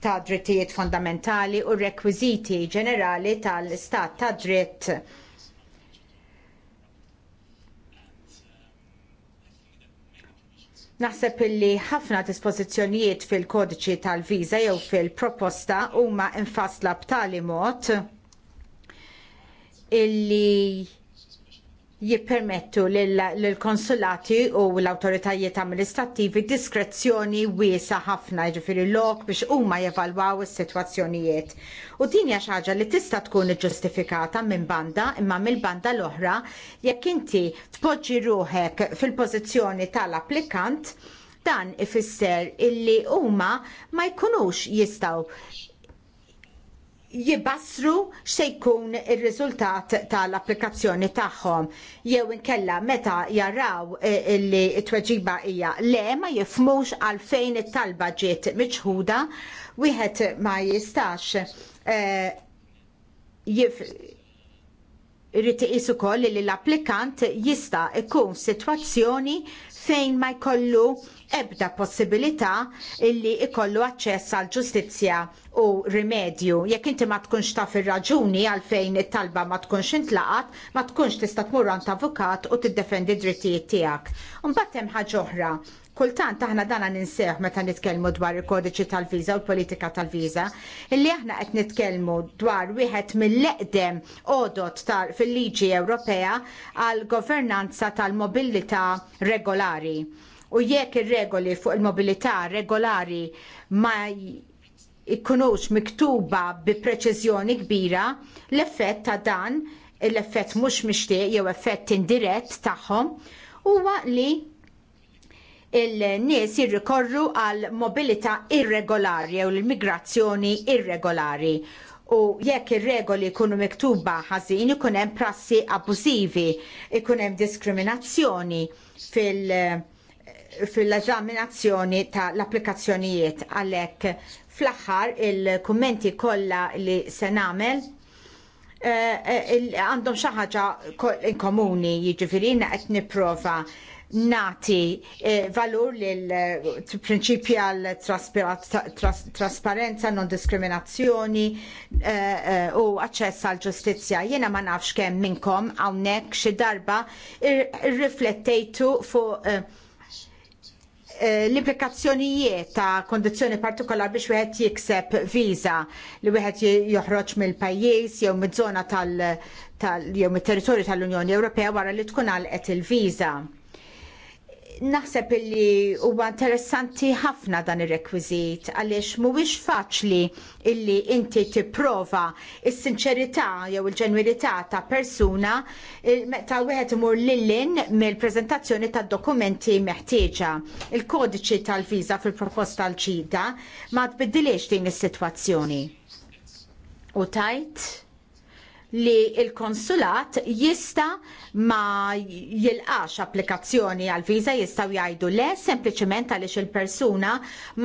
ta' drittijiet fondamentali u r-rekwiżiti ġenerali tal-istat ta' dritt. Naħseb illi ħafna dispożizzjonijiet fil-kodiċi tal-viża jew fil-proposta huma infasla b'tali mod illi jippermettu lill-konsulati u l awtoritajiet amministrattivi diskrezzjoni wiesa ħafna ġifiri lok biex huma jevalwaw is-sitwazzjonijiet. U din hija xi ħaġa li tista' tkun iġġustifikata minn banda imma mill-banda l-oħra jekk inti tpoġġi ruħek fil-pożizzjoni tal-applikant dan ifisser illi huma ma jkunux jistgħu jibassru x'se jkun ir-riżultat tal-applikazzjoni tagħhom. Jew inkella meta jarraw eh, li t-tweġiba hija le ma jifmux għalfejn it-talba ġiet miċħuda, wieħed ma jistax eh, irrid iqis ukoll li l-applikant jista' jkun sitwazzjoni fejn ma jkollu ebda possibilità illi ikollu aċċess għal ġustizzja u rimedju. Jekk inti ma tkunx taf ir-raġuni għalfejn it-talba ma tkunx intlaqat, ma tkunx tista' tmur għand avukat u tiddefendi drittijiet tiegħek. Imbagħad hemm ħaġa oħra kultant aħna dana ninseħ meta nitkellmu dwar il-kodiċi tal-viża u l-politika tal-viża, illi aħna qed nitkellmu dwar wieħed mill-eqdem odot fil-liġi Ewropea għal governanza tal-mobilità regolari. U jekk ir-regoli fuq il-mobilità regolari ma jkunux miktuba bi preċiżjoni kbira, l-effett ta' dan, l-effett mhux mixtieq jew effett indirett tagħhom huwa li il-nies jirrikorru għal mobilità irregolari jew l-immigrazzjoni irregolari. U jekk ir-regoli jkunu miktuba ħażin ikun hemm prassi abbużivi, ikun hemm diskriminazzjoni fil- fil-eżaminazzjoni tal-applikazzjonijiet għalhekk fl-aħħar il-kummenti kollha li se nagħmel eh, eh, għandhom xi ħaġa in komuni jiġifieri qed nipprova nati eh, valur lil prinċipji għal trasparenza, non diskriminazzjoni u aċċess għal ġustizzja. Jiena ma nafx kemm minnkom hawnhekk xi darba irriflettejtu fuq Eh, l-implikazzjonijiet ta' kondizzjoni partikolar biex wieħed jikseb viża li wieħed joħroġ mill-pajjiż jew miż-żona tal- jew mit-territorju tal-Unjoni Ewropea wara li tkun għalqet il-viża naħseb illi huwa interessanti ħafna dan ir-rekwiżit għaliex mhuwiex faċli illi inti tipprova is-sinċerità jew il ġenwilità ta' persuna meta wieħed imur lilin mill-preżentazzjoni tad dokumenti meħtieġa. Il-kodiċi tal-viża fil-proposta tal ċida ma tbiddilix din is-sitwazzjoni. U tajt? li il-konsulat jista ma jilqax applikazzjoni għal viza jistaw jgħidu le sempliciment għaliex il-persuna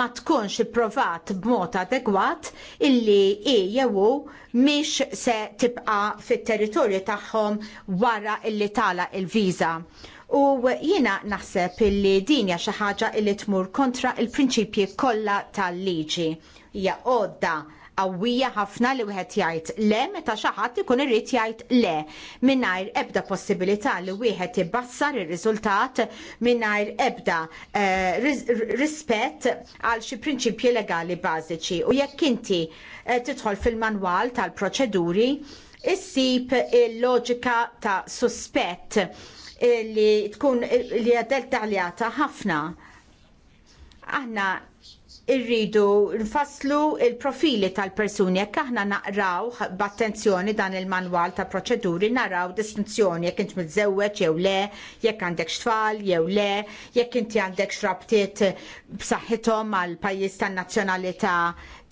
ma tkunx provat b'mod adegwat illi i jewu miex se tibqa fit-territorju tagħhom wara illi tala il-viza. U jina naħseb illi din hija xi ħaġa illi tmur kontra il-prinċipji kollha tal-liġi. Hija għodda għawija ħafna li wieħed jgħid le meta xi ħadd ikun irid jgħid le mingħajr ebda possibilità li wieħed ibassar ir-riżultat mingħajr ebda eh, rispett għal xi prinċipji legali bażiċi u jekk inti eh, tidħol fil-manwal tal-proċeduri issib il-loġika ta' suspett li tkun li għadel taħljata ħafna. Aħna irridu nfasslu il-profili tal-persuni jekk aħna naqraw b'attenzjoni dan il-manwal ta' proċeduri naraw distinzjoni jekk int miżewweġ jew le, jekk għandek tfal jew le, jekk inti għandek rabtiet b'saħħithom mal pajjiż tan-nazzjonalità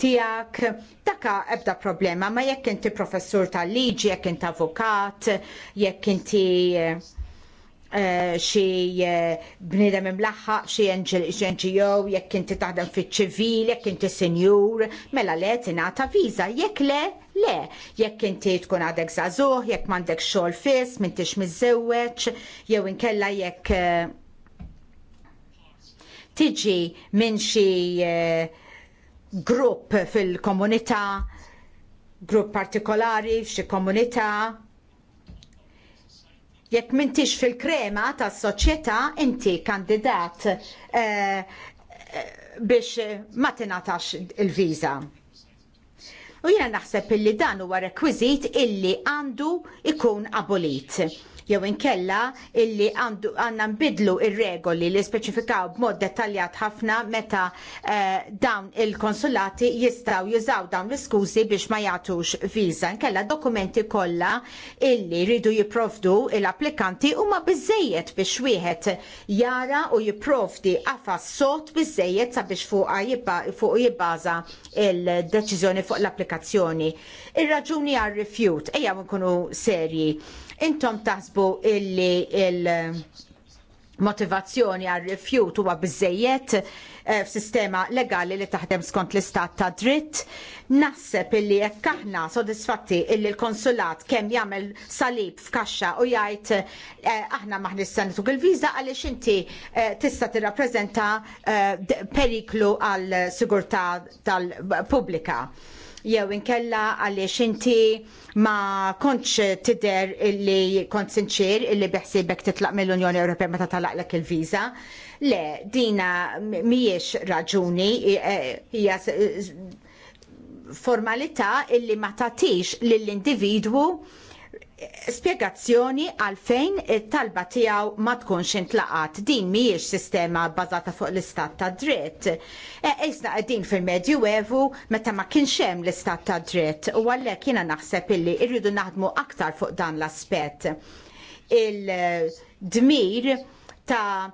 tiegħek. Daka ebda problema, ma jekk inti professur tal-liġi, jekk inti avukat, jekk inti eh, Eh, xi eh, bnidem imlaħħaq, xi NGO, jekk inti taħdem fiċ ċivil jekk inti senjur, mela le tingħata viża, jekk le, le, jekk inti tkun għadek żagħżugħ, jekk m'għandek xogħol fis, m'intix miżewweġ, jew inkella jekk eh, tiġi minn xi grupp fil-komunità, grupp partikolari f'xi komunità, jekk mintix fil-krema tas soċjetà inti kandidat eh, eh, biex ma tingħatax il-viża. U jiena naħseb illi dan huwa rekwiżit illi għandu ikun abolit jew inkella illi għandna nbidlu il regoli li speċifikaw b'mod dettaljat ħafna meta eh, dawn il-konsulati jistgħu jużaw dawn l-iskużi biex ma jagħtux viża. Nkella dokumenti kollha illi jridu jipprovdu l-applikanti huma bizzejiet biex wieħed jara u jipprovdi qafas sot bizzejiet sabiex fuq jibbaza il-deċiżjoni fuq l-applikazzjoni. Ir-raġuni għal eja ejja nkunu serji Intom tasbu illi il- motivazzjoni għal rifjut huwa biżejjed eh, f'sistema legali li taħdem skont l-istat ta' dritt. Naħseb illi jekk aħna sodisfatti illi l-konsulat kemm jagħmel salib f'kaxxa u jgħid eh, aħna ma' s-sanituk il-viża għaliex inti eh, tista' tirrappreżenta periklu għal sigurtà tal-pubblika jew inkella għaliex inti ma kontx tidher illi kont sinċir illi biħsibek titlaq mill-Unjoni Ewropea meta talaqlek il-viża. Le, dina mhijiex raġuni e, hija formalità illi ma tagħtix lill-individwu spiegazzjoni għalfejn it-talba tiegħu ma tkunx intlaqat. Din mhijiex sistema bbażata fuq l-istat ta' dritt. E, Isna qegħdin fil-Medju Evu meta ma kienx hemm l-istat ta' dritt u għalhekk jiena naħseb illi rridu naħdmu aktar fuq dan l-aspett. Il-dmir ta'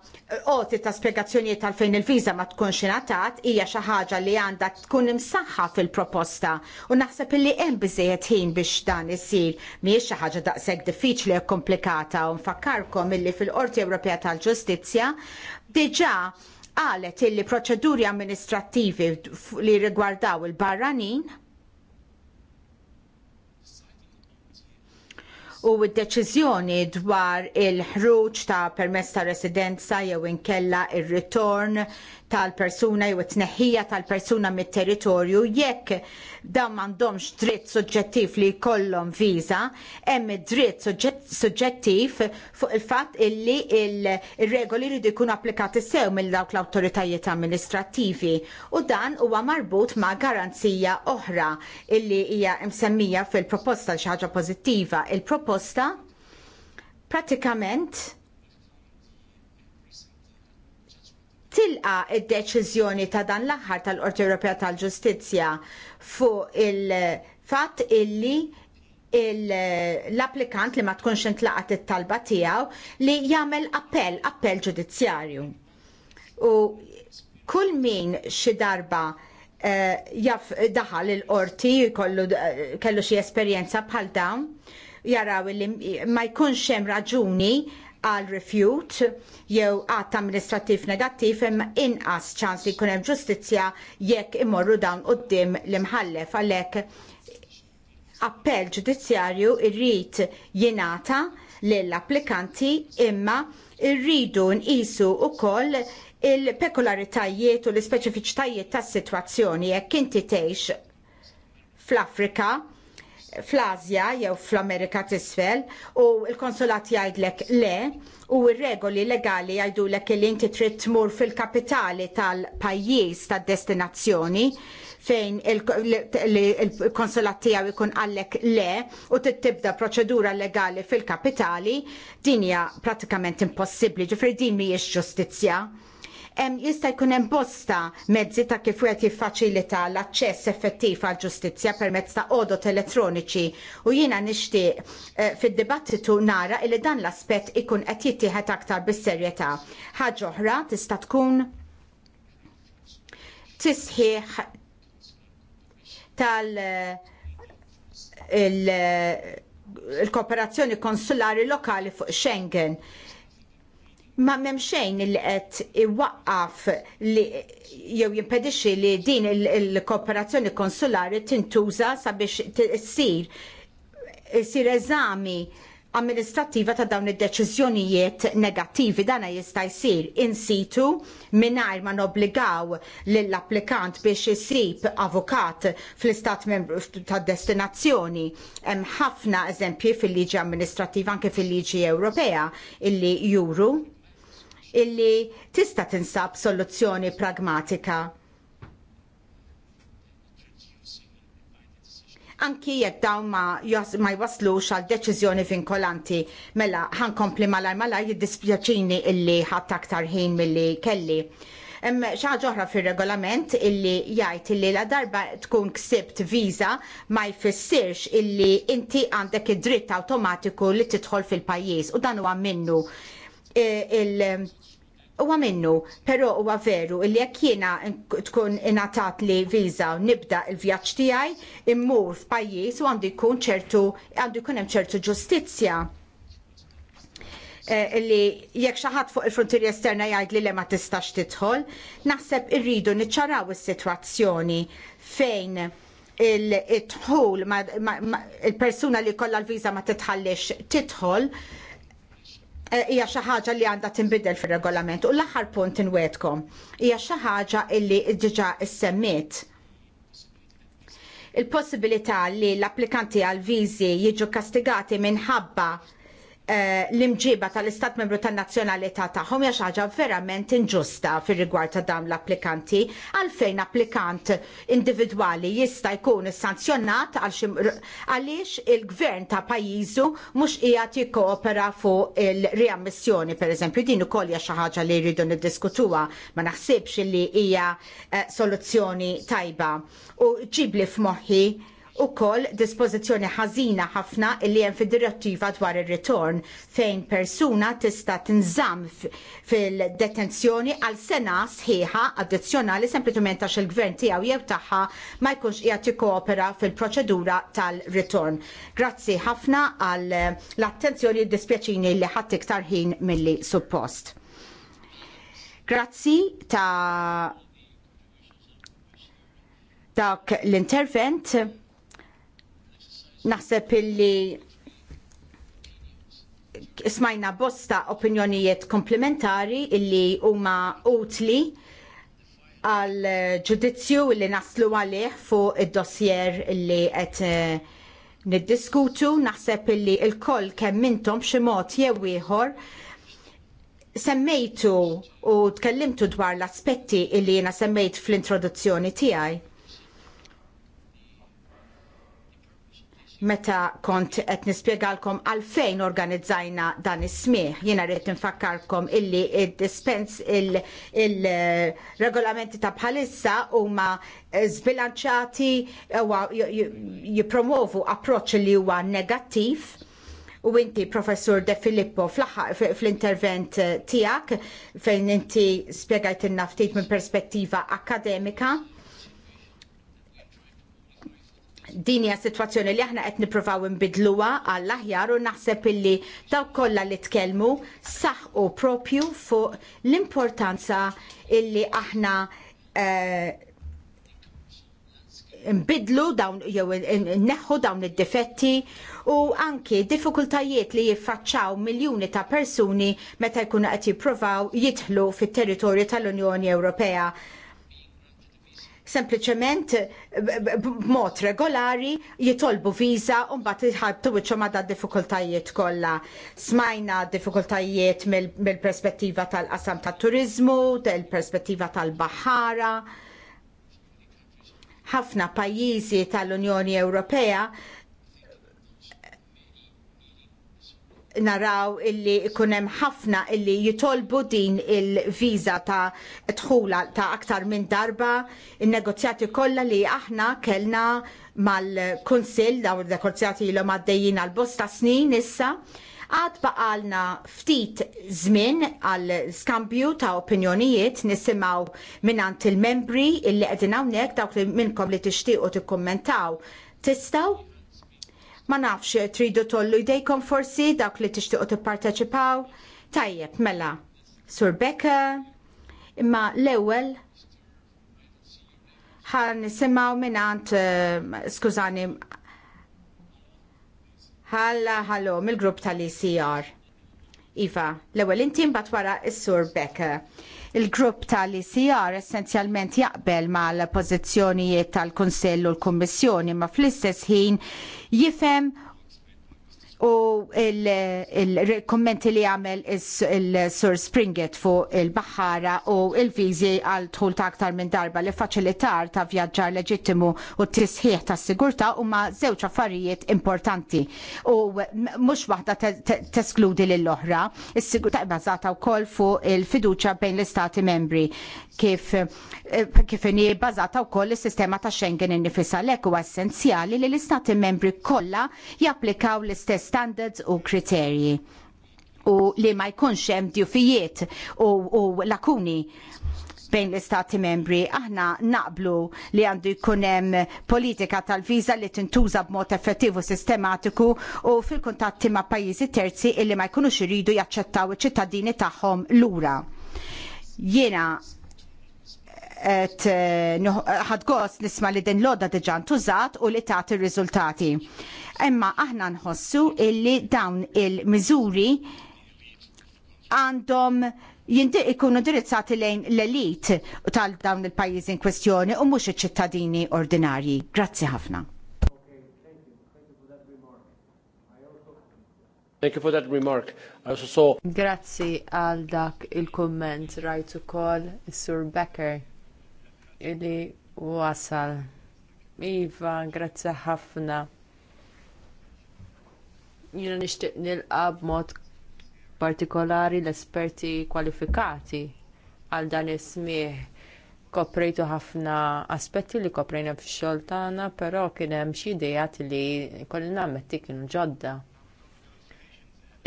oti ta' spiegazzjonijiet tal-fejn il-viza ma tkunx ingħatat hija xi ħaġa li għandha tkun imsaħħa fil-proposta u naħseb illi hemm biżejjed ħin biex dan isir mhijiex xi ħaġa daqshekk diffiċli u komplikata u nfakkarkom illi fil-Qorti Ewropea tal-Ġustizzja diġà qalet illi proċeduri amministrattivi li rigwardaw il-barranin u d-deċiżjoni dwar il-ħruġ ta' permess ta' residenza jew inkella r ritorn tal-persuna jew it-tneħħija tal-persuna mit-territorju jekk dawn m'għandhomx dritt suġġettiv li jkollhom viża, hemm dritt suġġettiv fuq il-fatt illi il-regoli jridu jkunu applikati sew mill dawk l-awtoritajiet amministrattivi u dan huwa marbut ma' garanzija oħra illi hija msemmija fil-proposta xi ħaġa pożittiva. Il-proposta pratikament tilqa id-deċiżjoni ta' dan l-aħħar tal-Qorti Ewropea tal-Ġustizzja fuq il-fatt illi l-applikant li ma tkunx intlaqat it-talba tiegħu li jagħmel appell, appell ġudizzjarju. U kull min xi darba eh, jaf daħal il-qorti, eh, kellu xi esperjenza bħal dawn, jaraw li ma jkunx hemm raġuni għal refjut jew għat amministrativ negattiv imma inqas ċans li jkun hemm ġustizzja jekk imorru dawn quddiem l-imħallef għalhekk appell ġudizzjarju irrid jingħata lill-applikanti imma rridu nqisu wkoll il-pekularitajiet u l-ispeċifiċitajiet tas-sitwazzjoni jekk inti tgħix fl-Afrika fl-Azja jew fl-Amerika t'isfel u l-konsulat jgħidlek le u r-regoli legali jgħidulek li inti trid tmur fil-kapitali tal-pajjiż tad-destinazzjoni fejn il-konsulat tiegħu jkun għallek le u tittibda proċedura legali fil-kapitali din hija pratikament impossibbli ġifri din mhijiex ġustizzja jista' jkun hemm bosta mezzi ta' kif wieħed jiffaċilita l-aċċess effettiv għall ġustizzja permezz ta' qodot elettroniċi u jiena nixtieq eh, fid-dibattitu nara li dan l-aspett ikun qed jittieħed aktar bis-serjetà. Ħaġa oħra tista' tkun tisħiħ tal- eh, il-kooperazzjoni konsulari lokali fuq Schengen ma memxejn li qed iwaqqaf li jew jimpedixxi li din il-kooperazzjoni konsulari tintuża sabiex issir isir eżami amministrattiva ta' dawn id-deċiżjonijiet negattivi dana jista' jsir in situ mingħajr ma nobbligaw lill-applikant biex isib avukat fl-istat membru tad destinazzjoni. Hemm ħafna eżempji fil-liġi amministrattiva anke fil-liġi Ewropea illi juru illi tista' tinsab soluzzjoni pragmatika. Anki jekk dawn ma, ma jwaslux għal deċiżjoni vinkolanti mela ħankompli malaj malaj jiddispjaċini illi ħadd aktar ħin milli kelli. Hemm xi ħaġa oħra fir-regolament illi jgħid illi la darba tkun ksibt viża ma jfissirx illi inti għandek id-dritt awtomatiku li tidħol fil-pajjiż u dan huwa minnu Eh, il- Huwa minnu, però huwa veru li jekk jiena tkun ingħatat li viża u nibda l-vjaġġ tiegħi immur f'pajjiż u għandu jkun ċertu għandu jkun hemm ċertu ġustizzja. Eh, li jekk xi fuq il-frontieri esterna jgħid li le ma tistax tidħol, naħseb irridu niċċaraw is-sitwazzjoni fejn il-tħul il-persuna li kollha l-viża ma titħallix tidħol hija xi ħaġa li għandha tinbidel fir-regolament u l-aħħar punt inwedkom hija xi ħaġa li diġà issemmiet. Il-possibilità li l-applikanti għal viżi jiġu kastigati minħabba Eh, l-imġiba tal-Istat Membru tan-Nazzjonalità tagħhom hija xi ħaġa verament inġusta fir-rigward ta' dawn l-applikanti għalfejn applikant individwali jista' jkun is-sanzjonat għaliex il-gvern ta' pajjiżu mhux qiegħed jikkoopera fuq il-riammissjoni pereżempju din ukoll hija xi ħaġa li jridu niddiskutuha ma naħsibx li hija eh, soluzzjoni tajba u ġibli f'moħħi u koll dispozizjoni ħażina ħafna illi hemm fi direttiva dwar ir-ritorn fejn persuna tista' tinżamm fil-detenzjoni għal sena sħiħa addizzjonali sempliċement għax il-gvern tiegħu jew tagħha ma jkunx jgħati jikkoopera fil-proċedura tal-ritorn. Grazzi ħafna għal l-attenzjoni dispjaċini li ħadd iktar ħin milli suppost. Grazzi ta' dak l-intervent naħseb illi smajna bosta opinjonijiet komplementari illi huma utli għal ġudizzju illi naslu għalih fuq id-dossier illi qed eh, niddiskutu naħseb illi il-koll kemm intom b'xi mod jew ieħor semmejtu u tkellimtu dwar l-aspetti illi jiena semmejt fl-introduzzjoni tiegħi meta kont qed nispjegalkom għalfejn organizzajna dan is-smieħ. Jiena rrid nfakkarkom illi id-dispens il regolamenti ta' bħalissa huma zbilanċati jipromovu approċċ li huwa negattiv u inti professur De Filippo fl-intervent tiegħek fejn inti spjegajt ftit minn perspettiva akademika din hija sitwazzjoni li aħna qed nippruvaw inbidluha għall aħjar u naħseb illi daw kollha li tkellmu u propju fuq l-importanza illi aħna eh, nbidlu dawn jew neħħu dawn id-difetti u anki diffikultajiet li jiffaċċaw miljuni ta' persuni meta jkunu qed jippruvaw jidħlu fit-territorju tal-Unjoni Ewropea sempliċement b'mod regolari jitolbu viża u mbagħad iħabtu wiċċhom għadha diffikultajiet kollha. Smajna diffikultajiet mill-perspettiva tal-qasam tat-turiżmu, tal-perspettiva tal-baħħara. Ħafna pajjiżi tal-Unjoni Ewropea naraw illi ikunem ħafna illi jitolbu din il-viza ta' tħula ta' aktar minn darba, il-negozjati kollha li aħna kellna mal-Kunsill daw il-negozjati l għaddejjin għal-bosta snin issa, għad baqalna ftit żmien għal skambju ta' opinjonijiet nisimaw minnant il-membri illi għedin hawnhekk dawk li minnkom li tixtiequ tikkummentaw. Tistaw Ma nafx tridu tollu jdejkom forsi dawk li tixtiequ tipparteċipaw. Tajjeb, mela. Sur Becker, imma l-ewwel ħan nisimaw minnant, eh, skużani ħalla ħallu mill-grupp tal-ECR. Iva, l-ewwel intim batwara wara s-Sur Becker. Il-grupp tal-ICR essenzjalment jaqbel mal pożizzjonijiet tal kunsell u l-Kummissjoni ma fl-istess ħin jifhem u il-kommenti li għamel il-Sur Springet fuq il-Bahara u il-viżi għal tħul ta' aktar minn darba li faċilitar ta' vjaġġar leġittimu u t-tisħiħ ta' sigurta u ma' zewċ affarijiet importanti u mux waħda teskludi l-oħra, il-sigurta' bazzata u kol fuq il-fiduċa bejn l-Istati membri kif eh, kif inhi bbażata wkoll is-sistema ta' Schengen innifisha lek huwa essenzjali li l-istati membri kollha japplikaw l-istess standards u kriterji u li ma jkunx hemm djufijiet u, u lakuni bejn l-istati membri aħna naqblu li għandu jkun hemm politika tal-viża li tintuża b'mod effettiv u sistematiku u fil-kuntatti ma' pajjiżi terzi illi ma jkunux iridu jaċċettaw iċ-ċittadini tagħhom lura. Jiena Eh, eh, ħad gost nisma li din l-odda diġa ntużat u li tagħti r-riżultati. Imma aħna nħossu illi dawn il-miżuri għandhom jinti ikunu dirizzati lejn l-elit tal dawn il-pajjiżi in kwestjoni u mhux iċ-ċittadini ordinarji. Grazzi ħafna. Thank you for that remark. I also saw. Grazzi għal dak il-komment right ukoll sur Becker li wasal. Iva, grazzi ħafna. Jiena nixtieq nilqa b'mod partikolari l-esperti kwalifikati għal dan is-smieħ koprejtu ħafna aspetti li koprejna fix-xogħol tagħna, però kien hemm xi idejat li kolli nammetti kienu ġodda.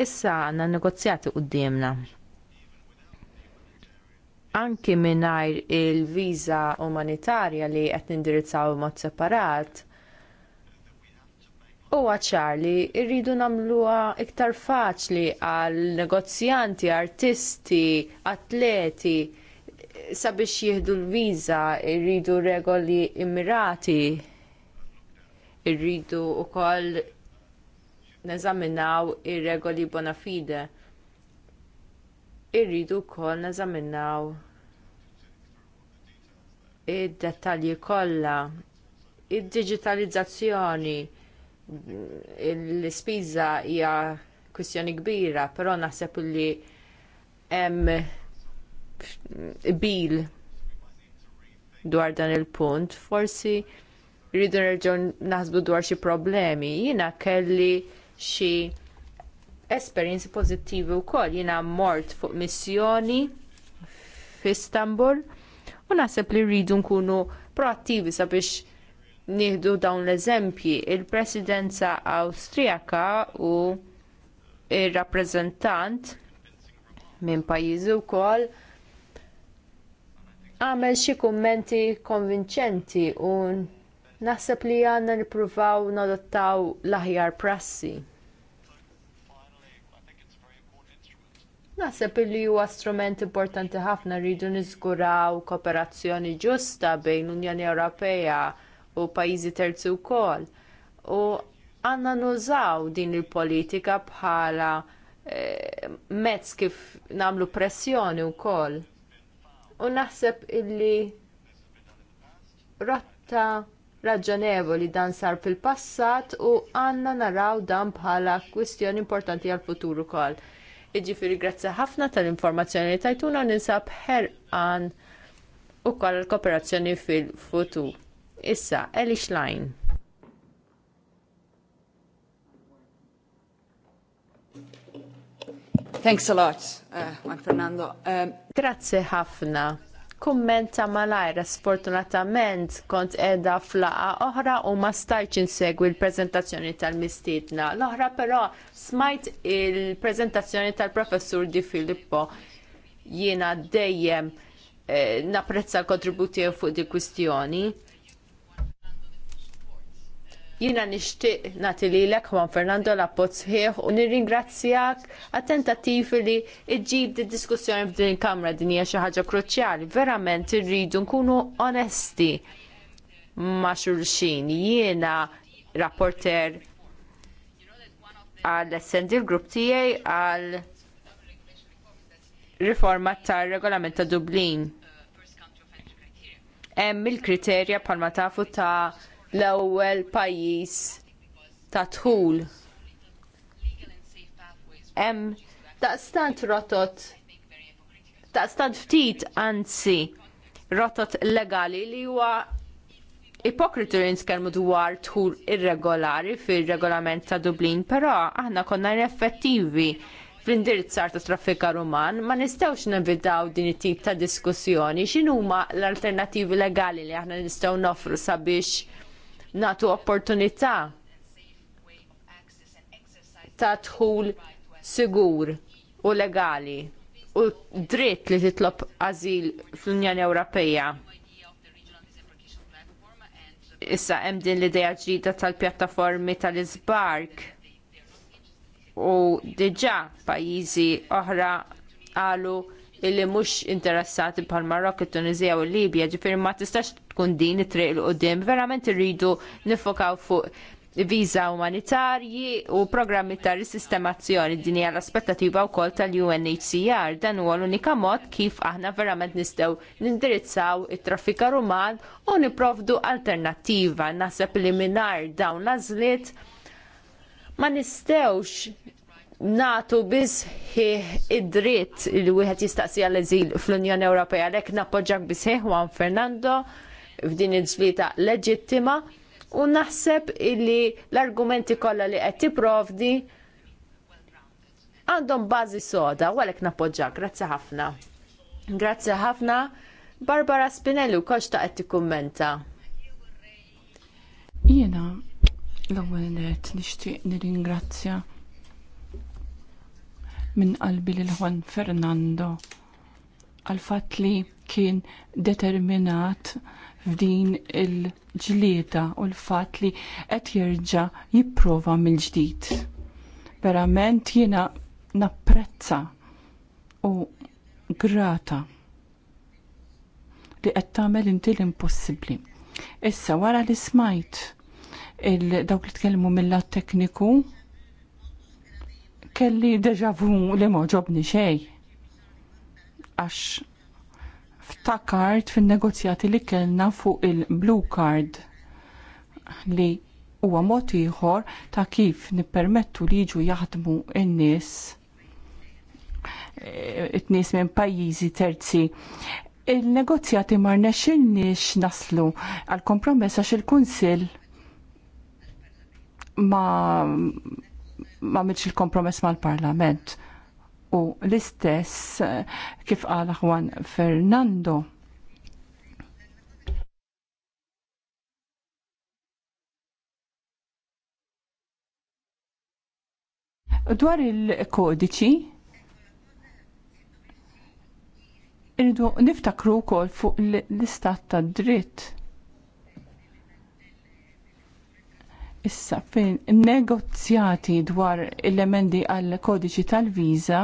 Issa għandna negozjati qudiemna anki mingħajr il-viża umanitarja li qed nindirizzaw mod separat, huwa ċar li rridu nagħmluha iktar faċli għal negozjanti, artisti, atleti sabiex jieħdu l-viża jridu regoli immirati irridu wkoll neżaminaw ir-regoli bona fide. Irridu wkoll neżaminaw id-dettalji kollha, id-digitalizzazzjoni, l-ispiża hija kwistjoni kbira, però naħseb li hemm bil dwar dan il-punt, forsi rridu nerġgħu naħsbu dwar xi problemi. Jiena kelli xi esperjenzi pożittivi wkoll. Jiena mort fuq missjoni f'Istanbul u naħseb li rridu nkunu proattivi sabiex nieħdu dawn l-eżempji. Il-Presidenza Awstrijaka u ir-rappreżentant minn pajjiżi wkoll għamel xi kummenti konvinċenti u naħseb li għandna nippruvaw nadottaw l-aħjar prassi. Naħseb li huwa strument importanti ħafna rridu niżguraw kooperazzjoni ġusta bejn l-Unjoni Ewropea u pajjiżi terzi wkoll. U għandna nużaw din il-politika bħala eh, mezz kif nagħmlu pressjoni wkoll. U naħseb illi rotta raġonevoli dan sar fil-passat u għandna naraw dan bħala kwistjoni importanti għall-futur ukoll Iġifiri grazzi ħafna tal-informazzjoni li tajtuna ninsab ħerqan u l kooperazzjoni fil futu Issa, Eli Schlein. Thanks a lot, uh, Juan Fernando. Um... Grazie ħafna. Kummenta malajra sfortunatament kont edha flaqa oħra u ma stajċ insegwi l-prezentazzjoni tal-mistiedna. L-oħra però smajt il-prezentazzjoni tal-professur Di Filippo. Jiena dejjem eh, napprezza l-kontributi fuq di kwistjoni. Jina nishtiq nati li l Juan Fernando Lapozzħieħ u nirringrazzjak għat-tentativ li iġġib di diskussjoni f'din il-kamra din hija xi ħaġa kruċjali. Verament irridu nkunu onesti ma' xulxin. Jiena rapporter għal essendi l-grupp tiegħi għal riforma tar-regolament ta' Dublin hemm il-kriterja bħalma tafu ta' l-ewwel pajjiż ta' dħul. Hemm daqstant rotot daqstant ftit anzi rotot legali li huwa ipokritu nitkellmu dwar tħul irregolari fir-regolament ta' Dublin, però aħna konna effettivi fl-indirizzar ta' traffika ruman, ma nistawx nevidaw din it-tip ta' diskussjoni x'inhuma l-alternativi legali li aħna nistgħu nofru sabiex natu opportunità ta' tħul sigur u legali u dritt li titlob azil fl-Unjoni Ewropea. Issa hemm din l-idea ġdida tal-pjattaformi tal-iżbark u diġà pajjiżi oħra qalu illi mhux interessati bħal Marokk, it-Tunisija u l-Libja, ġifieri ma tistax tkun din it-triq il qoddim Verament irridu nifokaw fuq viza umanitarji u programmi ta' risistemazzjoni din hija l aspettattiva wkoll tal-UNHCR dan huwa l-unika mod kif aħna verament nistgħu nindirizzaw it traffika Ruman u nipprovdu alternattiva naħseb li mingħajr dawn l-għażliet ma nistgħux natu bisħiħ id-dritt li wieħed jistaqsi għal eżil fl-Unjoni Ewropea għalhekk nappoġġjak bisħiħ Juan Fernando f'din il-ġlita leġittima u naħseb illi l-argumenti kollha li qed tipprovdi għandhom bażi soda u għalhekk Grazzi ħafna. Grazzi ħafna. Barbara Spinelli ta' qed tikkummenta. Jiena l-ewwel nett nixtieq nirringrazzja minn qalbi lil Juan Fernando għal fatt li kien determinat f'din il-ġlieda u l-fatt li qed jerġa' jipprova mill-ġdid. Verament jiena napprezza u grata li qed tagħmel inti l-impossibbli. Issa wara li smajt dawk li tkellmu mill-lat tekniku kelli deja vu li ma ġobni xejn għax ftakart fin-negozjati li kellna fuq il-Blue Card li huwa mod ieħor ta' kif nippermettu li jiġu jaħdmu n-nies it-nies eh, minn pajjiżi terzi. Il-negozjati ma rnexxilniex naslu għal kompromess għax il-Kunsill ma ma mitx il-kompromess mal-Parlament u l-istess eh, kif qal Juan Fernando. Dwar il-kodiċi, irridu niftakru wkoll fuq l-istat tad dritt. Issa, fin negozjati dwar l-emendi għal kodiċi tal-viza,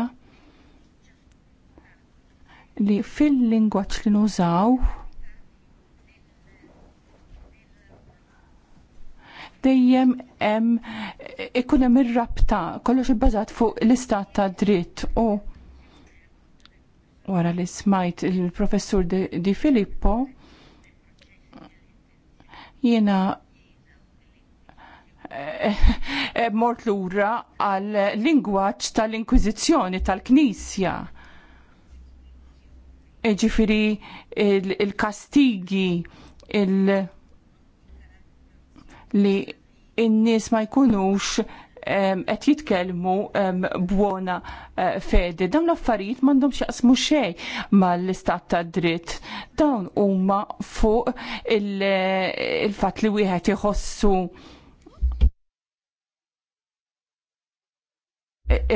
li fil-lingwaġġ li nużaw dejjem hemm ikun hemm ir-rabta kollox ibbażat fuq l-istat ta' dritt u wara li smajt il-professur Di Filippo jiena eh, eh, mort lura għal lingwaġġ tal-Inkwiżizzjoni tal-Knisja ġifiri il-kastigi il li n-nies ma jkunux qed jitkellmu b'wona e, fede. Dawn l-affarijiet m'għandhomx jaqsmu xejn mal-istat ta' dritt. Dawn huma fuq il-fatt li wieħed iħossu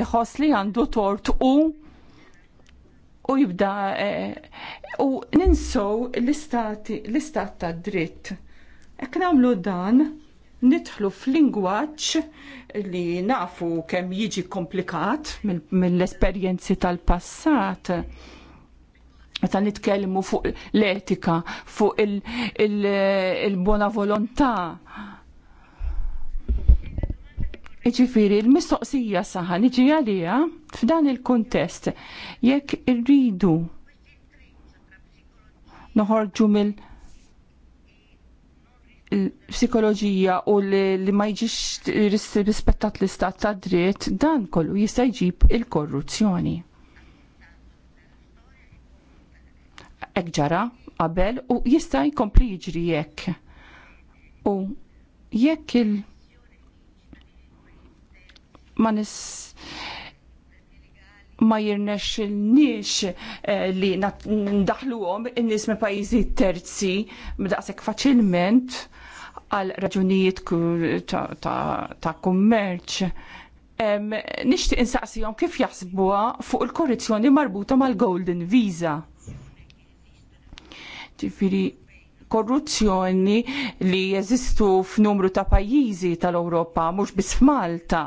iħoss li għandu tort u u jibda eh, u ninsow l-istat ta' dritt. Ek namlu dan nidħlu f'lingwaġġ li nafu kemm jiġi komplikat mill-esperjenzi tal-passat. Meta nitkellmu fuq l-etika, fuq il-bona volontà, Iġifiri, l-mistoqsija saħa niġi għalija f'dan il-kontest jekk irridu noħorġu mill psikoloġija u li ma jġiex rispettat l-istat ta' dritt, dan kollu jista' jġib il-korruzzjoni. Ek ġara qabel u jista' jkompli jiġri jekk. U jekk il- ma nis ma il-nix eh, li ndaħluhom in-nies minn pajjiżi terzi daqshekk faċilment għal raġunijiet ta' kummerċ. Nixtieq għom kif jaħsbuha fuq il korrizzjoni marbuta mal-Golden Visa. Ġifieri korruzzjoni li jeżistu f'numru ta' pajjiżi tal-Ewropa mhux biss f'Malta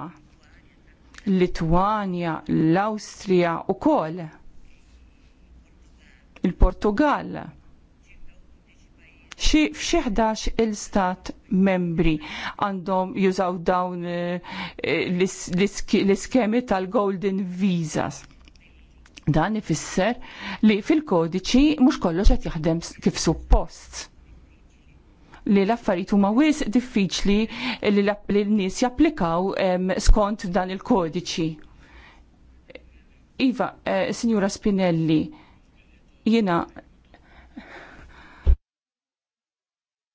Litwanja, l-Awstrija u kol. Il-Portugal. Xi f'xi il-stat membri għandhom jużaw dawn eh, l-iskemi tal-Golden Visas. Dan ifisser li fil-kodiċi mhux kollox qed jaħdem kif suppost li l-affarijiet huma wis diffiċli li l-nies japplikaw skont dan il-kodiċi. Iva, eh, Signora Spinelli, jiena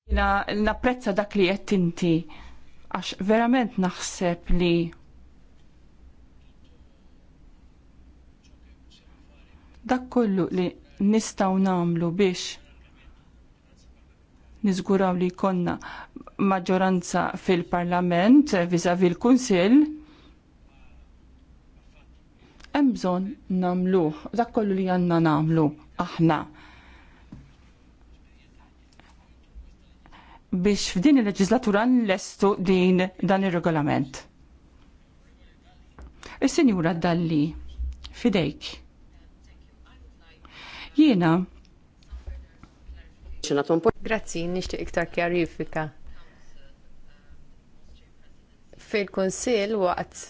jiena napprezza dak li qed inti għax verament naħseb li dak kollu li nistaw namlu biex niżguraw li jkollna maġġoranza fil-Parlament eh, viżavi l-Kunsill hemm bżonn nagħmluh, dak kollu li għandna nagħmlu aħna. biex f'din il-leġislatura nlestu din dan ir-regolament. Is-Sinjura Dalli, fidejk. Jiena Grazzi, nixtieq iktar kjarifika. fil konsil waqt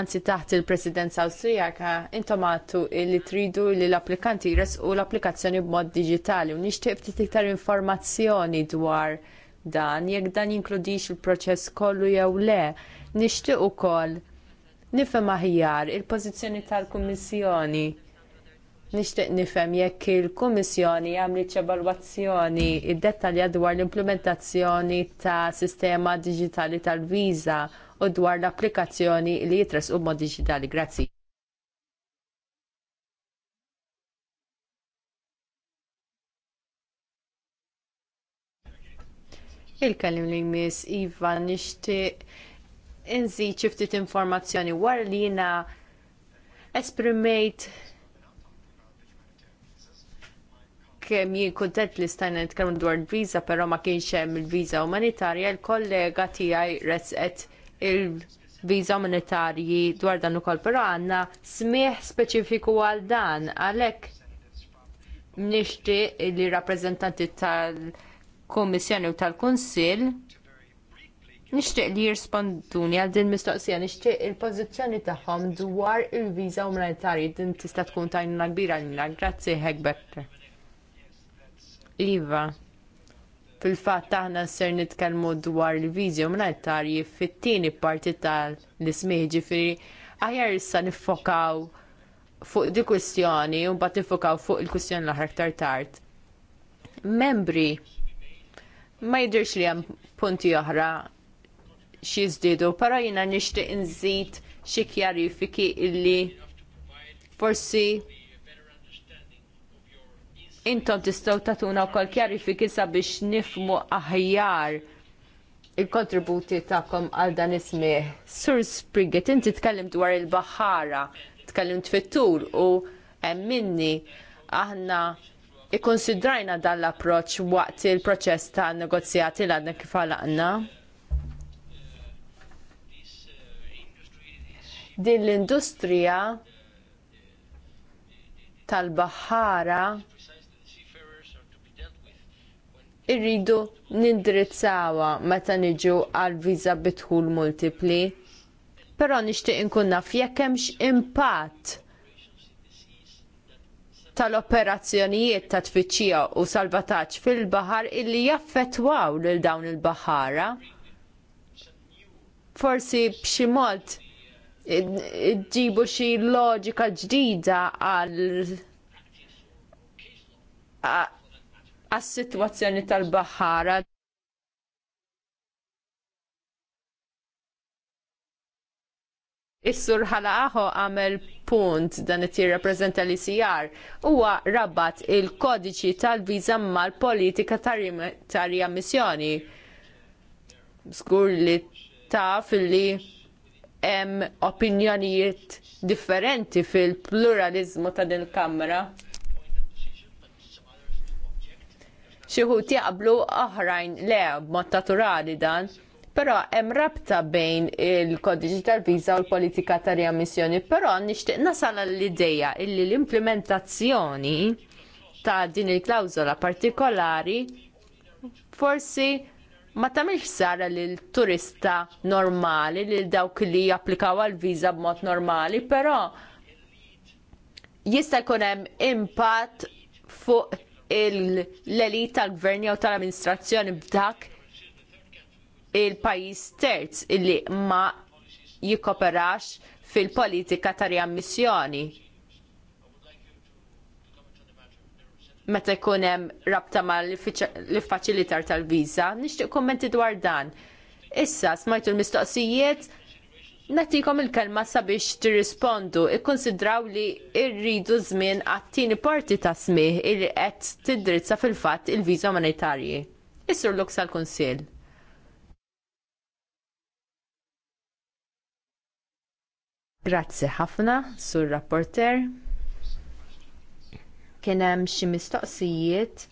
anzi taħt il-Presidenza Awstrijaka intom għattu li tridu li l-applikanti jresqu l-applikazzjoni b'mod digitali u nixtieq ftit iktar informazzjoni dwar dan jekk dan jinkludix il-proċess kollu jew le. Nixtieq ukoll nifhem aħjar il-pożizzjoni tal-Kummissjoni Nixtieq nifhem jekk il-Kummissjoni għamlitx evalwazzjoni id-dettalja dwar l-implementazzjoni ta' sistema diġitali tal-viża u dwar l-applikazzjoni li jitres u mod diġitali. Grazzi. Il-kellim li jmiss Iva nixtieq inżid xi ftit informazzjoni wara li jiena esprimejt kemm jien kuntent li stajna nitkellmu dwar il-viża, però ma kienx hemm il-viża umanitarja, il-kollega tiegħi resqet il-viża umanitarji dwar dan ukoll, però għandna smieħ speċifiku għal dan għalhekk nixtieq li rappreżentanti tal-Kummissjoni u tal-Kunsill nixtieq li jirrisponduni għal din mistoqsija, nixtieq il-pożizzjoni tagħhom dwar il-viża umanitarji din tista' tkun tajnuna kbira lilna. Grazzi Hekbekter. Iva, fil-fatt aħna ser nitkellmu dwar il-video mingħajr tarji fit-tieni parti tal-ismieħ ġifieri aħjar issa niffokaw fuq di kustjoni, u mbagħad nifokaw fuq il-kwistjoni l-aħħar tard. Membri, ma jidhirx li hemm punti oħra xi żdiedu, però jiena nixtieq inżid xi kjarifiki illi forsi intom tistgħu tatuna wkoll kjarifiki sabiex nifmu aħjar il-kontributi tagħkom għal dan ismih. Sur Spriget, inti tkellim dwar il-baħħara, tkellim fit u hemm minni aħna ikonsidrajna dan l-approċ waqt il-proċess ta' negozjati l-għadna kif għalaqna? Din l-industrija tal-baħħara irridu nindirizzawha meta niġu għal viża bitħul multipli. Però nixtieq inkun naf jekk hemmx impatt tal-operazzjonijiet ta' tfittxija u salvataġġ fil-baħar illi jaffettwaw lil dawn il-baħara. Forsi b'xi mod ġibu xi loġika ġdida għal għas-sitwazzjoni tal-Baħħara. Is-sur ħalaqaħo għamel punt dan it rappresenta l-ICR huwa rabat il-kodiċi tal-viża mal-politika tarja missjoni. Skur li taf li hemm opinjonijiet differenti fil-pluralizmu ta' din il-Kamra. xi jaqblu oħrajn le b'mod naturali dan. Però hemm rabta bejn il-kodiċi tal-viża u l-politika ta' riammissjoni, però nixtieq nasal l-idea illi l-implementazzjoni ta' din il-klawżola partikolari forsi ma tagħmilx sara lil turista normali lil dawk li japplikaw għal viża b'mod normali, però jista' jkun hemm impatt fuq l eli tal-gvern jew tal-amministrazzjoni b'dak il-pajjiż terz illi ma jikkoperax fil-politika ta' riammissjoni. Meta jkun hemm rabta mal l-faċilitar tal-viża, nixtieq kummenti dwar dan. Issa smajtu l-mistoqsijiet Natikom il-kelma sabiex tirrispondu, ikkonsidraw li rridu żmien għat-tieni parti ta' smih illi qed tidrizza fil-fatt il-viża umanitarji. Isru l sal kunsill Grazzi ħafna, sur rapporter. Kien hemm xi mistoqsijiet.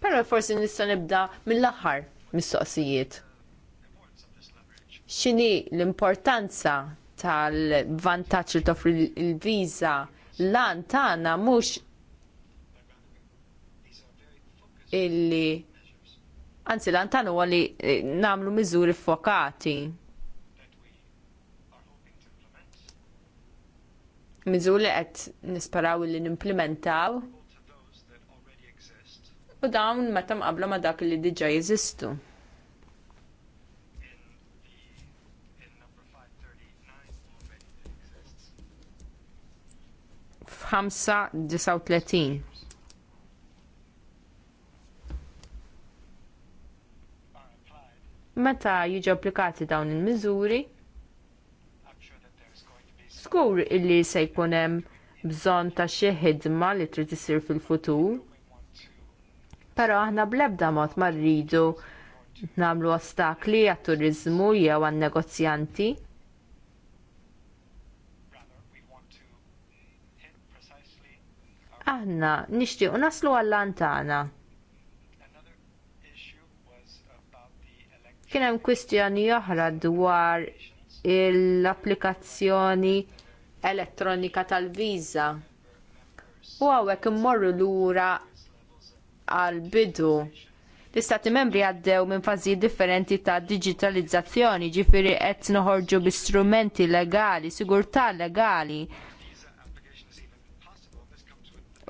Però forsi nista' nibda mill-aħħar mistoqsijiet x'inhi l-importanza tal-vantaġġ li toffri l-viża lan tagħna mhux illi anzi lan tagħna huwa li eh, nagħmlu miżuri fokati. miżuri qed nisparaw li nimplementaw u dawn meta mqabbla ma dak li diġà jeżistu. 539. Meta jiġu applikati dawn il-miżuri, skur illi se jkun hemm bżonn ta' xi ħidma li trid issir fil-futur. Però aħna bl-ebda mod ma rridu nagħmlu ostakli għat-turiżmu jew għan-negozjanti. aħna nixtiequ naslu għall-antana. Kien hemm kwistjoni oħra dwar l-applikazzjoni elettronika tal-viża. U hawnhekk immorru lura għall bidu. L-istati membri għaddew minn fażi differenti ta' digitalizzazzjoni, ġifiri qed noħorġu bi strumenti legali, sigurtà legali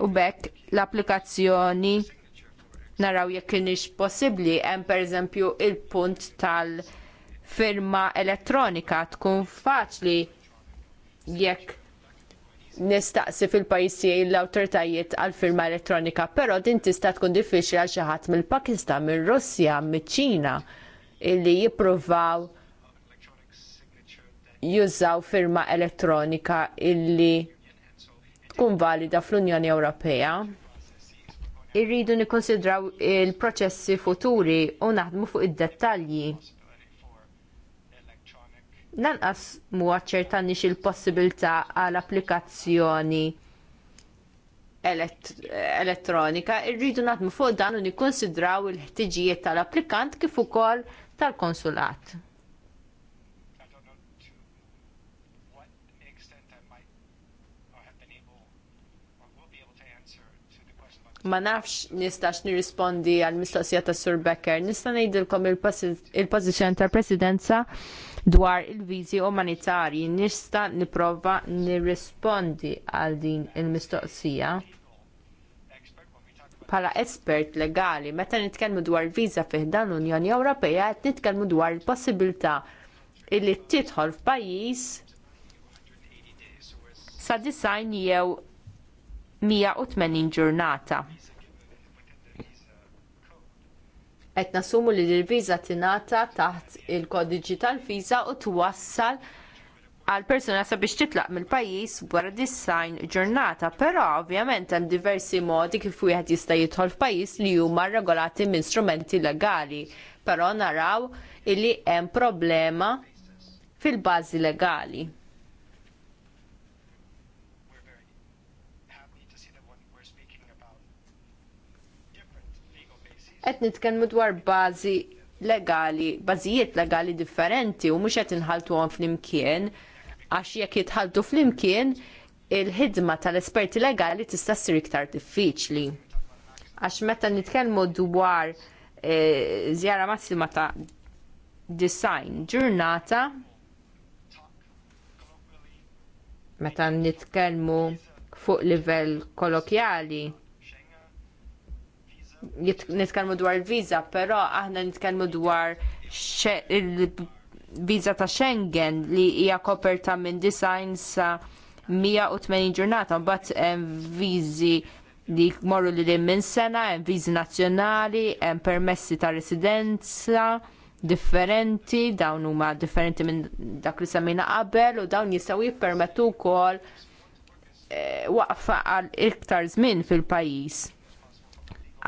u bekk l-applikazzjoni naraw jekk kienx possibbli hemm pereżempju il punt tal-firma elettronika tkun faċli jekk nistaqsi fil-pajis tiegħi l-awtoritajiet għall firma elettronika, però din tista' tkun diffiċli għal xi ħadd mill-Pakistan, mir-Russja, miċ-Ċina illi jippruvaw jużaw firma elettronika illi tkun valida fl-Unjoni Ewropea. Irridu nikkonsidraw il-proċessi futuri u naħdmu fuq id-dettalji. Nanqas mu għacċertanni il-possibilità għal applikazzjoni elettronika, irridu naħdmu fuq dan u nikkonsidraw il-ħtiġijiet tal-applikant kif ukoll tal-konsulat. ma nafx nistax nirrispondi għal mistoqsija ta' Sur Becker. Nista' ngħidilkom il-pożizzjoni tal-Presidenza dwar il-viżi umanitarji. Nista' nipprova nirrispondi għal din il-mistoqsija. Pala espert legali, meta nitkellmu dwar viża fih dan l-Unjoni Ewropea, qed nitkellmu dwar il-possibilità illi tidħol f'pajjiż sa' disajn jew 180 ġurnata. Qed nasumu li l-viża tingħata taħt il-kodiġi tal-viża u twassal għal persuna sabiex titlaq mill-pajjiż wara disajn ġurnata, però ovvjament hemm diversi modi kif wieħed jista' jidħol f'pajjiż li huma regolati minn strumenti legali, però naraw illi hemm problema fil-bażi legali. qed nitkellmu dwar bażi legali, bażijiet legali differenti u mhux qed inħaltuhom flimkien għax jekk jitħaltu flimkien il-ħidma tal-esperti legali tista' ssir iktar diffiċli. Għax meta nitkellmu dwar e, żjara massima ta' design ġurnata meta nitkellmu fuq livell kolokjali nitkellmu dwar il-viża, però aħna nitkellmu dwar il-viża ta' Schengen li hija koperta minn design sa 180 ġurnata, mbagħad hemm viżi li jmorru li lil minn sena, hemm viżi nazzjonali, hemm permessi ta' residenza differenti, dawn huma differenti minn dak li semmina qabel u dawn jistgħu jippermettu wkoll eh, waqfa għal iktar żmien fil-pajjiż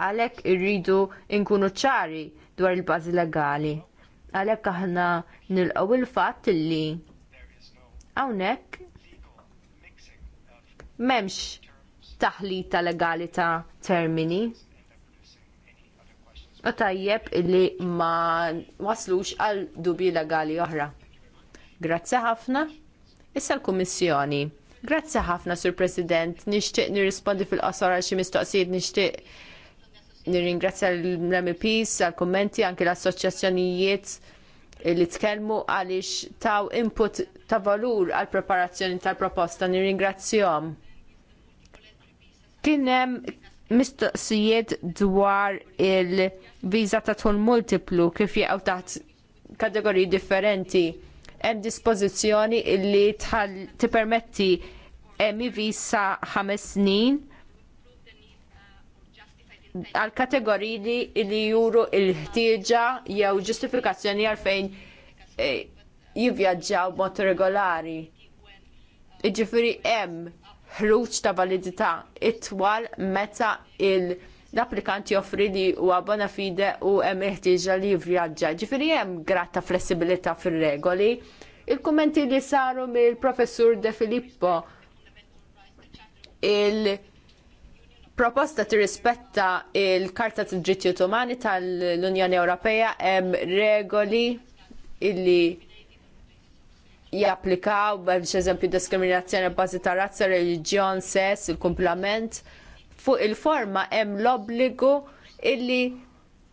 għalhekk irridu nkunu ċari dwar il-bażi legali. Għalhekk aħna nilqgħu il-fatt li hawnhekk m'hemmx taħlita legali ta' termini. U tajjeb li ma waslux għal dubi legali oħra. Grazzi ħafna. Issa l-Kummissjoni. Grazzi ħafna, Sur President. Nixtieq nirrispondi fil-qosor għal xi mistoqsijiet nixtieq Nirringrazzja l-MPs, għal-kommenti, anki l-assoċjazzjonijiet li tkellmu għaliex taw input ta' valur għal preparazzjoni tal-proposta nirringrazzjom. Kien hemm mistoqsijiet dwar il-viża ta' tul multiplu kif jaqgħu taħt kategoriji differenti. Hemm dispożizzjoni li tippermetti hemm e viża ħames snin għal kategoriji li juru il-ħtieġa jew ġustifikazzjoni għalfejn eh, jivvjaġġaw mod regolari. Iġifiri hemm ħruġ ta' validità itwal meta l-applikant joffri li huwa bona fide u hemm il-ħtieġa li jivvjaġġa. Ġifieri hemm gratta ta' flessibilità fir-regoli. Il-kummenti li saru mill-professur De Filippo il- proposta tirrispetta il-Karta tal drittijiet Tumani tal-Unjoni Ewropea hemm regoli illi japplikaw biex eżempju diskriminazzjoni bbażi ta' razza, reliġjon, sess, il-kumplament. Fuq il-forma hemm l-obbligu illi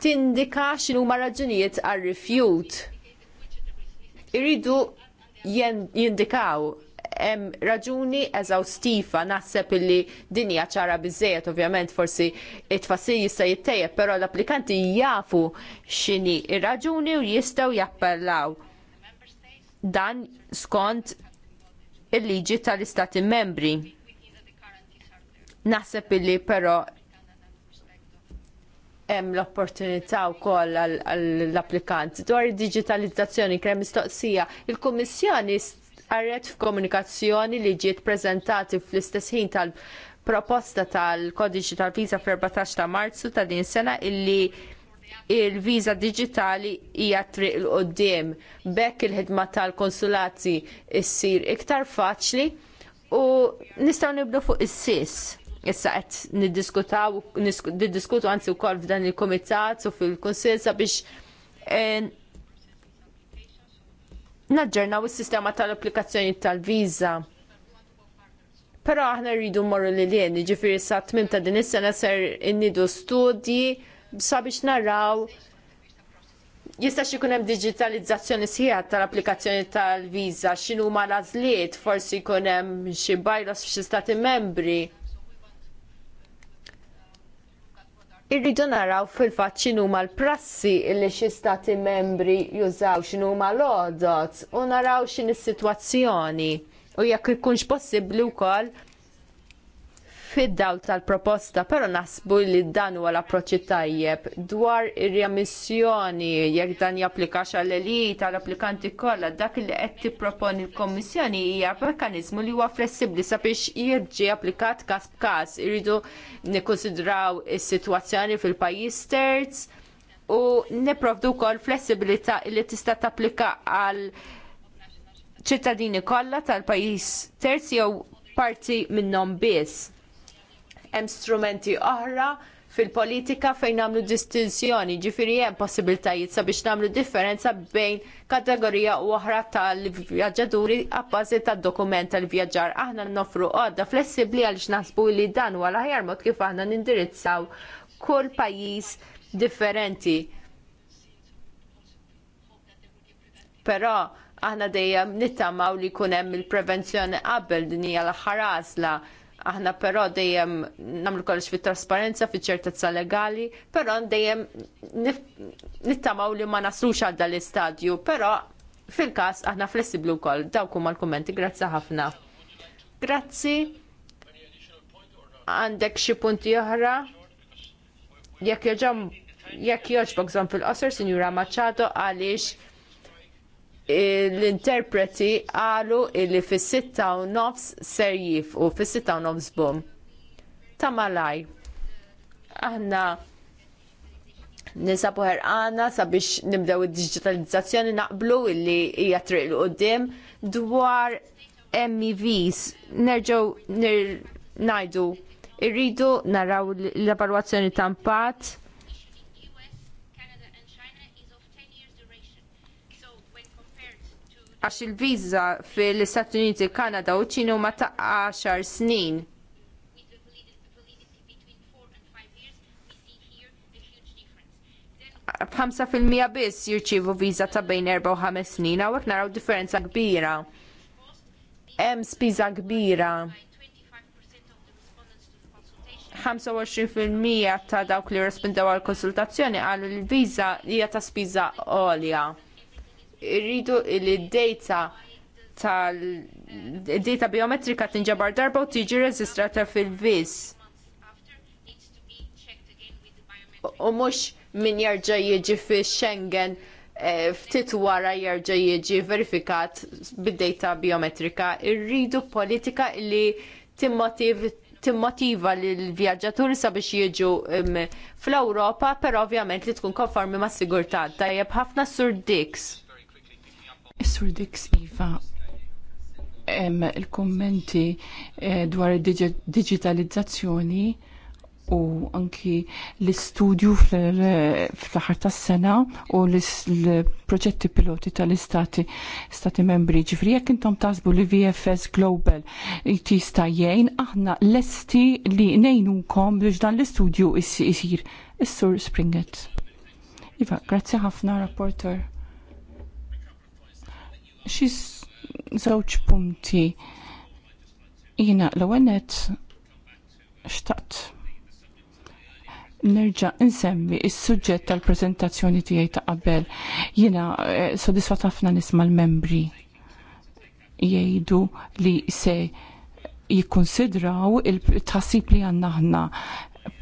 tindika x'inhuma raġunijiet għar-rifjut. Iridu jindikaw hemm raġuni stifa naħseb illi dinja ċara biżejjed ovvjament forsi it-tfassil jista' jittejjeb, però l-applikanti jafu x'inhi ir-raġuni u jistgħu jappellaw dan skont il-liġi tal-istati membri. Naħseb illi però hemm l-opportunità wkoll għall-applikant. Dwar id-diġitalizzazzjoni krem mistoqsija, il-Kummissjoni tqarret f'komunikazzjoni li ġiet preżentati fl-istess ħin tal-proposta tal-kodiċi tal viza fl-14 ta' Marzu ta' din sena illi il-viza digitali hija triq il qoddim Bekk il-ħidma tal-konsulati ssir iktar faċli u nistgħu nibdu fuq is-sis. Issa qed niddiskutaw niddiskutu anzi wkoll f'dan il-kumitat u fil-kunsil sabiex eh, naġġernaw is-sistema tal-applikazzjoni tal-viża. Però aħna rridu morru li lien, ġifiri sa tmim ta' din is-sena ser innidu studji sabiex naraw jista' xi jkun hemm digitalizzazzjoni sħiħa tal-applikazzjoni tal-viża, x'inhuma ma l-għażliet, forsi jkun hemm xi bajlos f'xi stati membri. irridu naraw fil-fatt x'inhuma l-prassi li xi stati membri jużaw ma l-għodot u naraw x'in is-sitwazzjoni u jekk ikunx possibbli wkoll fid-dawl tal-proposta, pero nasbu li dan huwa l-approċċ tajjeb dwar ir-remissjoni jekk dan japplikax għall elit għall-applikanti kollha dak li qed tipproponi l-Kommissjoni hija mekkaniżmu li huwa flessibbli sabiex jiġi applikat każ b'każ iridu nikkonsidraw is-sitwazzjoni fil-pajjiż terz u nipprovdu wkoll flessibilità li tista' tapplika għal ċittadini kollha tal-pajjiż terz jew parti minnhom biss hemm strumenti oħra fil-politika fejn nagħmlu distinzjoni, ġifieri hemm possibiltajiet sabiex nagħmlu differenza bejn kategorija u oħra tal-vjaġġaturi appażi tad-dokument tal-vjaġġar. Aħna nofru għodda flessibbli għaliex naħsbu li dan huwa l-aħjar mod kif aħna nindirizzaw kull pajjiż differenti. Però aħna dejjem nittamaw li jkun hemm il-prevenzjoni qabel din hija l-aħħar għażla Aħna però dejjem nagħmlu kollox fit-trasparenza, fiċ-ċertezza legali, però dejjem nittamaw li ma naslux għal l istadju però fil-każ aħna flessiblu wkoll. Dawk huma l-kummenti, grazzi ħafna. Grazzi. Għandek xi punti oħra? Jekk jogħġbok żomm fil-qosor, Sinjura Machado, għaliex l-interpreti qalu illi fis-sitta u nofs ser jifqu fis-sitta u nofs bum. Ta' malaj. Aħna nisabu ħerqana sabiex nibdew id-digitalizzazzjoni naqblu illi hija triq l qudiem dwar MEVs. Nerġgħu ngħidu irridu naraw l-evalwazzjoni ta' impatt għax il-viża fil-Istati Uniti, Kanada u ċinu ma ta' 10 snin. fil-mija biss jirċievu viża ta' bejn 4 u 5 snin, hekk naraw differenza kbira. Hemm spiża kbira. 25% ta' dawk li rispondew għall konsultazzjoni qalu l-viża hija ta' spiża għolja. Irridu li d-data tal-data biometrika tinġabar darba u tiġi rreġistrata fil-vis. U mhux min jerġa' jiġi fi Schengen eh, ftit wara jarġa jiġi verifikat bid-data biometrika. Irridu politika li timmotiv timmotiva l-vjaġġaturi sabiex jiġu fl-Ewropa, però ovvjament li tkun konformi ma' sigurtà. Tajjeb ħafna sur Dix. Is-sur Dix Iva, il-kommenti eh, dwar digitalizzazzjoni u anki l-istudju fl-ħar tas sena u l-proġetti piloti tal-istati stati membri ġifri jekk intom tasbu li VFS Global jti jgħin aħna lesti li nejnukom biex dan l-istudju jisir is-sur Springet. Iva, grazzi ħafna rapporter xi żewġ punti. Jiena l-ewwel nett xtaqt nerġa' insemmi is-suġġett tal-preżentazzjoni tiegħi ta' qabel. Jiena eh, sodisfatt ħafna nisma' l-membri jgħidu li se jikkonsidraw il-tħassib li għandna aħna.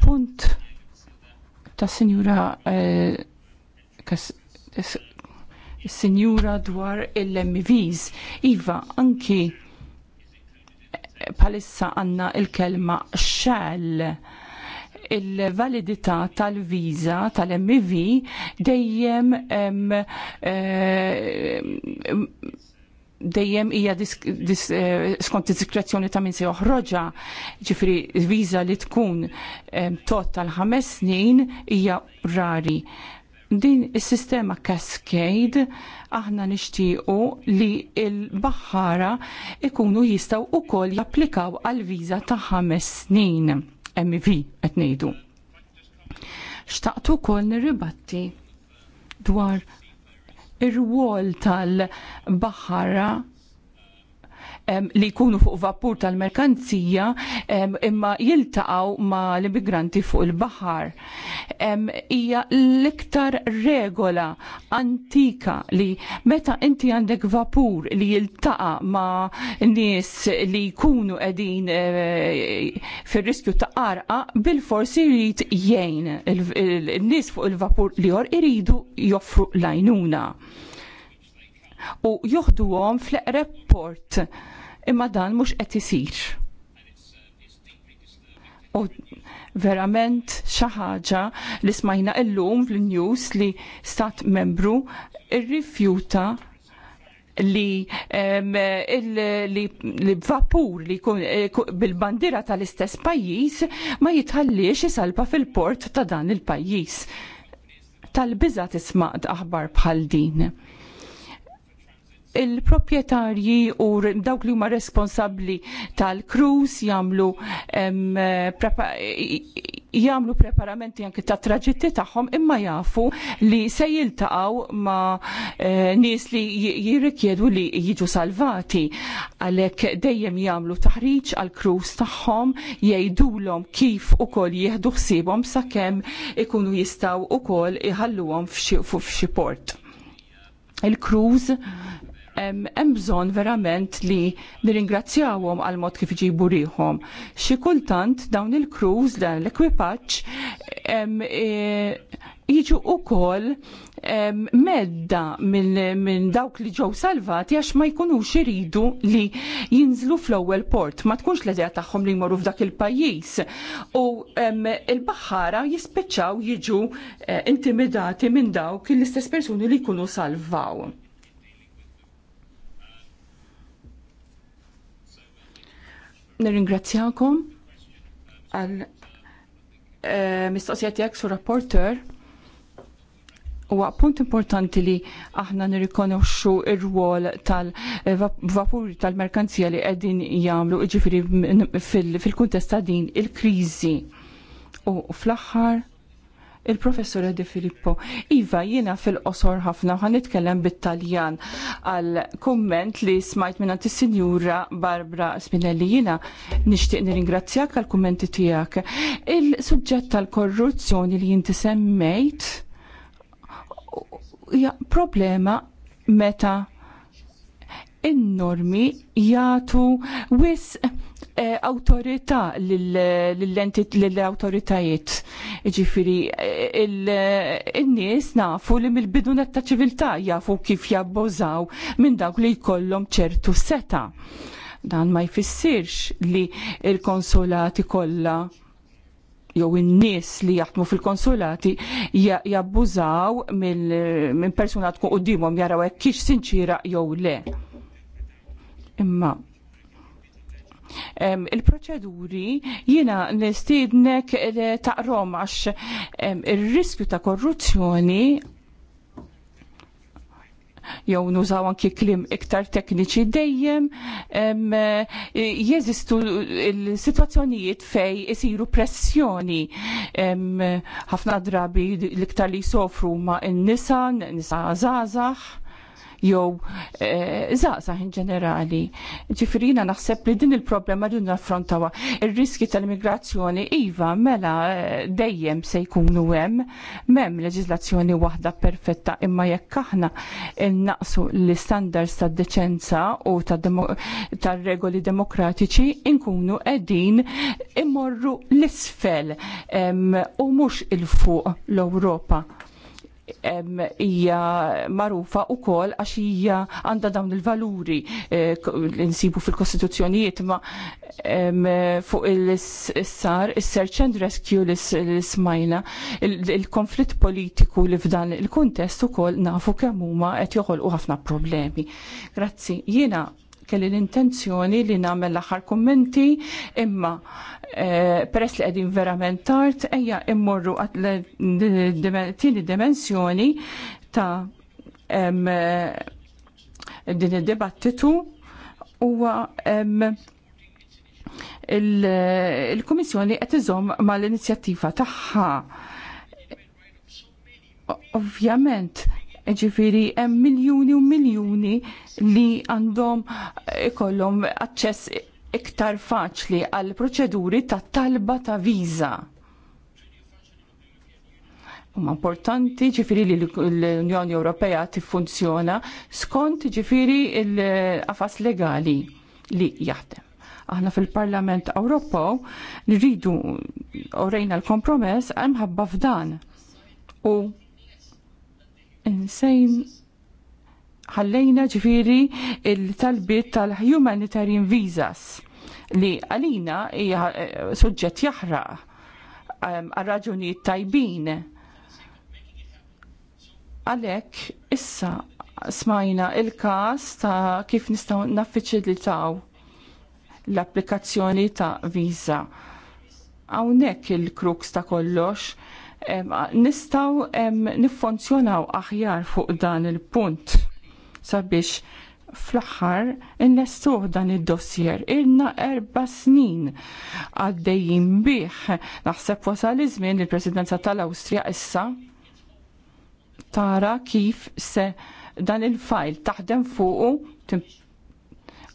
Punt ta' Sinjura eh, sinjura dwar il-MVs. Iva, anki palissa għanna il-kelma xell il-validità tal-viza, tal-MV, dejjem dejjem hija eh, skont id-diskrezzjoni ta' min se joħroġa, ġifri viża li tkun tot tal-ħames snin hija rari din is-sistema cascade aħna nixtiequ li l-baħħara ikunu jistgħu wkoll japplikaw għal viża ta' ħames snin MV qed ngħidu. Xtaqtu wkoll nirribatti dwar ir wol tal-baħħara li jkunu fuq vapur tal-merkanzija imma jiltaqgħu ma' l-immigranti fuq il-baħar. Hija l-iktar regola antika li meta inti għandek vapur li jiltaqa ma' nies li jkunu qegħdin eh, fir-riskju ta' qarqa bil-forsi jrid jgħin il-nies fuq il-vapur li jor iridu joffru lajnuna u juħduhom fl-report imma dan mhux qed isir. U verament xi ħaġa li smajna llum fl-news li stat membru rrifjuta li um, vapur li eh, bil-bandira tal-istess pajjiż ma jitħallix isalba fil-port ta' dan il-pajjiż. Tal-biża tisma' aħbar bħal din il-propietarji u dawk li huma responsabbli tal-kruz jagħmlu jagħmlu preparamenti anke ta' traġitti tagħhom imma jafu li se jiltaqgħu ma' eh, nies li jirrikjedu li jiġu salvati għalhekk dejjem jagħmlu taħriġ għal kruz tagħhom jgħidulhom kif ukoll jieħdu ħsiebhom sakemm ikunu jistgħu ukoll iħalluhom f'xi port il-cruise hemm bżonn verament li nirringrazzjawhom għal mod kif iġibu rihom. Xi kultant dawn il-crews dan l-ekwipaġġ e, jiġu kol medda minn dawk li ġew salvati għax ma jkunux iridu li jinżlu fl-ewwel port, ma tkunx l tagħhom li jmorru f'dak il-pajjiż. U il-baħħara jispiċċaw jiġu eh, intimidati minn dawk l-istess persuni li jkunu salvaw nirringrazzjakom għal eh, mistoqsijat jek su rapporter. Huwa punt importanti li aħna nirrikonoxxu ir-rwol tal-vapuri tal-merkanzija li qegħdin jagħmlu jiġifieri fil-kuntest ta' din il-kriżi. U fl-aħħar Il-professor Di Filippo, Iva, jiena fil-qosor ħafna ħan nitkellem bit-Taljan għal komment li smajt minna t-Sinjura Barbara Spinelli. jina nishtiq nir-ingrazzjak għal kommenti tijak. Il-sujġett tal-korruzzjoni li jinti semmejt, ja, problema meta in-normi jgħatu wis Eh, awtorità lill-awtoritajiet. Ġifiri, eh, il-nies eh, nafu li mill-bidu ta' ċiviltà jafu kif jabbożaw minn dawk li jkollhom ċertu seta. Dan ma jfissirx li il-konsolati kollha jew in-nies li jaħdmu fil-konsulati jabbużaw minn persuna tkun qudiemhom jaraw hekk kiex sinċira jew le. Imma il-proċeduri jina nistidnek taqrom għax il-riskju ta' korruzzjoni jew nużaw anki klim iktar tekniċi dejjem jeżistu il situazzjonijiet fej isiru pressjoni ħafna drabi l-iktar li sofru ma' n-nisa, n-nisa zazax jew eh, zaqsa in ġenerali. Ġifirina naħseb li din il-problema li naffrontawa. Ir-riski tal-immigrazzjoni iva mela eh, dejjem se jkunu hemm, m'hemm leġislazzjoni waħda perfetta imma jekk aħna naqsu l-istandards tad deċenza u tal regoli demokratiċi inkunu qegħdin immorru l-isfel u mhux il-fuq l-Ewropa hija marufa wkoll għax hija għandha dawn il-valuri eh, li nsibu fil-kostituzzjonijiet ma fuq il-sar is-search and rescue li smajna il-konflitt politiku li f'dan il-kuntest ukoll nafu kemm huma qed joħolqu ħafna problemi. Grazzi. Jiena kelli l-intenzjoni li nagħmel l-aħħar kummenti imma eh, peress li qegħdin verament tard ejja immorru tieni dimensjoni ta' din id-dibattitu huwa il-Kummissjoni qed iżomm mal-inizjattiva tagħha ovvjament ġifiri hemm miljuni u miljuni li għandhom ikollhom aċċess iktar faċli għal proċeduri ta' talba ta' viża. Huma importanti ġifiri li l-Unjoni Ewropea tiffunzjona skont ġifiri l-qafas legali li jaħdem. Aħna fil-Parlament Ewropew nridu orejna l-kompromess għal mħabba f'dan u insane ħallejna ġifiri il-talbiet tal-humanitarian visas li għalina hija eh, suġġett jaħraq ehm, għal raġunijiet tajbin. Għalhekk issa smajna il-każ ta' kif nistgħu naffiċilitaw l-applikazzjoni ta' visa. Hawnhekk il-kruks ta' kollox nistaw nifunzjonaw aħjar fuq dan il-punt sabiex fl-axħar innestuħ dan id-dossier ilna erba snin għaddejjin bih naħseb wasal iż-żmien il-Presidenza tal-Awstrija issa tara kif se dan il-fajl taħdem fuqu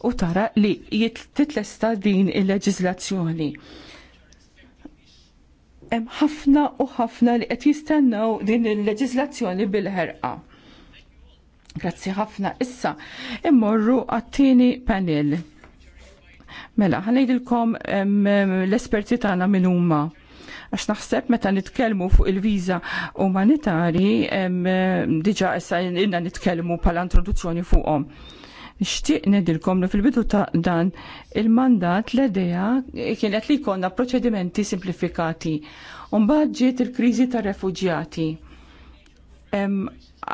u tara li jitlesta din il-leġizlazzjoni hemm ħafna u ħafna li qed jistennew din il-leġiżlazzjoni bil-ħerqa. Grazzi ħafna issa immorru għat-tieni panel. Mela, ħanejdilkom l-esperti tagħna minn huma għax naħseb meta nitkellmu fuq il-viża umanitari diġa issa inna nitkellmu bħala introduzzjoni fuqhom. Nixtieq nedilkom li fil-bidu ta' dan il-mandat l-edeja kienet li jkollna proċedimenti simplifikati. Umbagħad ġiet il-kriżi ta' refuġjati.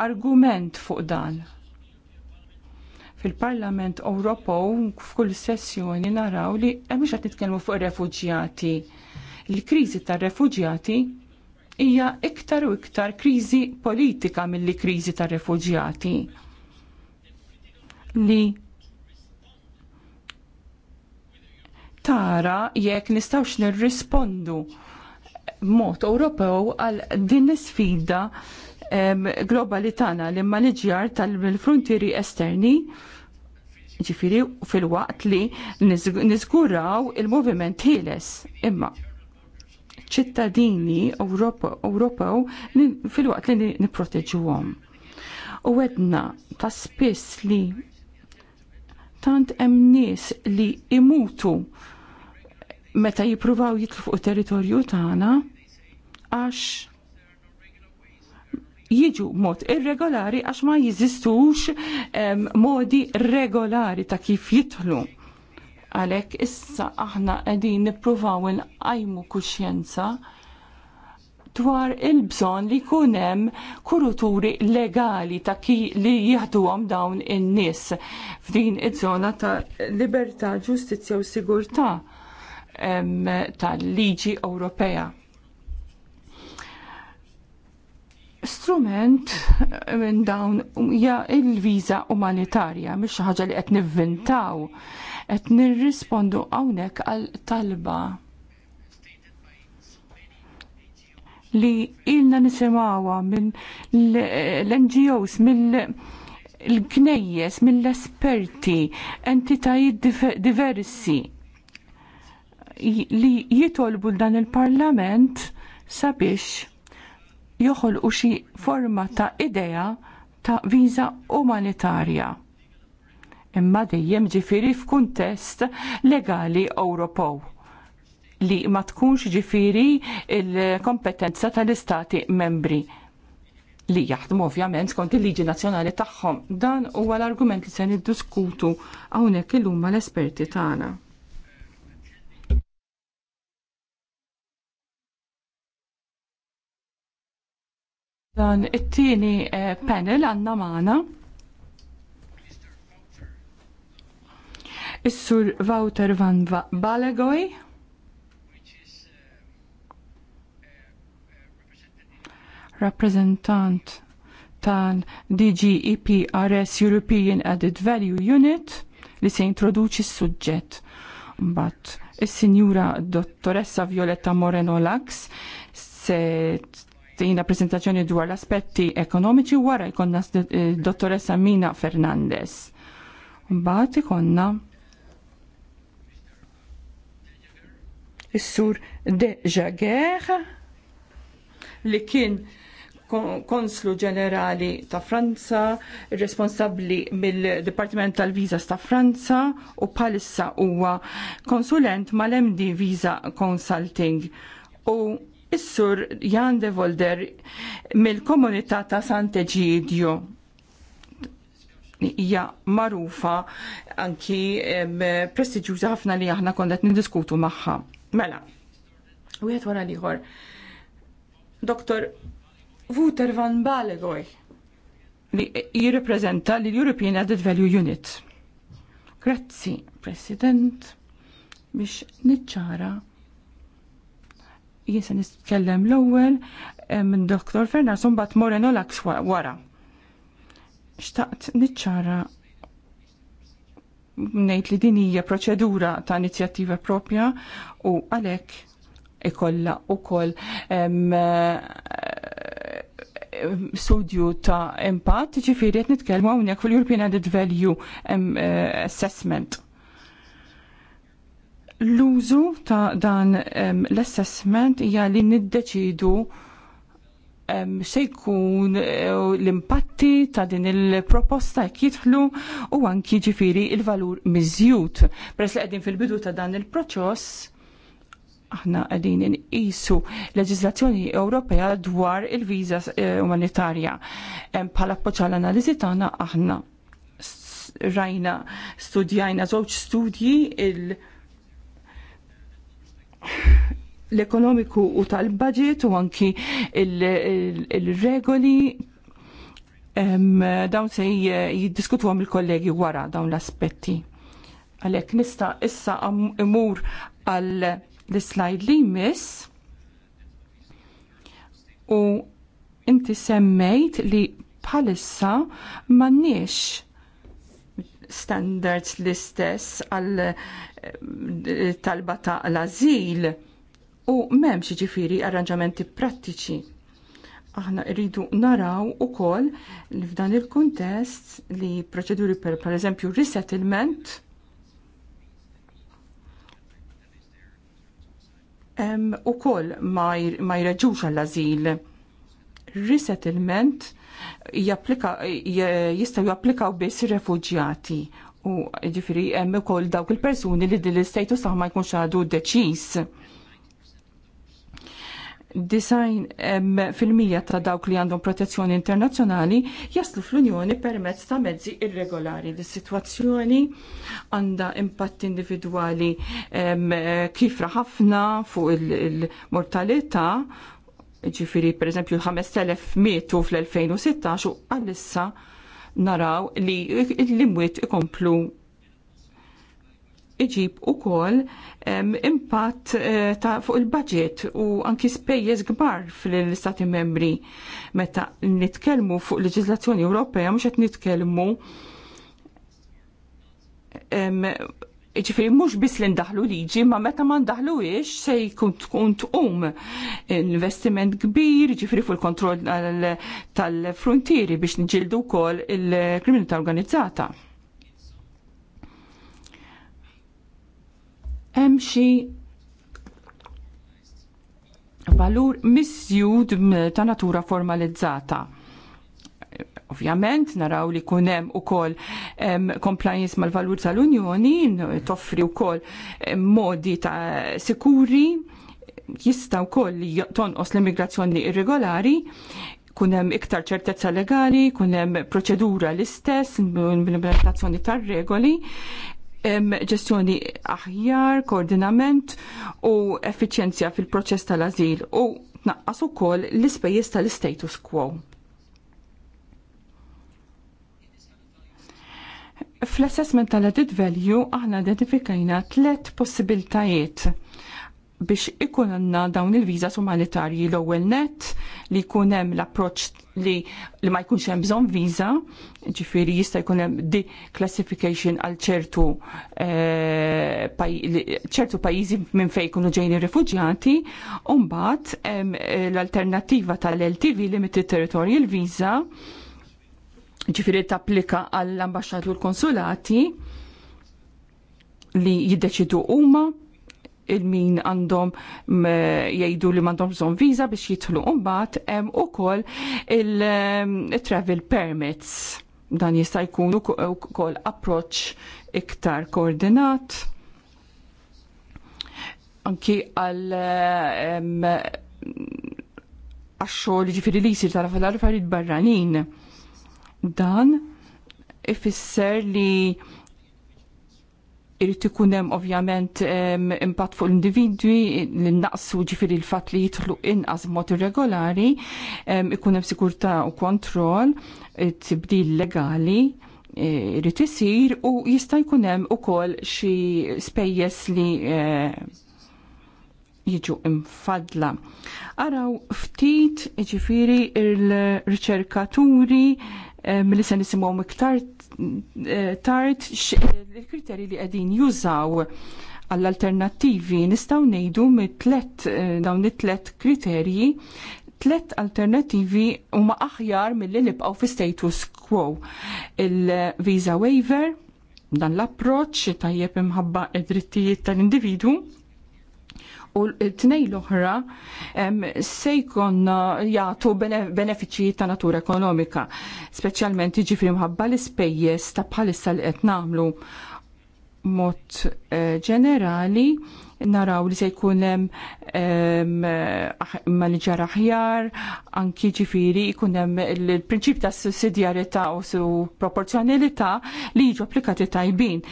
Argument fuq dan. Fil-Parlament Ewropew f'kull sessjoni naraw li hemm qed nitkellmu fuq ir-refuġjati. Il-kriżi tar-refuġjati hija iktar u iktar kriżi politika milli kriżi tar-refuġjati li tara jekk nistawx nirrispondu b'mod Ewropew għal din is-sfida globali tagħna li ma liġjar tal-frontieri esterni ġifiri fil-waqt li niżguraw il-moviment ħieles imma ċittadini Ewropew fil-waqt li niproteġuhom. U għedna ta' spiss li tant hemm nies li imutu meta jippruvaw jitlu fuq territorju tagħna għax jiġu mod irregolari għax ma jiżistux modi regolari ta' kif jitlu. Għalek issa aħna qegħdin nippruvaw inqajmu kuxjenza dwar il-bżon li kunem kuruturi legali ta' ki li jihduhom dawn in-nies f'din iż-żona ta' libertà, ġustizzja u sigurtà tal-liġi Ewropea. Strument minn dawn hija il-viża umanitarja mhix xi ħaġa li qed nivvintaw, qed nirrispondu hawnhekk għal talba li ilna nisimawa minn l-NGOs, mill l-knejjes, mill-esperti, entitajiet diversi li jitolbu dan il-parlament sabiex joħolqu xi forma ta' idea ta' viza umanitarja. Imma dejjem ġifieri f'kuntest legali Ewropew li ma tkunx ġifiri il-kompetenza tal-istati membri li jaħdmu ovvjament skont il-liġi nazzjonali tagħhom. Dan huwa l-argument li se niddiskutu hawnhekk illum mal-esperti tagħna. Dan it-tieni eh, panel għandna magħna. Is-sur Wouter van Balegoj. rappreżentant tal-DGEPRS European Added Value Unit li se introduċi s-suġġett. Mbagħad is-Sinjura Dottoressa Violetta Moreno Lax se tina prezentazzjoni dwar l-aspetti ekonomiċi wara jkollna eh, dottoressa Mina Fernandez. Mbagħad ikonna is-sur De Jaguer li kien konslu ġenerali ta' Franza, responsabbli mill-Dipartiment tal-Vizas ta' Franza u palissa huwa konsulent mal-MD Visa Consulting u is-sur Jan de Volder mill-komunità ta' Sant'Egidio hija marufa anki prestiġjuża ħafna li aħna konna qed niddiskutu magħha. Mela, wieħed wara l-ieħor. Doktor Wouter van Balegoj li jirrepreżenta l-European Added Value Unit. Grazzi, President, biex niċċara jien nistkellem nitkellem l-ewwel eh, minn Dr. Fernarson bat Moreno Lax wara. Xtaqt niċċara ngħid li din hija proċedura ta' inizjattiva propja u għalhekk ikolla wkoll eh, studju ta' impatt, ġifiri qed nitkellmu hawnhekk fil-European Added Value eh, Assessment. L-użu ta' dan l-assessment hija li niddeċidu se jkun eh, l-impatti ta' din il-proposta jekk jidħlu u anki ġifiri il-valur miżjud. Peress li qegħdin fil-bidu ta' dan il-proċess, aħna qegħdin inqisu leġizlazzjoni Ewropea dwar il viza eh, umanitarja. Bħala poċa għall-analiżi tagħna aħna rajna studjajna żewġ studji il- l-ekonomiku u tal-budget u anki il-regoli dawn se jiddiskutu għam il-kollegi wara dawn l-aspetti. Għalek nista issa imur għal L-slide li jmiss u inti semmejt li bħalissa m'għandniex standards l-istess għal eh, talba ta' l-azil u memx ġifiri arranġamenti prattiċi. Aħna rridu naraw u koll li f'dan il-kontest li proċeduri per, per eżempju, resettlement u koll ma jreġux għall-azil. Resettlement jistaw japplikaw biss refugjati u ġifiri hemm ukoll dawk il-persuni li din l-istatus ma jkunx għadu deċis Design fil-mija ta' dawk li għandhom protezzjoni internazzjonali jaslu fl-Unjoni permezz ta' mezzi irregolari. L-situazzjoni għandha impatt individwali kifra ħafna fuq il-mortalità, ġifiri per eżempju 5.000 mietu fl-2016 u għalissa naraw li l-imwiet ikomplu iġib ukoll impatt eh, ta' fuq il-budget u anki spejjeż kbar fl-istati membri. Meta nitkellmu fuq leġiżlazzjoni Ewropea mhux qed nitkellmu ġifiri mux bis li ndaħlu liġi, ma meta ma ndaħlu se jkun tkun tqum investiment kbir, jiġifieri fuq il-kontroll tal-frontieri biex nġildu kol il-kriminalità organizzata. hemm xi valur misjud ta' natura formalizzata. Ovvjament naraw li kun hemm ukoll compliance mal-valur tal-Unjoni toffri wkoll modi ta' sikuri jista' wkoll tonqos l-immigrazzjoni irregolari kun hemm iktar ċertezza legali, kunem hemm proċedura l-istess, l implementazzjoni tar-regoli, ġestjoni aħjar, koordinament u effiċenzja fil-proċess tal-azil u tnaqqas ukoll l-ispejjeż tal-status quo. Fl-assessment tal-added value aħna identifikajna tliet possibiltajiet biex ikunna dawn il-viza umanitarji l-ewwel net li jkun hemm l-approċċ li, li ma jkunx hemm bżonn viża, ġifieri jista' jkun hemm di classification għal ċertu eh, pajjiżi minn fejn jkunu ġejjin ir-refuġjati, u mbagħad eh, l-alternattiva tal-LTV limited territorial visa ġifieri tapplika għall-ambaxxat u l-konsulati li jiddeċidu huma il-min għandhom jgħidu li m'għandhom bżon viża biex jidħlu mbagħad hemm ukoll il-travel permits. Dan jista' jkun ukoll approċċ iktar koordinat anki għal għax-xogħol ġifieri li jsir tal-affarijiet barranin. Dan ifisser li irrit ikun hemm ovvjament impatt fuq l-individwi li naqsu ġifiri l-fatt li jidħlu inqas b'mod irregolari, ikun hemm sigurtà u kontroll, tibdil legali e, irrit isir u jista' jkun hemm ukoll xi spejjeż li e, jiġu imfadla. Araw ftit ġifiri il-riċerkaturi Eh, mill se nisimgħu miktar eh, tard il-kriterji eh, li qegħdin jużaw għall-alternattivi nistgħu ngħidu mit-tlet dawn it-tlet kriterji tlet alternativi huma aħjar mill-li nibqgħu fi status quo. Il-visa waiver, dan l-approċ tajjeb imħabba id-drittijiet tal-individu u t-tnejn l-oħra se jkun jagħtu benefiċċji ta' natura ekonomika, speċjalment jiġifieri mħabba l-ispejjeż ta' bħalissa li qed nagħmlu mod eh, ġenerali naraw li se jkun hemm eh, maniġar aħjar, anki ġifiri jkun hemm il-prinċip ta' sussidjarità u su proporzjonalità li jiġu applikati tajbin.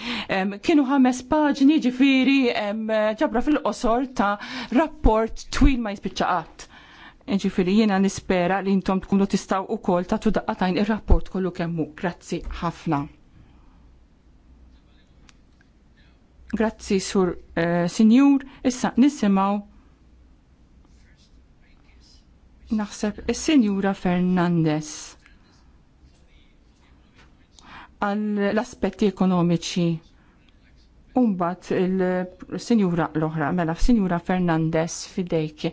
Kienu ħames paġni ġifiri ġabra fil-qosor ta' rapport twil ma jispiċċaqat. E ġifiri jiena nispera li intom tkunu tistaw wkoll ta' tudaqatajn ir rapport kollu kemm hu. Grazzi ħafna. Grazzi sur uh, sinjur, issa nisimaw naħseb is-Sinjura Fernandez għal l-aspetti ekonomiċi Umbat il-Sinjura l-oħra, mela Sinjura Fernandez fidejk.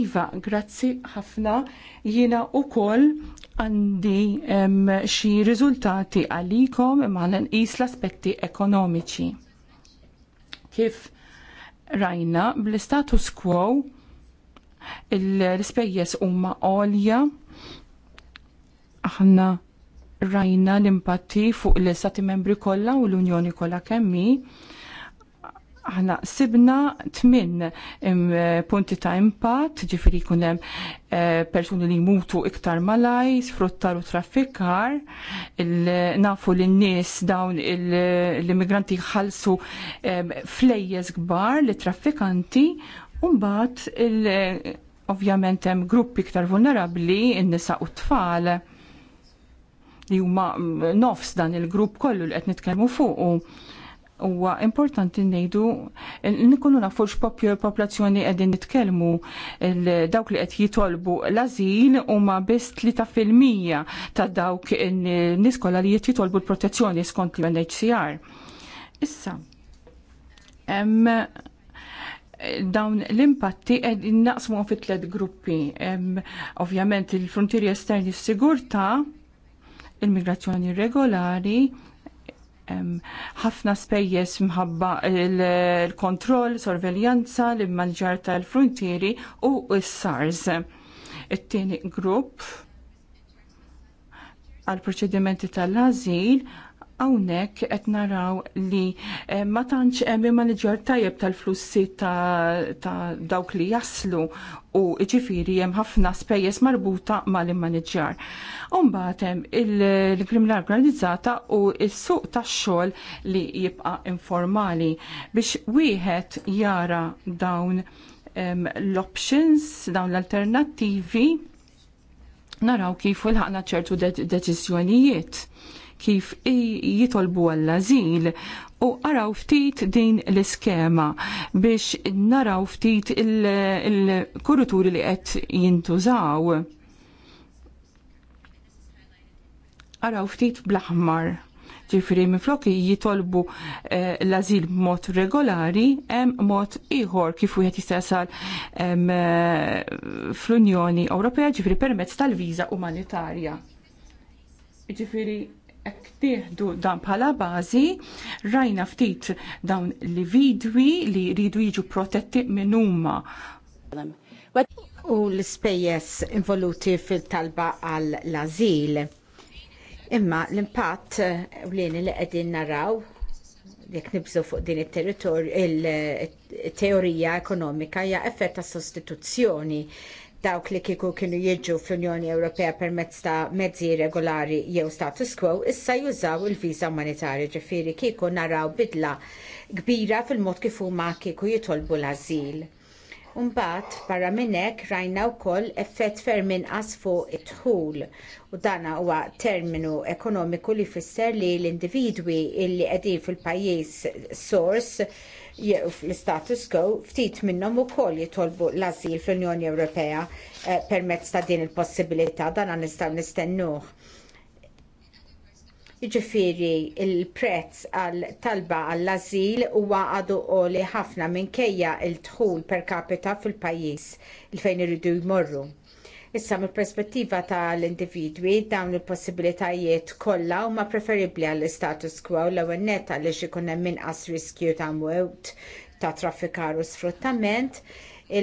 Iva, grazzi ħafna, jina u koll għandi xi riżultati għalikom imma l l-aspetti ekonomiċi Kif rajna bl-status quo l-ispejjeż huma għolja aħna rajna l-impatti fuq l-istati membri kollha u l-Unjoni kollha kemmi Aħna sibna tmin eh, punti ta' impatt, ġifiri kunem hemm eh, persuni li mutu iktar malaj, sfruttar u traffikar, nafu l nies dawn l-immigranti ħalsu f'lejjeż eh, flejjes gbar li traffikanti, un-bat ovvjament hemm gruppi iktar vulnerabbli, in-nisa u t-tfal li huma mm, nofs dan il-grupp kollu li qed nitkellmu fuq huwa importanti ngħidu eh, nikunu nafu x l-popolazzjoni qegħdin nitkellmu dawk li qed jitolbu l-ażil huma biss li ta' dawk in-nies kollha li qed jitolbu l-protezzjoni skont l-UNHCR. Issa, hemm eh, dawn l-impatti naqsmu fi tliet gruppi. Ovvjament il-frontieri esterni s-sigurta, il-migrazzjoni regolari, ħafna spejjeż mħabba l-kontroll, sorveljanza, l-immanġar tal-frontieri u s-SARS. It-tieni grupp għal proċedimenti tal-azil Hawnhekk qed naraw li eh, ma tantx hemm manager tajjeb tal-flussi ta', dawk li jaslu u ġifiri hemm ħafna spejjeż marbuta mal-immaniġġar. Umbagħad hemm il-kriminal organizzata u s-suq tax-xogħol li jibqa' informali biex wieħed jara dawn l-options, dawn l-alternattivi naraw kif ulħaqna ċertu deċiżjonijiet. De kif jitolbu għall-azil u araw ftit din l-iskema biex naraw ftit il-kuruturi li qed jintużaw. Araw ftit blaħmar, ġifri ġifiri jitolbu eh, l-azil mod regolari, hemm mod ieħor kif wieħed jista' eh, fl-Unjoni Ewropea ġifri permezz tal-viża umanitarja. Ġifiri Ek tieħdu dan bħala bażi, rajna ftit dawn li vidwi li jridu jiġu protetti minn huma. U l-ispejjeż involuti fil-talba għall-azil. Imma l-impatt u li qegħdin naraw jekk nibżu fuq din it-territorju il-teorija ekonomika hija effett ta' sostituzzjoni dawk li kieku kienu jiġu fl-Unjoni Ewropea permezz ta' mezzi regolari jew status quo issa jużaw il-viża umanitarja ġifieri kieku naraw bidla kbira fil-mod kif huma kieku jitolbu l-ażil. Umbat, barra minn hekk rajna wkoll effett ferm inqas fuq it-tħul u dan huwa terminu ekonomiku li jfisser li l-individwi li qegħdin fil-pajjiż source jew fl-status quo ftit minnhom ukoll jitolbu l-azil fl-Unjoni Ewropea eh, permezz ta' din il-possibilità dan nistgħu nistennuh. Jiġifieri l prezz għal talba għall azil huwa għadu għoli ħafna minkejja l dħul per capita fil-pajjiż il fejn iridu jmorru. Issa mill perspettiva tal-individwi dawn il-possibilitajiet kollha huma preferibbli għall-status quo l-ewwel nett għaliex ikun hemm inqas riskju ta' mwewt ta' traffikar u sfruttament.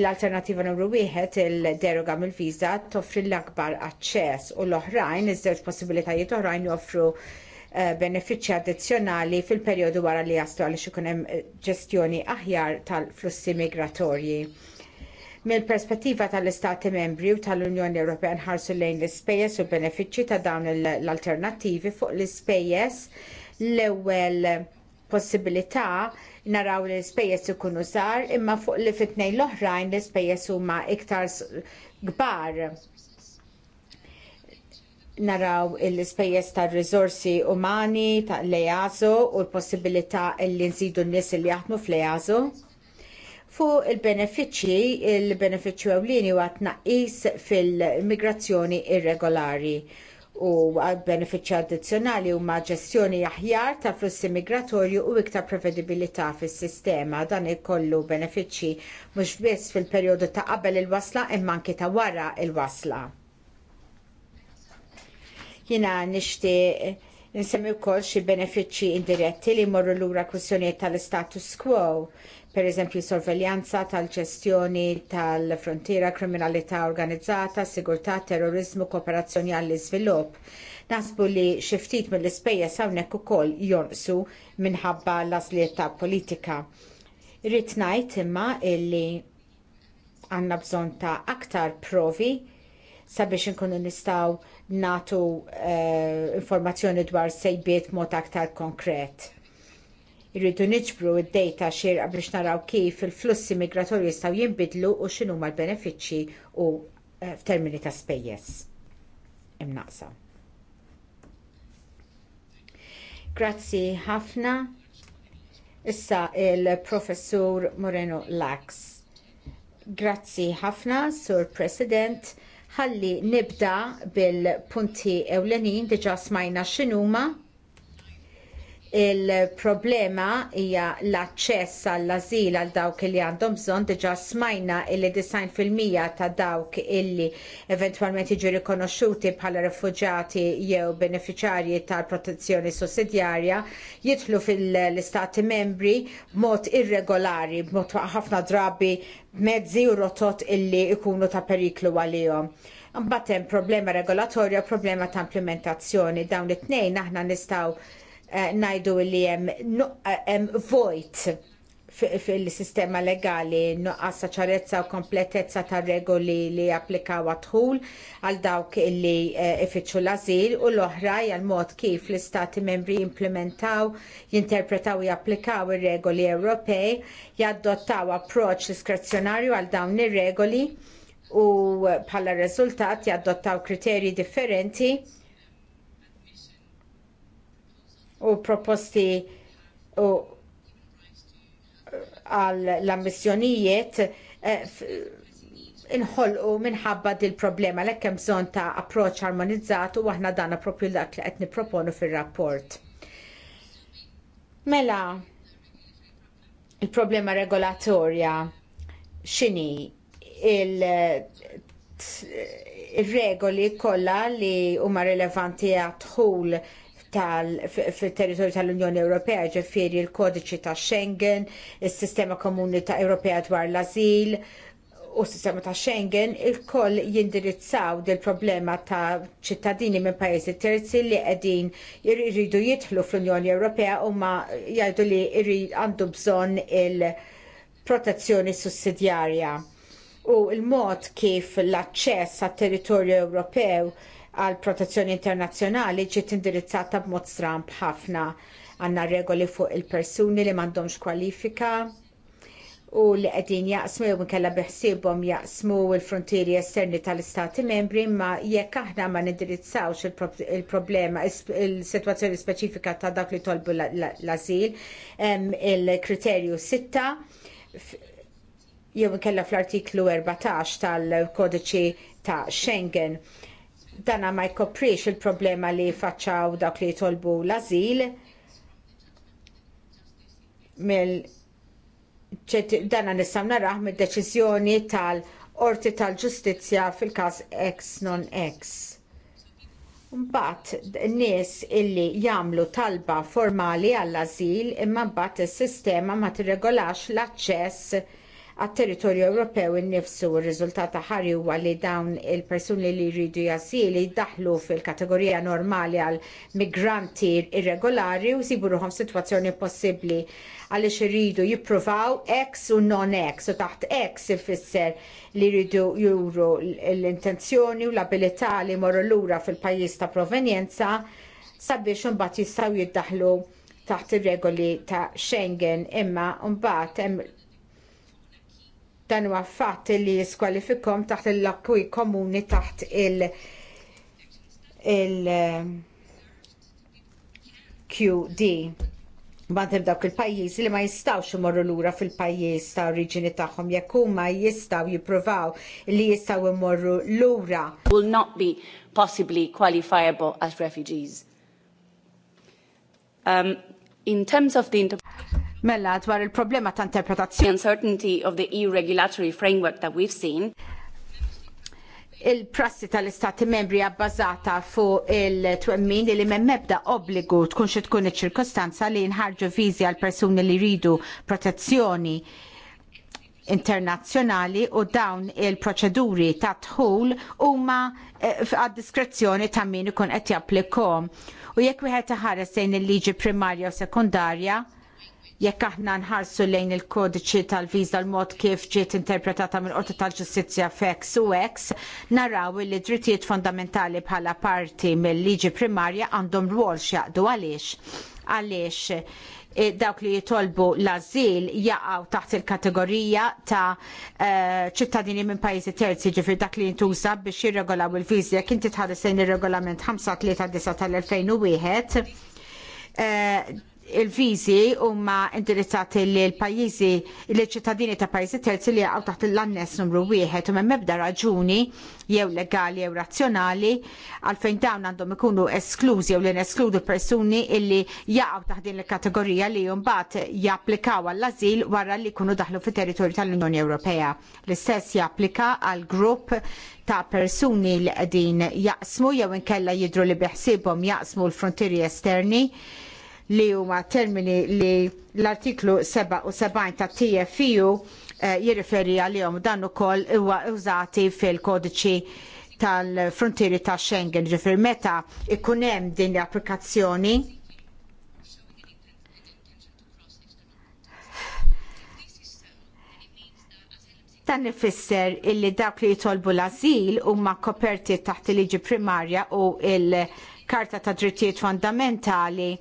L-alternativa numru wieħed il-deroga mill-viża toffri l-akbar aċċess u l-oħrajn, iż-żewġ possibilitajiet oħrajn joffru eh, benefiċċji addizzjonali fil-perjodu wara li jaslu għaliex ikun hemm eh, ġestjoni aħjar tal-flussi migratorji. Mill-perspettiva tal-Istati membri u tal-Unjoni Ewropea nħarsu lejn l-ispejjeż u l-benefiċċji ta' dawn l-alternattivi fuq l-ispejjeż l-ewwel possibilità naraw li l-ispejjeż ikunu żgħar imma fuq li fitnej l-oħrajn l-ispejjeż huma iktar kbar naraw l-ispejjeż tar-riżorsi umani ta' lejazo u l-possibilità li nżidu n-nies li jaħdmu fl-lejazo Fuq il-benefiċċji, il-benefiċċju ewlieni huwa tnaqqis fil-migrazzjoni irregolari u benefiċċji addizzjonali huma ġestjoni aħjar ta' flussi migratorju u iktar prevedibilità fis-sistema. Dan ikollu benefiċċji mhux biss fil-perjodu ta' qabel il-wasla imma anki ta' wara il-wasla. Jiena nixtieq Nsemmi wkoll xi benefiċċji indiretti li jmorru lura kwistjonijiet tal-status quo pereżempju sorveljanza tal-ġestjoni tal-frontiera, kriminalità organizzata, sigurtà, terrorizmu, kooperazzjoni għall-iżvilupp. Nasbu li xi ftit mill-ispejjeż hawnhekk ukoll jonqsu minħabba l-għażliet ta' politika. Irrid ngħid imma illi għandna bżonn ta' aktar provi sabiex inkunu nistgħu nagħtu uh, informazzjoni dwar sejbiet mod aktar konkret. Irridu niġbru d dejta xierqa biex naraw kif il-flussi migratorji jistgħu jinbidlu u x'inhuma l-benefiċċji u eh, f'termini ta' spejjeż. Imnaqsa. Grazzi ħafna. Issa il-professur Moreno Lax. Grazzi ħafna, Sur President. Ħalli nibda bil-punti ewlenin diġa smajna x'inhuma Il-problema hija l-aċċess għall-azil għal dawk li għandhom bżonn diġà smajna illi design fil-mija ta' dawk illi eventwalment jiġu rikonoxxuti bħala rifuġati jew beneficjarji tal-protezzjoni sussidjarja jidħlu fil-istati membri b'mod irregolari, b'mod ħafna drabi mezzi u rotot illi jkunu ta' periklu għalihom. Mbagħad hemm problema regolatorja u problema ta' implementazzjoni dawn it-tnejn aħna nistgħu Eh, najdu li hemm eh, vojt fil-sistema legali nuqqasa ċarezza u kompletezza ta' regoli li applikaw għadħul għal dawk li eh, ifittxu l-azil u l-oħra għal mod kif l-istati membri implementaw, jinterpretaw u japplikaw ir-regoli Ewropej, jaddottaw approċ diskrezzjonarju għal dawn ir-regoli u bħala riżultat jaddottaw kriterji differenti u proposti u għal l-ammissjonijiet eh, inħolqu minħabba dil problema l hemm bżonn ta' approċċ armonizzat u aħna dana propju dak li qed nipproponu fir-rapport. Mela, il-problema regolatorja x'inhi il-regoli kolla kollha li huma rilevanti għat-dħul tal-territorju tal-Unjoni Ewropea, ġifieri l-kodiċi ta' Schengen, is-sistema komuni ta' Ewropea dwar l-azil, u s-sistema ta' Schengen il-koll jindirizzaw del problema ta' ċittadini minn pajjiżi terzi li qegħdin jridu jidħlu fl-Unjoni Ewropea u ma jgħidu li għandu bżonn il-protezzjoni sussidjarja. U l-mod kif l-aċċess għat territorju Ewropew għal protezzjoni internazzjonali ġiet indirizzata b'mod Stramb ħafna għandna regoli fuq il-persuni li m'għandhomx kwalifika u li qegħdin jaqsmu jew inkella biħsiebhom jaqsmu l-frontieri esterni tal-istati membri imma jekk aħna ma nindirizzawx il-problema il-sitwazzjoni speċifika ta' dawk li tolbu l-ażil il-kriterju sitta jew inkella fl-artiklu 14 tal-kodiċi ta' Schengen dana ma jkoprix il-problema li faċċaw dawk li jitolbu l-azil mill dana nistgħu narah mid-deċiżjoni tal-Qorti tal-Ġustizzja fil-każ X non ex. Mbagħad nies illi jagħmlu talba formali għall-ażil imma mbagħad is-sistema ma tirregolax l-aċċess għat-territorju Ewropew innifsu r-riżultat ħari huwa li dawn il-persuni li jridu jasili daħlu fil-kategorija normali għal migranti irregolari u sibu ruħom situazzjoni possibbli għaliex iridu jippruvaw X u non X u taħt X ifisser li jridu juru l-intenzjoni u l-abilità li morru lura fil-pajjiż ta' provenjenza sabiex imbagħad jistgħu jiddaħlu taħt ir-regoli ta' Schengen imma mbagħad hemm Dan huwa fatt li jiskwalifikom taħt il-lakwi komuni taħt il- il-QD. Ehm, Bantem dawk il-pajjiżi li ma jistawx imorru lura fil-pajjiż ta' oriġini tagħhom jekk huma jistgħu jippruvaw li jistgħu imorru lura. Will not be possibly qualifiable as refugees. Um, in terms of the Mela dwar il-problema ta' interpretazzjoni. uncertainty of the EU regulatory framework that we've seen il-prassi tal-istati membri abbażata fuq il-twemmin li minn mebda obbligu tkun xi tkun iċ-ċirkostanza li nħarġu viżi għal persuni li jridu protezzjoni internazzjonali u dawn il-proċeduri ta' dħul huma eh, għad diskrezzjoni ta' min ikun qed japplikhom. U jekk wieħed iħares lejn il-liġi primarja u sekundarja, jekk aħna nħarsu lejn il-kodiċi tal-viża l-mod kif ġiet interpretata mill qorti tal-ġustizzja f'ex u ex, naraw li drittijiet fondamentali bħala parti mill-liġi primarja għandhom rwol x'jaqdu għaliex. Għaliex e, dawk li jitolbu l-azil jaqgħu taħt il-kategorija ta' e, ċittadini minn pajjiżi terzi ġifir dak li jintuża biex jirregolaw il-viżi jekk inti tħares lejn ir-regolament 539 tal-2001 il-viżi huma indirizzati lil pajjiżi liċ ċittadini ta' pajjiżi terzi li jaqgħu taħt l-annes numru wieħed u hemm ebda raġuni jew legali jew razzjonali għalfejn dawn għandhom ikunu esklużi jew li neskludu persuni illi jaqgħu taħt din il-kategorija li mbagħad japplikaw għall-ażil wara li jkunu daħlu fit-territorju tal-Unjoni Ewropea. L-istess japplika għal grupp ta' persuni li qegħdin jaqsmu jew inkella jidhru li biħsiebhom jaqsmu l-frontieri esterni li huma termini li l-artiklu 77 ta' TFU eh, jirriferi għalihom dan ukoll huwa użati fil-kodiċi tal-frontieri ta' Schengen, ġifir meta ikun hemm din l-applikazzjoni dan ifisser illi dawk li jitolbu l-azil huma koperti taħt il-liġi primarja u l karta ta' Drittijiet Fundamentali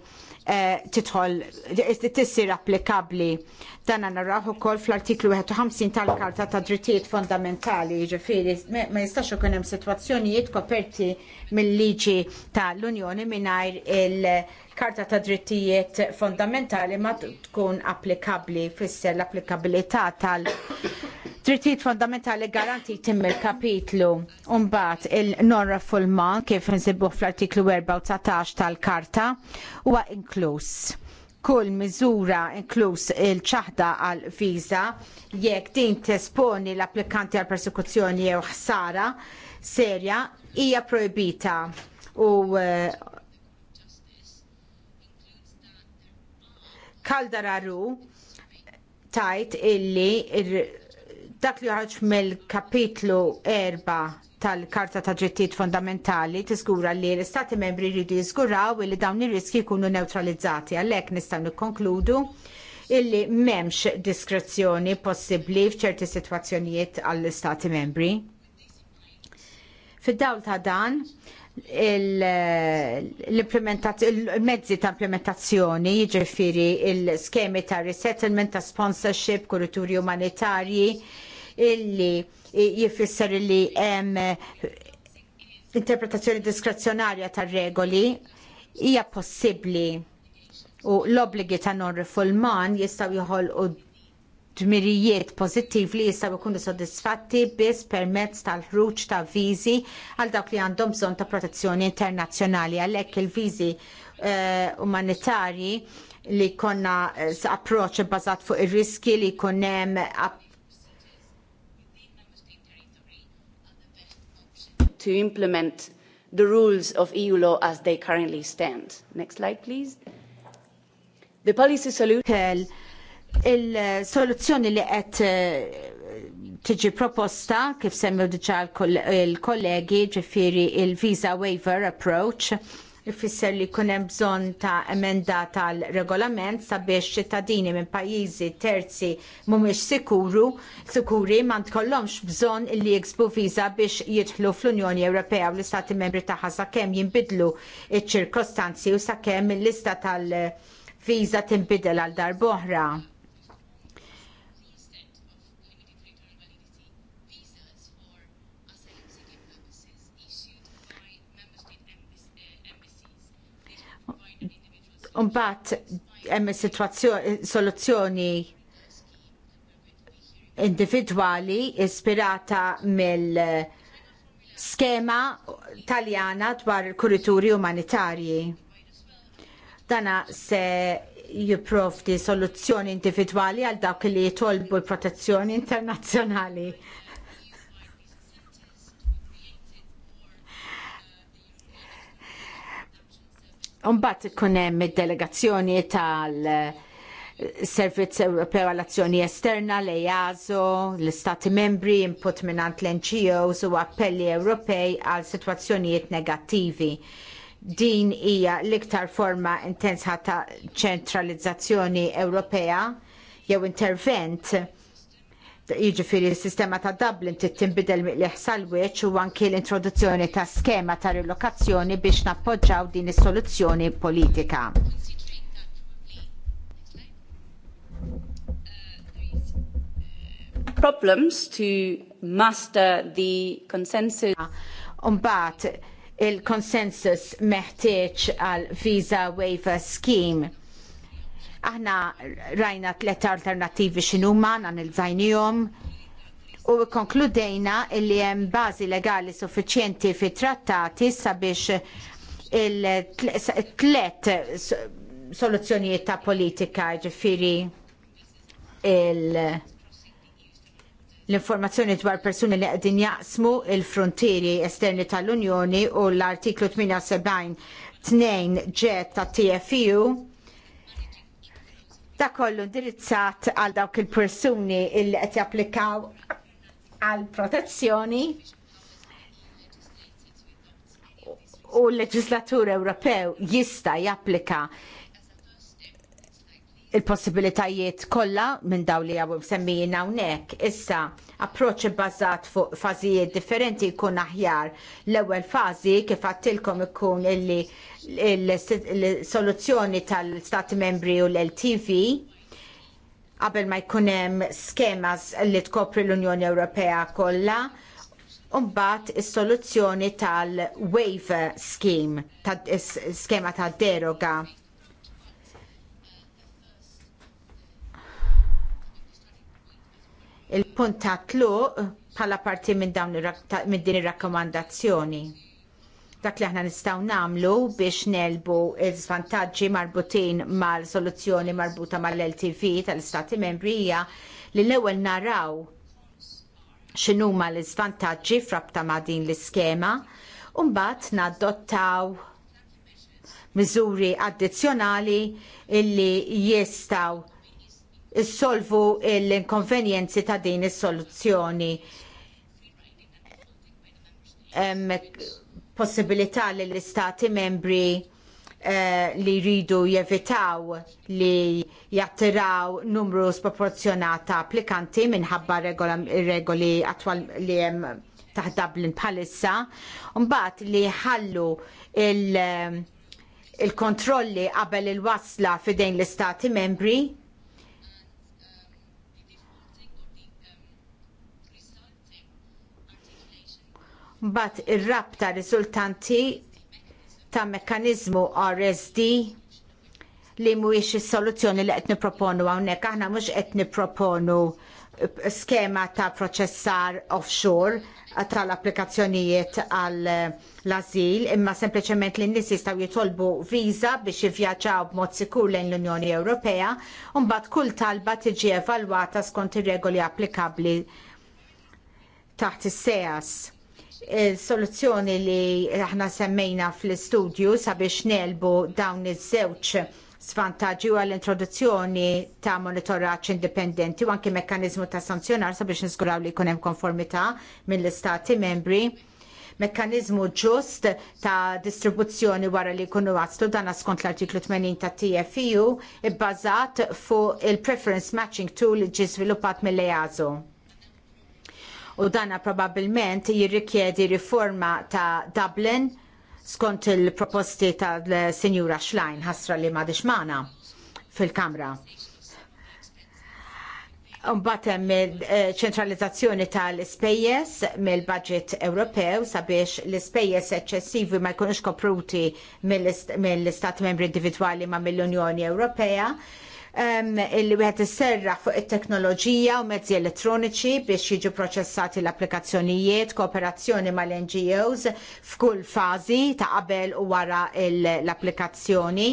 Eh, titħol eh, tissir applikabbli Dan naraw ukoll fl-artiklu 51 tal-Karta ta' Drittijiet Fondamentali, ġifiri, ma jistax ikun hemm sitwazzjonijiet koperti mill-liġi tal-Unjoni mingħajr il-Karta ta' Drittijiet Fondamentali ma tkun applikabbli fisser l-applikabilità tal- Drittijiet fondamentali garantiti mill-kapitlu Umbat il non raffulman kif nsibuh fl-artiklu 14 tal-karta huwa inkluż kull miżura inkluż il-ċaħda għal viża jekk din tesponi l-applikanti għal persekuzzjoni jew ħsara serja hija projbita u eh, Kaldararu tajt illi dak li ħarġ mill-kapitlu erba' tal-Karta ta' Drittijiet Fundamentali tiżgura li l-Istati membri jridu jiżguraw li dawn ir-riski jkunu neutralizzati. Għalhekk nistgħu nikkonkludu illi m'hemmx diskrezzjoni possibbli f'ċerti sitwazzjonijiet għall-Istati membri. Fid-dawl ta' dan, il-mezzi ta' implementazzjoni, jiġifieri l skemi ta' resettlement, ta' sponsorship, kurituri umanitarji, illi jifisser li hemm eh, interpretazzjoni diskrezzjonarja tar regoli hija possibbli u l-obligi ta' non-refulman jistgħu joħolqu dmirijiet pozittiv li jistaw ikunu sodisfatti biss permezz tal-ħruġ ta' viżi għal dawk li għandhom bżonn ta' protezzjoni internazzjonali għalhekk il-viżi uh, eh, umanitarji li konna eh, approċ bazat fuq ir-riski li jkun hemm to implement the rules of EU law as they currently stand. Next slide, please. The policy solution... Il-soluzzjoni li qed eh, tiġi proposta kif semmew diġà l-kollegi ġifieri il-visa waiver approach ifisser li jkun hemm bżonn ta' emenda tal-regolament sabiex ċittadini minn pajjiżi terzi mhumiex sikuru, sikuri ma tkollhomx bżonn li jiksbu viża biex jidħlu fl-Unjoni Ewropea u l-Istati Membri tagħha sakemm jinbidlu ċ ċirkostanzi u sakemm l-lista tal-viża tinbidel għal darboħra. oħra Mbagħad hemm soluzzjoni individwali ispirata mill skema taljana dwar il-kurituri umanitarji. Dana se jipprovdi soluzzjoni individwali għal dawk li jitolbu l-protezzjoni internazzjonali Umbat hemm id-delegazzjoni tal- Servizz Ewropew għall Azzjoni Esterna, l-EASO, l-Istati Membri, input minnant l-NGOs u appelli Ewropej għal sitwazzjonijiet negattivi. Din hija l-iktar forma intensa ta' ċentralizzazzjoni Ewropea jew intervent jiġifieri s-sistema ta' Dublin tittinbidel miqliħ wiċċ u anki l-introduzzjoni ta' skema ta' rilokazzjoni biex nappoġġaw din is-soluzzjoni politika. problems to master the consensus. Umbat il-consensus meħtieġ għal visa waiver scheme Aħna rajna tlet alternattivi x'inhuma nanilżajnihom u konkludejna li hemm bażi legali suffiċjenti fit-trattati sabiex il-tlet soluzzjonijiet ta' politika ġifiri il- l-informazzjoni dwar persuni li qegħdin jaqsmu il-frontieri esterni tal-Unjoni u l-artiklu 78 2 ġet ta' TFU Da kollu indirizzat għal dawk il-persuni illi qed japplikaw għal protezzjoni u l-leġislatur Ewropew jista japplika il-possibilitajiet kollha minn daw li għaw semmijin hawnhekk. Issa, approċċ bbażat fuq fażijiet differenti jkun aħjar. L-ewwel fażi kif għattilkom ikun illi l-soluzzjoni tal-Stati membri u l-LTV qabel ma jkun hemm skemas li tkopri l-Unjoni Ewropea kollha Umbat is-soluzzjoni tal-waiver scheme, tal skema tad deroga il-punt ta' tluq bħala parti minn din ir-rakkomandazzjoni. Dak li aħna nistgħu nagħmlu biex nelbu l iżvantaġġi marbutin mal-soluzzjoni marbuta mal-LTV tal-Istati Membri hija li l-ewwel naraw x'inhuma l-iżvantaġġi frabta ma' din l-iskema u mbagħad nadottaw miżuri addizzjonali illi jistgħu issolvu l-inkonvenjenzi ta' din is-soluzzjoni. Possibilità li l-istati membri eh, li jridu jevitaw li jattiraw numru sproporzjonat ta' applikanti minħabba regoli attwal li hemm taħt Dublin bħalissa, mbagħad li ħallu eh, il-kontrolli il kontrolli qabel il-wasla fidejn l-istati membri Bat ir-rabta riżultanti ta' mekkaniżmu RSD li mhuwiex is-soluzzjoni li qed nipproponu hawnhekk aħna mhux qed nipproponu skema ta' proċessar offshore tal-applikazzjonijiet għal l-azil, imma sempliċement li n-nis jistaw jitolbu viza biex jivvjaġġaw b'mod sikur lejn l-Unjoni Ewropea, U mbagħad kull talba tiġi evalwata skont ir-regoli applikabbli taħt is-SEAS il-soluzzjoni li aħna semmejna fl-istudju sabiex nelbu dawn iż-żewġ svantaġġi u għall-introduzzjoni ta' monitoraġġ indipendenti u anke mekkaniżmu ta' sanzjonar sabiex niżguraw li jkun hemm konformità mill-istati membri mekkaniżmu ġust ta' distribuzzjoni wara li jkunu waslu dan skont l-artiklu 80 ta' TFU e ibbażat fuq il-preference matching tool li ġi żviluppat mill-EASO u dana probabbilment jirrikjedi riforma ta' Dublin skont il-proposti tal-Sinjura Schlein ħasra li ma' magħna fil-Kamra. Unbatem ċentralizzazzjoni tal-spejjes mill-budget Ewropew sabiex l-spejjes eċċessivi ma jkunux kopruti mill-istat membri individwali ma mill-Unjoni Ewropea il wieħed isserraħ fuq it-teknoloġija u mezzi elettroniċi biex jiġu proċessati l-applikazzjonijiet, kooperazzjoni mal-NGOs f'kull fażi ta' qabel u wara l-applikazzjoni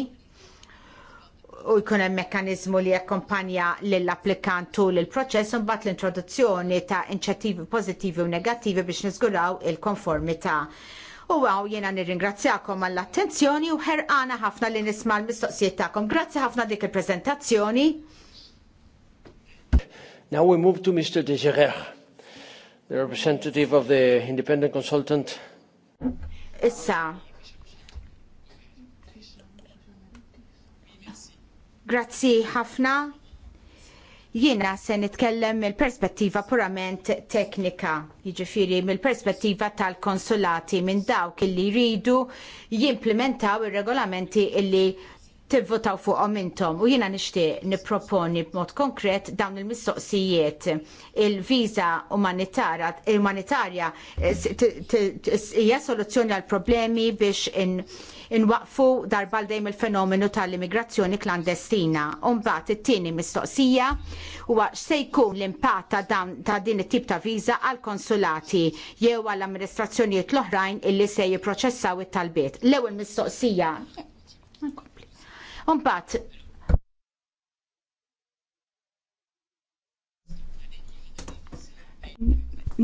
u jkun hemm mekkaniżmu li jakkompanja lill-applikant tul il-proċess u mbagħad l-introduzzjoni ta' inċettivi pożittivi u negattivi biex niżguraw il-konformità. U għaw jena nirringrazzjakom għall-attenzjoni u ħerqana ħafna li nisma l-mistoqsijiet tagħkom. Grazzi ħafna dik il-prezentazzjoni. Now we move to Mr. Dejerer, the representative of the independent consultant. Issa. Grazzi ħafna. Jiena se nitkellem mill-perspettiva purament teknika, jiġifieri mill-perspettiva tal-konsulati minn dawk illi jridu jimplementaw ir-regolamenti illi tivvotaw fuqhom intom u jiena nixtieq nipproponi b'mod konkret dawn il-mistoqsijiet il-viża umanitarja eh, hija soluzzjoni għal problemi biex inwaqfu darba dejjem il-fenomenu tal-immigrazzjoni klandestina. Umbat it-tieni mistoqsija huwa x'se jkun l-impatt ta' din it-tip ta' viża għal konsulati jew għall amministrazzjonijiet l-oħrajn illi se jipproċessaw it-talbiet. L-ewwel mistoqsija Umbat,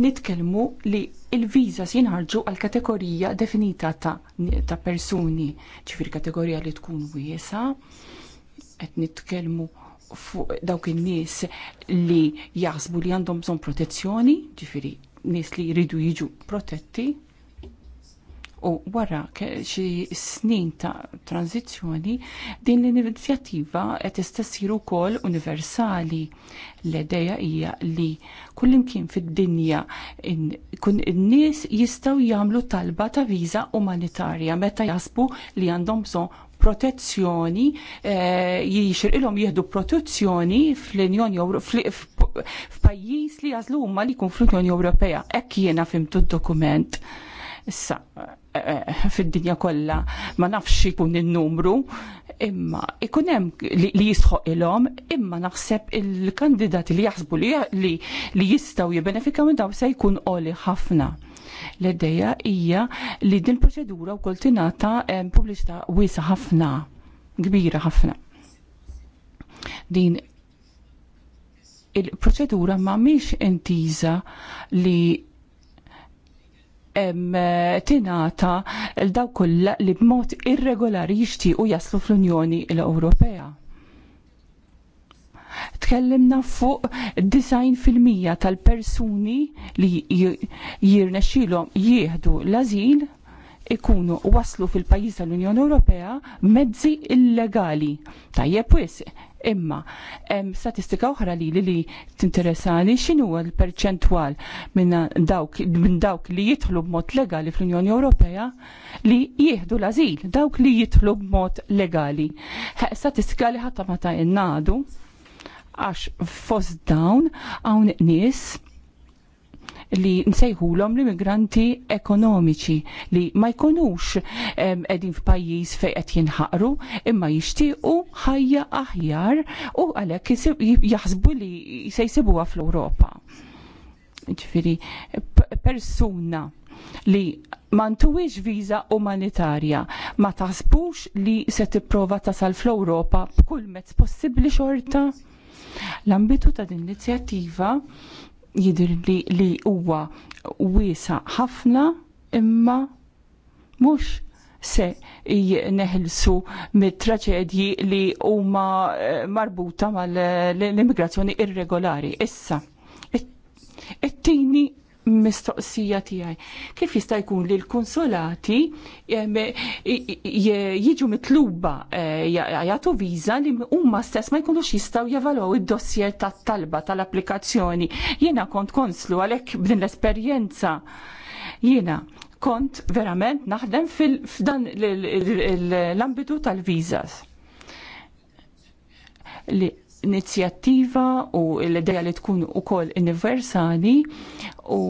nitkellmu li il viza sinħarġu għal kategorija definita ta', ta persuni, ċifir kategorija li tkun wiesa, qed nitkellmu fuq dawk in-nies li jaħsbu li għandhom bżonn protezzjoni, ġifiri nies li jridu jiġu protetti, U wara xi snin ta' tranzizzjoni din l-inizjattiva qed istessir ukoll universali. L-idea hija li kullimkien fid-dinja kun in-nies jistgħu jagħmlu talba ta' viża umanitarja meta jasbu li għandhom bżonn protezzjoni, eh, ilhom jieħdu protezzjoni fl-Unjoni f'pajjiż li jażlu huma li jkun fl-Unjoni Ewropea. Hekk jiena fimtu d-dokument. Issa, eh, eh, fid-dinja kollha ma nafx ikun in-numru, imma ikun hemm li jisħoq ilhom, imma naħseb il-kandidati li jaħsbu li jistgħu jibbenefikaw minn daw se jkun qoli ħafna. L-idea hija li din proċedura wkoll tingħata eh, pubbliċità wiesa ħafna, kbira ħafna. Din il-proċedura ma miex intiża li tingħata l daw kollha li b'mod irregolari jixtiequ jaslu fl-Unjoni l-Ewropea. Tkellimna fuq 90% tal-persuni li jirnexxilhom jieħdu l-ażil ikunu waslu fil-pajjiż tal-Unjoni Ewropea mezzi illegali. Tajjeb wisq Imma, em, statistika oħra li li t tinteressani xinu l-perċentwal minn dawk, min dawk li jitħlu b'mod legali fl-Unjoni Ewropea li jieħdu l-azil, dawk li jitħlu b'mod legali. Statistika li ħatta ma ta' jennadu għax fost dawn għawn nis li nsejħulhom l-immigranti ekonomiċi li ma jkunux qegħdin f'pajjiż fejn qed jinħaqru imma jixtiequ ħajja aħjar u għalhekk jaħsbu li se jsibuha fl-Ewropa. Ġifieri persuna li mantuwix viża umanitarja, ma taħsbux li se tipprova tasal fl ewropa b'kull mezz possibbli xorta? L-ambitu ta' din l-inizjattiva jidir li huwa wiesa ħafna imma mhux se neħilsu mit-traċedji li huma eh, marbuta mal-immigrazzjoni irregolari. Issa, it-tini mistoqsija tiegħi. Kif jista' jkun li l-konsolati jiġu mitluba eh, jagħtu viża li huma stess ma jkunux jistgħu jevalwaw id-dossier tat-talba tal-applikazzjoni. Jiena kont konslu għalhekk b'din l-esperjenza. Jiena kont verament naħdem f'dan l-ambitu tal-viżas inizjattiva u l-ideja li tkun kol universali u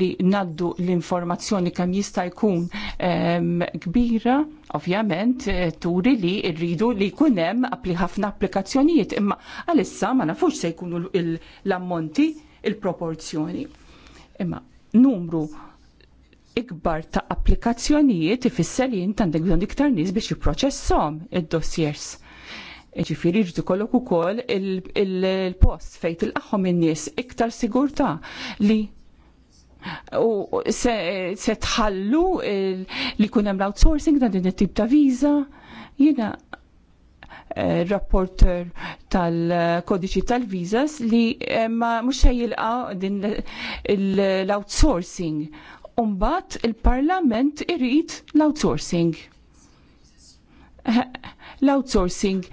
li naddu l-informazzjoni kemm jista' jkun kbira, ovvjament eh, turi li rridu li jkun hemm appli ħafna applikazzjonijiet, imma għalissa ma nafux se jkunu l-ammonti il-proporzjoni. Imma numru ikbar ta' applikazzjonijiet ifisser li jint għandek iktar nies biex jiproċessom id-dossiers Ġifiri ġdu kollok ukoll il-post fejn tilqaħħom in-nies iktar sigurtà li u se, tħallu li kunem hemm l-outsourcing ta' din it-tip ta' viza. jiena eh, rapporter tal-kodiċi tal-vizas li eh, ma mhux se jilqa' din l-outsourcing. Umbat il-parlament irrit l-outsourcing L-outsourcing,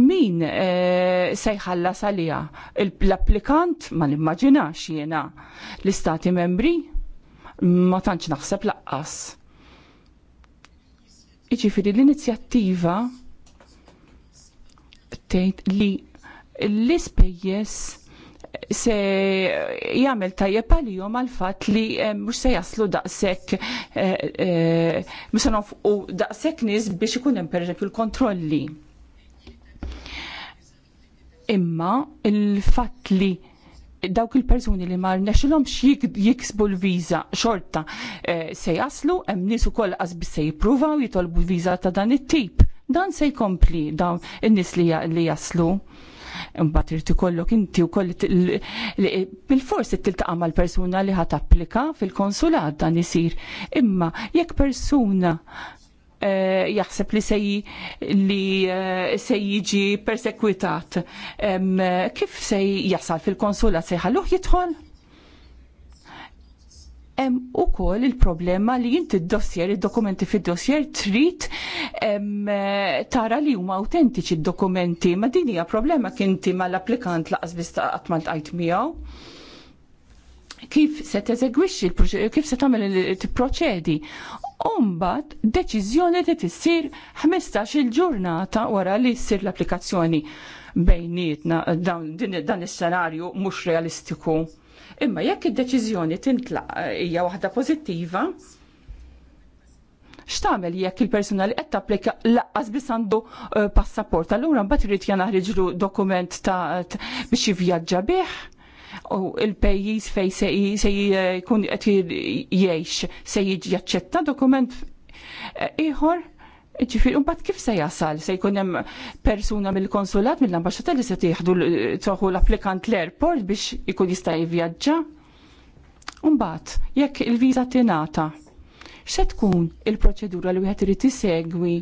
min eh, se jħallas għalija? L-applikant ma nimmaġinax jiena. L-istati membri ma tantx naħseb laqqas. Iġifiri l-inizjattiva tgħid li l-ispejjeż se jagħmel tajjeb għalihom għal fatt li eh, mhux se jaslu daqshekk eh, eh, mhux se nofqu daqshekk nies biex ikun hemm pereżempju l-kontrolli. Imma il-fatt li dawk il-persuni li ma rnexilhomx jiksbu l-viża xorta se jaslu hemm nies ukoll biss se jippruvaw jitolbu viża ta' dan it-tip. Dan se jkompli dawn in-nies li jaslu. Imbagħad irid ikollok inti wkoll bil-fors tiltaqa' mal-persuna li ħat applika fil-konsulat dan isir. Imma jekk persuna eh, jaħseb li sej li eh, se jiġi persekwitat. Eh, kif se jasal fil-konsulat se ħalluh jidħol? hemm ukoll il-problema li inti d-dossier, id-dokumenti fid-dossier trid tara li huma autentiċi d-dokumenti, ma din hija problema kinti mal-applikant laqas bista qatt maltqajt miegħu. Kif se teżegwixxi kif se tagħmel tipproċedi. Umbat deċiżjoni li tissir 15 il-ġurnata wara li ssir l-applikazzjoni bejnietna dan is-senarju mhux realistiku Imma jekk id-deċiżjoni tintlaq eh, hija waħda pożittiva, x'tagħmel jekk il-persuna li qed tapplika laqqas biss għandu eh, passaport. Allura mbagħad irid jana dokument ta' biex jivvjaġġa bih u il-pejjiż fejn se eh, jkun qed jgħix se jiġi jaċċetta dokument ieħor Ġifir, un bat kif se jasal? Se jkun hemm persuna mill-konsulat, mill-ambasċata li se tieħdu toħu l-applikant l-airport biex ikun jista' jivvjaġġa? bat, jekk il-viża tingħata, x'se tkun il-proċedura li wieħed irid isegwi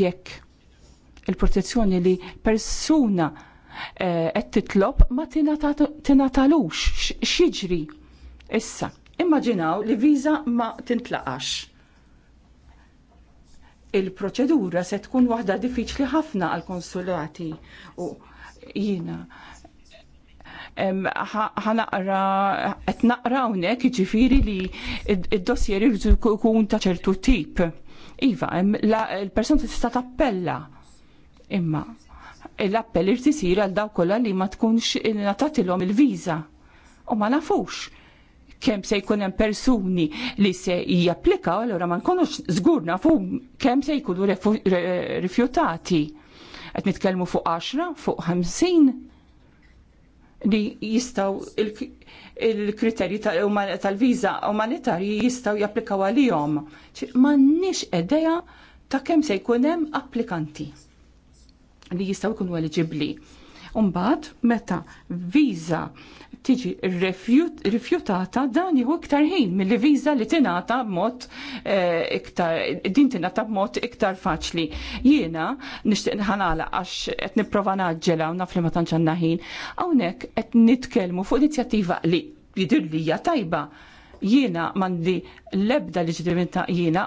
jekk il-protezzjoni li persuna eh, qed titlob ma tingħatalux x'jiġri issa. Immaġinaw li viża ma tintlaqax il-proċedura se tkun waħda diffiċli ħafna għal konsulati u jina ħanaqra qed naqra hawnhekk jiġifieri li id-dossier jkun ta' ċertu tip. Iva, il-persuna tista' tappella. Imma l-appell irtisir għal daw kollha li ma tkunx natatilhom il-viża u ma nafux kemm se jkun hemm persuni li se japplikaw, allura ma nkunux żgurna fuq kemm se jkunu rifjutati. Qed nitkellmu fuq 10, fuq 50 li jistaw il-kriterji tal viża umanitarji jistaw japplikaw għalihom. M'għandniex edeja ta' kemm se jkun hemm applikanti li jistaw jkunu eliġibbli. Umbagħad meta viża tiġi rifjutata dan jieħu iktar ħin mill viża li tingħata b'mod eh, iktar din tingħata b'mod iktar faċli. Jiena nixtieq nħanala għax qed nipprova naġġela u naf li ma tantx għandna ħin. Hawnhekk qed nitkellmu fuq inizjattiva li jidir li hija tajba. Jiena mandi l-ebda leġitimità jiena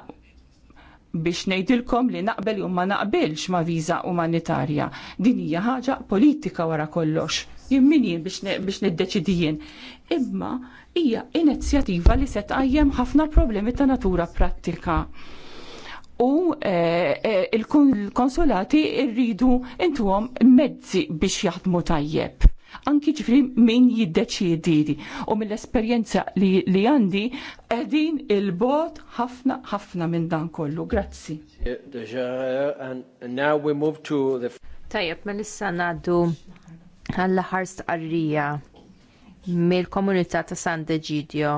biex ngħidilkom li naqbel u ma naqbilx ma viża umanitarja. Din hija ħaġa politika wara kollox jimmin jien biex niddeċidijien. Imma hija inizjattiva li se tqajjem ħafna problemi ta' natura prattika. U eh, eh, il-konsolati rridu intuhom mezzi biex jaħdmu tajjeb. Anki ġifri min jiddeċidiri. U mill-esperjenza li, għandi, edin il-bot ħafna ħafna minn dan kollu. Grazzi. Uh, tajjeb, ma nissa naddu għall-aħħar stqarrija mill-komunità ta' San Degidio,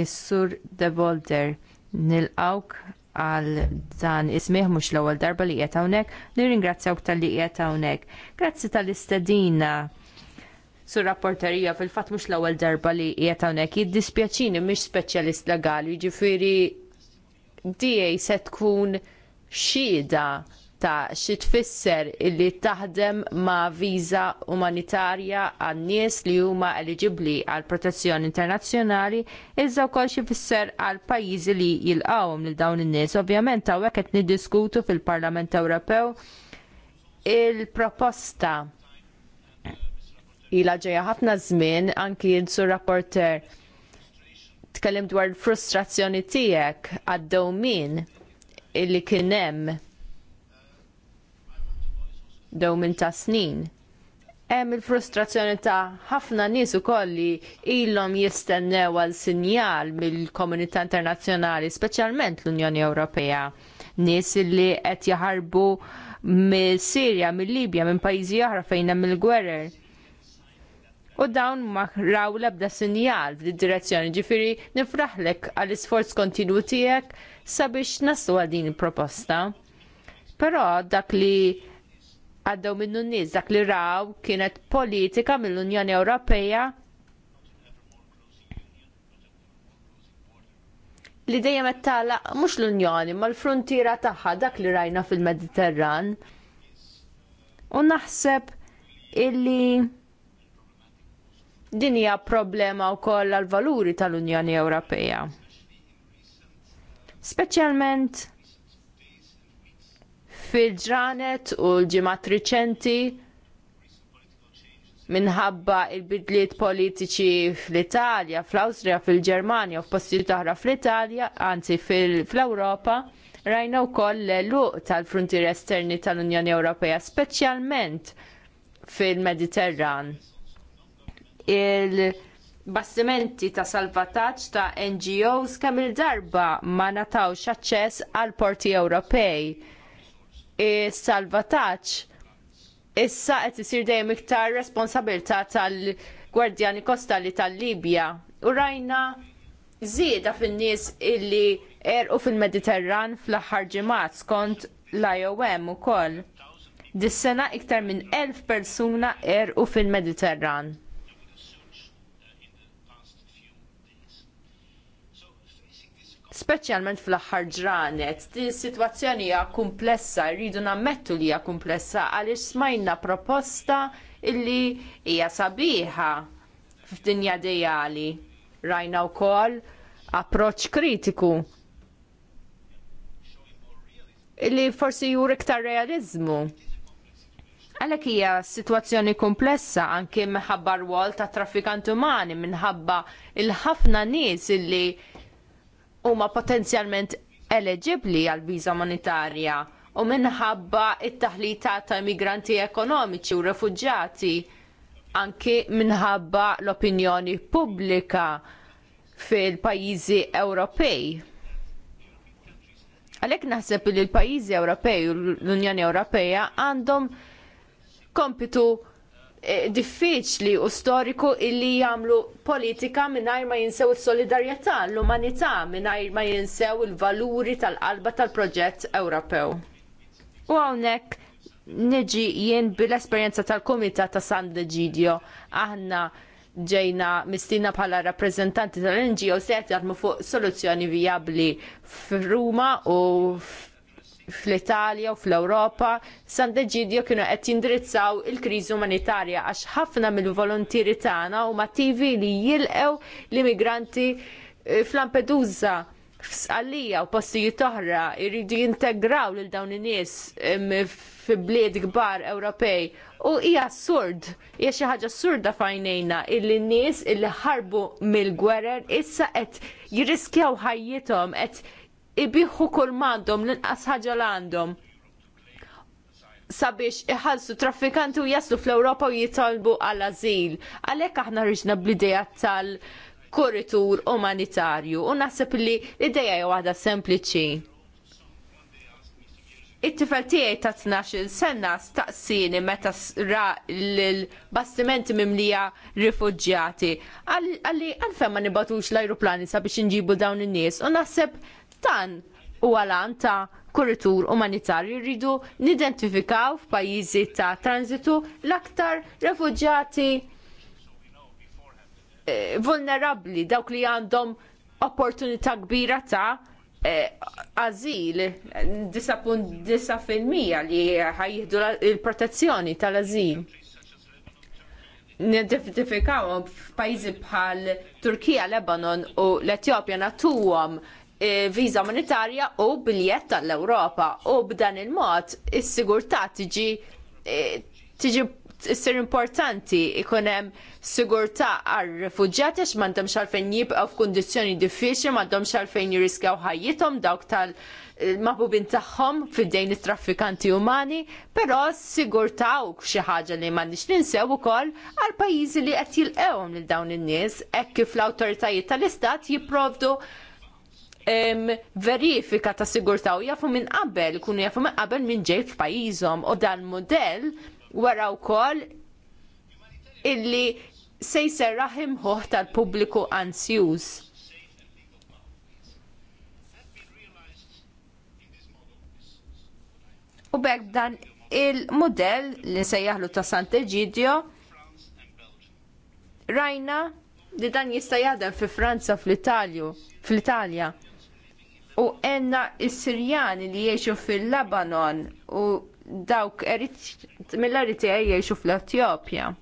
is-Sur De Volder, għal dan ismiħ mhux l-ewwel darba li qiegħed hawnhekk, nirringrazzjawk tal-li qiegħed hawnhekk. Grazzi tal-istedina sur rapporterija fil-fatt mhux l-ewwel darba li qiegħed hawnhekk. Jiddispjaċini mhix speċjalist legali, jiġifieri DA se tkun xhieda ta' xi tfisser illi taħdem ma' viża umanitarja għan nies li huma eliġibbli għal protezzjoni internazzjonali iżda wkoll xi tfisser għal pajjiżi li jilqgħuhom lil dawn in-nies. Ovvjament hawnhekk qed niddiskutu fil-Parlament Ewropew il-proposta ilha ġejja ħafna żmien anki sur rapporter tkellem dwar il-frustrazzjoni tiegħek għad-dewmien illi kien hemm dew minn ta' snin. Hemm il-frustrazzjoni ta' ħafna nies ukoll li ilhom jistennew għal sinjal mill-komunità internazzjonali, speċjalment l-Unjoni Ewropea. Nies li qed jaħarbu mill Sirja, mill-Libja, minn pajjiżi oħra fejn hemm il-gwerer. U dawn ma raw l-ebda sinjal fid direzzjoni ġifiri nifraħlek għall isforz kontinwu tiegħek sabiex naslu għal din il-proposta. Però dak li għaddew minnu n-nies dak li raw kienet politika mill-Unjoni Ewropea li dejjem qed tagħlaq mhux l-Unjoni ma l-fruntiera tagħha dak li rajna fil-Mediterran. U naħseb illi din hija problema wkoll għall valuri tal-Unjoni Ewropea. Speċjalment fil-ġranet u l-ġimat riċenti minħabba l bidliet politiċi fl-Italja, fl awstrija fil-Ġermanja u f'postijiet oħra fl-Italja, anzi fl-Ewropa, rajna wkoll l-luq tal-frontier esterni tal-Unjoni Ewropea, speċjalment fil-Mediterran. Il-bastimenti ta' salvataġġ ta' NGOs kemm il-darba ma natawx aċċess għal porti Ewropej salvataġġ issa qed isir dejjem iktar responsabilità tal-Gwardjani Kostali tal-Libja. U rajna żieda fin-nies illi erqu fil-Mediterran fl-aħħar ġimgħat skont l-IOM ukoll. Dis-sena iktar minn elf persuna erqu fil-Mediterran. speċjalment fl-aħħar ġranet. Di situazzjoni hija komplessa, rridu nammettu li hija komplessa għaliex smajna proposta illi hija sabiħa f'dinja dejali. Rajna wkoll approċċ kritiku illi forsi jur iktar realizmu. Għalhekk hija sitwazzjoni komplessa anke minħabba rwol ta' traffikanti umani minħabba il-ħafna nies illi huma potenzjalment eleġibbli għal viża umanitarja u minħabba t taħlita ta' immigranti ekonomiċi u refuġġjati anki minħabba l-opinjoni pubblika fil-pajjiżi Ewropej. Għalhekk naħseb li l-pajjiżi Ewropej u l-Unjoni Ewropea għandhom kompitu Eh, diffiċli u storiku illi jagħmlu politika mingħajr ma jinsew is-solidarjetà, l-umanità mingħajr ma jinsew il-valuri tal-qalba tal-proġett Ewropew. U hawnhekk niġi jien bil-esperjenza tal komitat ta' San Degidio aħna ġejna mistina bħala rappreżentanti tal-NGO se jaħdmu fuq soluzzjoni vijabbli f'Ruma u f fl-Italja u fl-Ewropa Sant'Egidio kienu qed jindrizzaw il-kriżi umanitarja għax ħafna mill-volontieri tagħna huma mattivi li jilqew l-immigranti eh, fl-Lampedusa f'Sqallija u postijiet oħra jridu jintegraw lil dawn in-nies fi bliet kbar Ewropej. U hija assurd, hija xi ħaġa assurda fajnejna illi n-nies illi ħarbu mill-gwerer issa qed jirriskjaw ħajjithom qed ibiħu kull mandom l-inqas ħaġa l-għandhom sabiex iħallsu traffikanti u jaslu fl-Ewropa u jitolbu għal azil. Għalhekk aħna rriġna bl-idea tal-korritur umanitarju u naħseb li l-idea hija waħda sempliċi. It-tifel tiegħi ta' 12 sena staqsini meta ra l-bastimenti mimlija rifuġġjati. Għalli għalfejn ma nibatux l-ajruplani sabiex nġibu dawn in-nies u naħseb Dan u għalan ta' kuritur umanitarju rridu nidentifikaw f'pajjiżi ta' transitu l-aktar refugjati eh, vulnerabli dawk li għandhom opportunità kbira ta' għazil, eh, 9.9% li ħajjidu l protezzjoni tal azil Nidentifikaw f'pajjiżi bħal Turkija, Lebanon u l-Etjopja natuhom E, viża monetarja u biljett tal-Ewropa u b'dan il-mod is-sigurtà tiġi e, tiġi importanti ikun hemm sigurtà għar-refuġjati għax m'għandhomx għalfejn jibqgħu f'kundizzjoni diffiċli, m'għandhomx għalfejn jirriskjaw ħajjithom dawk tal- maħbubin tagħhom fid-dejn it-traffikanti umani, però sigurtà u xi ħaġa li m'għandix ninsew ukoll għal pajjiżi li qed jilqewhom lil dawn in-nies hekk kif l-awtoritajiet tal-istat jipprovdu verifika ta' sigurtà u jafu minn qabel, kunu jafu minn qabel minn ġej f'pajjiżhom u dan mudell wara wkoll illi se jserraħ hoħ tal-pubbliku ansjuż. U bekk dan il-modell li nsejjaħlu ta' Sant'Egidio rajna li dan jista' jaħdem fi Franza fl-Italju, fl-Italja u enna s sirjani li jiexu fil-Labanon u dawk mill-Eritrea jiexu fl-Etjopja.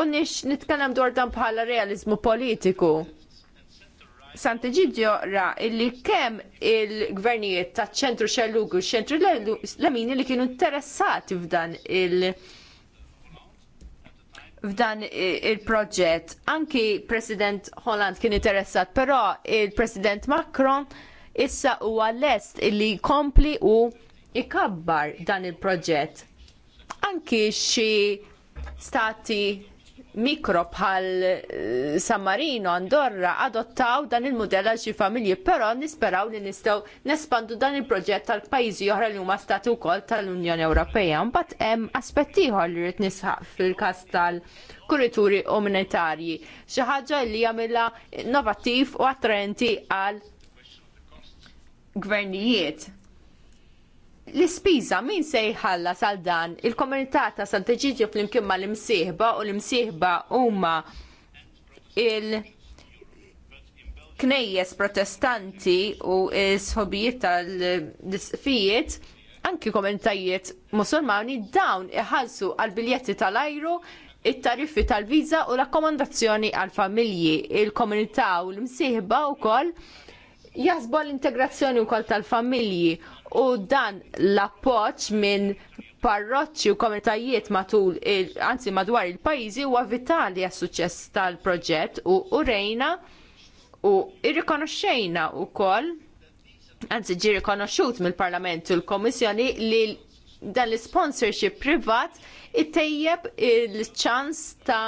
U nix nitkellem dwar dan bħala realizmu politiku. Santiġidjo ra illi kemm il-gvernijiet ta' ċentru xellugu, ċentru l-lemini li kienu interessati f'dan il- f'dan il-proġett. Anki President Holland kien interessat, però il-President Macron issa huwa lest li jkompli u ikabbar dan il-proġett. Anki xi stati mikro bħal eh, San Marino, Andorra adottaw dan il modella għal xi familji, però nisperaw li nistgħu nespandu dan il-proġett tal pajjiżi oħra li huma stati wkoll tal-Unjoni Ewropea. Mbagħad hemm aspett ieħor li rrid nisħaq fil-każ tal-kurituri umanitarji, xi ħaġa li jagħmilha innovattiv u attrenti għal gvernijiet L-ispiża min se jħallas għal dan? Il-komunità ta' Sant'Eġiġio flimkien mal imsieħba u l-imsieħba huma il- knejjes protestanti u s-hobijiet tal-disfijiet anki komentajiet musulmani dawn iħallsu għall biljetti tal-ajru it-tariffi tal-viza u l-akkomandazzjoni għal familji il-komunità u l-msieħba wkoll jaħsbu l-integrazzjoni wkoll tal-familji u dan l-appoġġ minn parroċċi u komunitajiet matul anzi madwar il-pajjiżi huwa vitali għas-suċċess tal-proġett u urejna u irrikonoxxejna wkoll anzi ġie rikonoxxut mill-Parlament u l-Komissjoni li dan l-sponsorship privat ittejjeb il-ċans ta'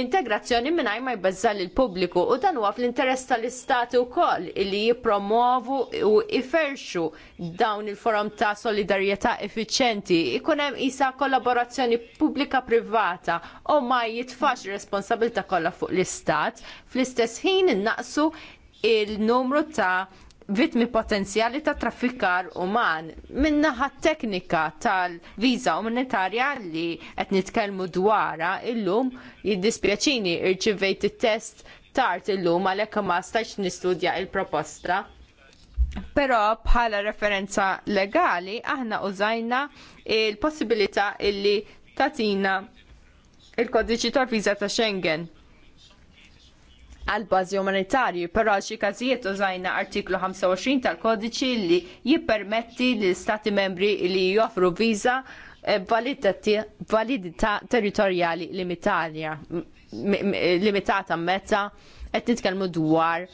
integrazzjoni mingħajr ma jbazzal il-pubbliku u dan huwa fl-interess tal-istati wkoll li jippromovu u iferxu dawn il-forum ta' solidarjetà effiċjenti. Ikun hemm isa kollaborazzjoni pubblika privata u ma jitfax responsabilta kollha fuq l-istat. Fl-istess ħin innaqsu il-numru ta' vittmi potenzjali ta' traffikar uman. Min-naħa teknika tal-viza umanitarja li qed nitkellmu dwarha illum jiddispjaċini irċivejt it-test tard illum għalhekk ma stax nistudja l proposta Però bħala referenza legali aħna użajna l possibilità illi tatina il-kodiċi tal-viza ta' Schengen għal bażi umanitarji, però xi każijiet użajna artiklu 25 tal-kodiċi li jippermetti li stati membri li joffru viża eh, validità territorjali limitata meta qed titkellmu dwar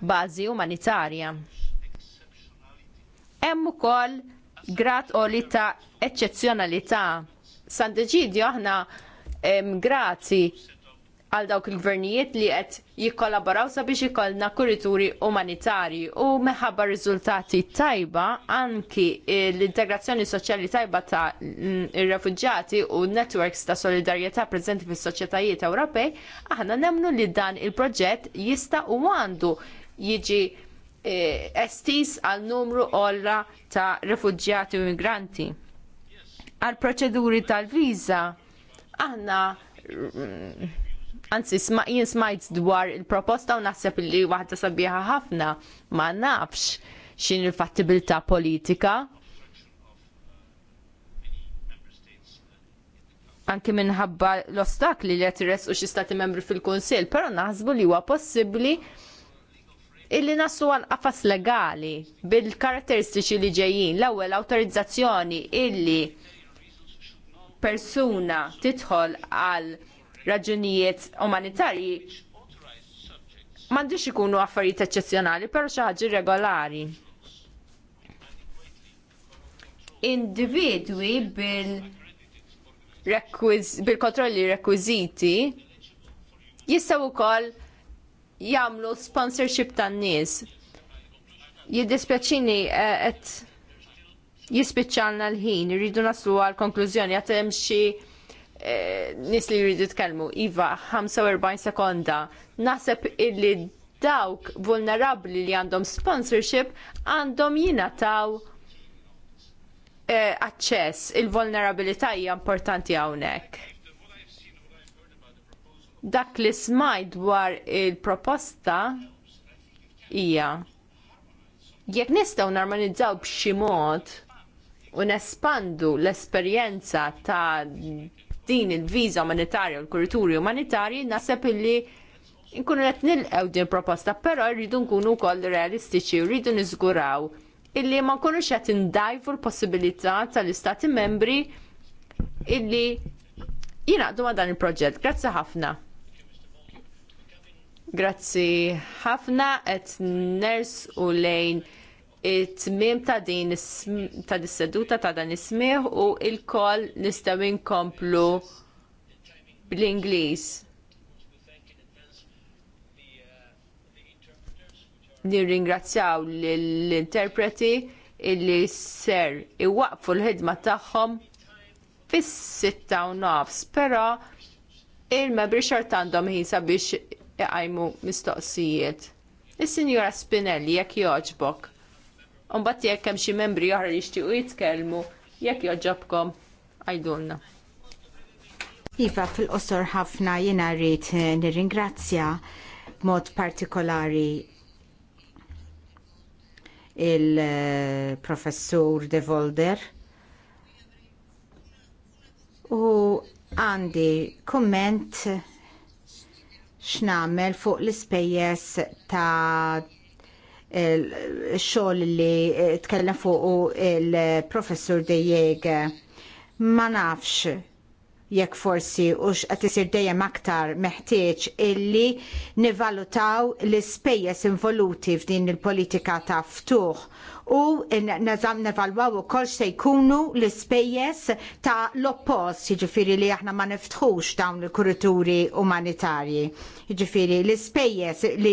bażi umanitarja. Hemm ukoll u li ta' eċċezzjonalità. San deċidju aħna grati għal dawk il-gvernijiet li qed jikkollaboraw sabiex ikollna kurituri umanitarji u meħabba riżultati tajba anki l-integrazzjoni soċjali tajba ta' mm, ir-refuġġati u networks ta' solidarjetà preżenti fis-soċjetajiet Ewropej, aħna nemnu li dan il-proġett jista' u għandu jiġi eh, estis għal numru olla ta' refuġġjati u immigranti. Għal proċeduri tal-viża aħna mm, Anzi, jien smajt dwar il-proposta u naħseb li waħda sabiħa ħafna ma nafx xin il-fattibilità politika. Anki minħabba l-ostakli li jatirres u xistati membri fil-Konsil, pero naħsbu li huwa possibli illi nassu għal qafas legali bil-karatteristiċi li ġejjin l-ewwel awtorizzazzjoni illi persuna tidħol għal raġunijiet umanitarji m'għandix ikunu affarijiet eċċezzjonali, però xi ħaġa regolari. Individwi bil-kontrolli rekwiziti rekwiżiti jistgħu wkoll jagħmlu sponsorship tan-nies. Jiddispjaċini qed eh, jispiċċalna l-ħin, irridu naslu għal konklużjoni għat hemm xi Eh, nis li jridu tkellmu. Iva, 45 sekonda. Naħseb illi dawk vulnerabli li għandhom sponsorship għandhom jina taw eh, access il-vulnerabilità hija importanti hawnhekk. Dak li smajt dwar il-proposta hija jekk nistgħu normalizzaw b'xi mod u nespandu l-esperjenza ta' din il-viża umanitarja u l-kurituri umanitarji naħseb illi nkunu qed nilqgħu din proposta, però rridu nkunu wkoll realistiċi u rridu niżguraw illi ma nkunux qed indajfu l-possibilità tal-istati membri illi jingħaqdu ma dan il-proġett. Grazzi ħafna. Grazzi ħafna qed ners u lejn it-tmiem ta' din ta' dis-seduta ta' dan is-smigħ u il-koll nistgħu inkomplu bl-Ingliż. Nirringrazzjaw l-interpreti illi ser iwaqfu l-ħidma tagħhom fis-sitta u nofs, però il-mebri xart għandhom ħisa biex iqajmu mistoqsijiet. Is-Sinjora Spinelli jekk jogħġbok. Unbat jekk hemm xi membri jahra jishti u jitkellmu, jekk joġobkom għajdulna. Iva fil-qosor ħafna rrit rrid nirringrazzja b'mod partikolari il-professur De Volder u għandi komment x'namel fuq l-ispejjeż ta' xogħol li eh, tkellem fuq il-professur De Jäger. Ma nafx jekk forsi u qed isir dejjem aktar meħtieġ illi nivalutaw l-ispejjeż involuti f'din il-politika ta' ftuħ u nazam nevalwaw u kol se jkunu l-spejjes ta' l-oppost, ġifiri li aħna ma niftħux dawn il-kurituri umanitarji. Ġifiri l-spejjes li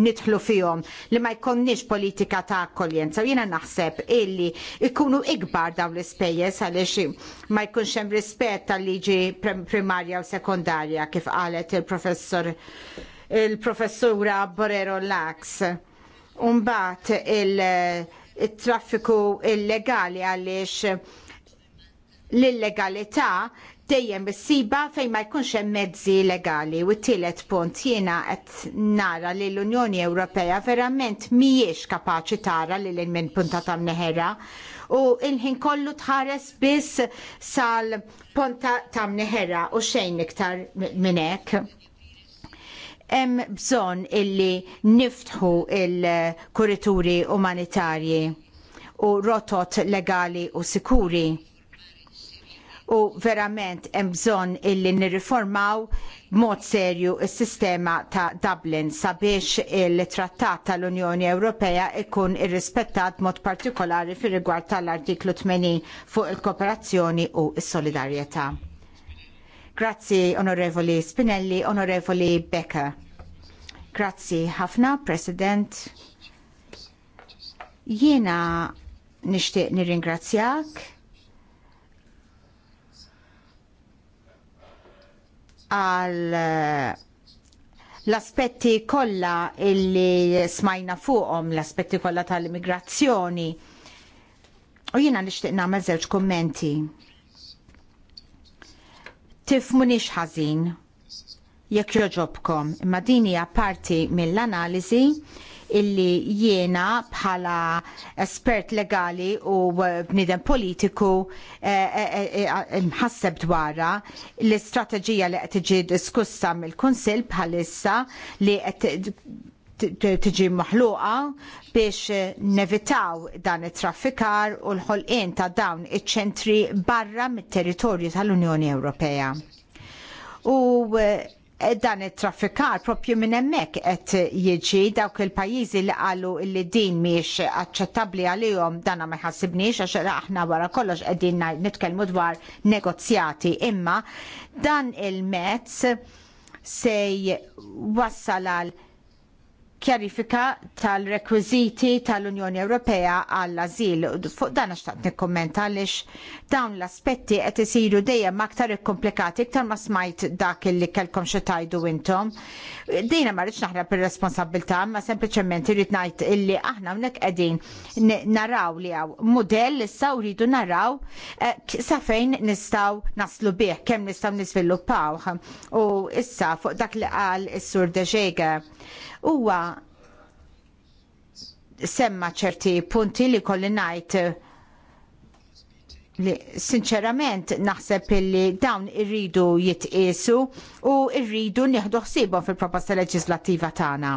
nidħlu fihom li ma jkonniex politika ta' akkoljenza. Jena naħseb illi jkunu ikbar dawn l-spejjes għaliex ma jkunx hemm rispett tal-liġi primarja u sekondarja kif qalet il-professor il-professura Borero Lax. Umbat il- traffiku illegali għaliex l-illegalità dejjem issiba fejn ma jkunx hemm mezzi legali. U t-tielet punt jiena qed nara li l-Unjoni Ewropea verament mhijiex kapaċi tara lil minn punta ta' mneħera u il-ħin kollu tħares biss sal punta ta' mneħera u xejn iktar minn hekk hemm bżonn illi niftħu il-kurituri umanitarji u rotot legali u sikuri u verament hemm bżonn illi nirriformaw b'mod serju s sistema ta' Dublin sabiex il-trattat tal-Unjoni Ewropea ikun irrispettat b'mod partikolari fir rigward tal-artiklu 80 fuq il-kooperazzjoni u s-solidarjetà. Grazzi Onorevoli Spinelli, Onorevoli Becker. Grazzi ħafna, President. Jiena nixtieq nirringrazzjak għal eh, l-aspetti kollha illi smajna fuqhom, l-aspetti kollha tal-immigrazzjoni. U jiena nixtieq nagħmel żewġ kummenti tifmu nix ħażin jekk joġobkom. Imma din hija parti mill-analiżi illi jiena bħala espert legali u uh, bnidem politiku mħasseb eh, eh, eh, dwarha l-istrateġija li qed tiġi diskussa mill-Kunsill bħalissa li qed tiġi maħluqa biex nevitaw dan it-traffikar u l-ħolqien ta' dawn iċ-ċentri barra mit-territorju tal-Unjoni Ewropea. U eh, dan it-traffikar propju minn hemmhekk qed jiġi dawk il-pajjiżi li qalu li din mhix aċċettabbli għalihom dan ma jħassibniex għax aħna wara kollox qegħdin nitkellmu dwar negozjati imma dan il-mezz se wassal għal kjarifika tal-rekwiziti tal-Unjoni Ewropea għall-azil. Fuq dan xtaqt nikkommenta għaliex dawn l-aspetti qed isiru dejjem aktar ikkomplikati iktar ma smajt dak li kellkom xi tajdu intom. Dejna ma rridx naħrab ir-responsabilità, ma sempliċement irid ngħid illi aħna hawnhekk qegħdin naraw li hawn mudell issa rridu naraw eh, sa fejn nistgħu naslu bih, kemm nistgħu nisviluppaw. U issa fuq dak li qal is-Sur Deġega huwa semma ċerti punti li kolli ngħid li sinċerament naħseb illi dawn irridu jitqiesu u rridu nieħdu ħsiebhom fil-proposta leġislattiva tagħna.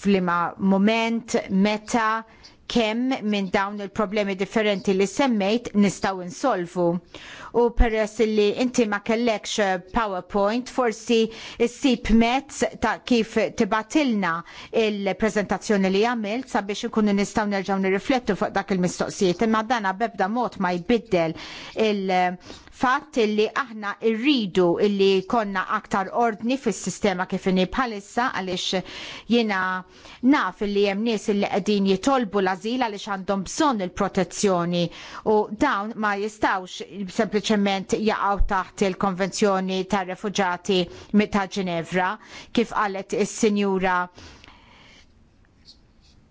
Flima moment, meta, kemm minn dawn il-problemi differenti li semmejt nistgħu insolvu. U peress li inti ma kellekx PowerPoint, forsi ssib mezz ta' kif tibatilna il-prezentazzjoni li għamilt sabiex ikunu nistgħu nerġgħu nirriflettu fuq dak il-mistoqsijiet. Imma dana bebda mod ma jbiddel il- fatt illi aħna rridu illi konna aktar ordni fis sistema kif inni bħalissa għaliex jiena naf illi hemm nies illi qegħdin jitolbu l-azil għaliex għandhom bżonn il-protezzjoni u dawn ma jistawx sempliċement jaqgħu taħt il-konvenzjoni tar refuġati ta' Ġinevra kif qalet is-sinjura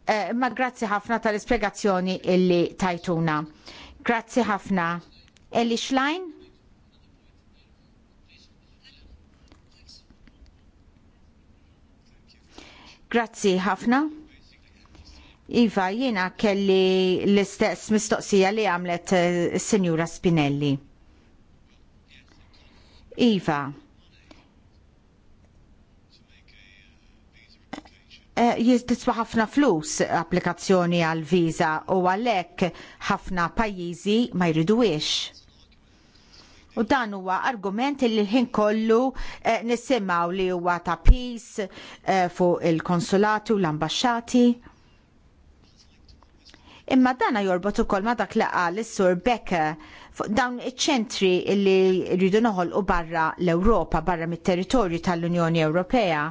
eh, ma grazzi ħafna tal-ispjegazzjoni illi tajtuna. Grazzi ħafna. Elli Schlein? Grazzi ħafna. Iva, jiena kelli l-istess mistoqsija li għamlet eh, Sinjura Spinelli. Iva, eh, jistiswa ħafna flus applikazzjoni għal viza u għalhekk ħafna pajjiżi ma jriduwiex. U dan huwa argument li l-ħin kollu eh, nisimgħu li huwa ta' peace eh, fuq il-konsulati u l-ambasċati. Imma dana jorbot ukoll ma dak laqa l-sur Becker fuq dawn iċ-ċentri li rridu noħolqu barra l-Ewropa, barra mit-territorju tal-Unjoni Ewropea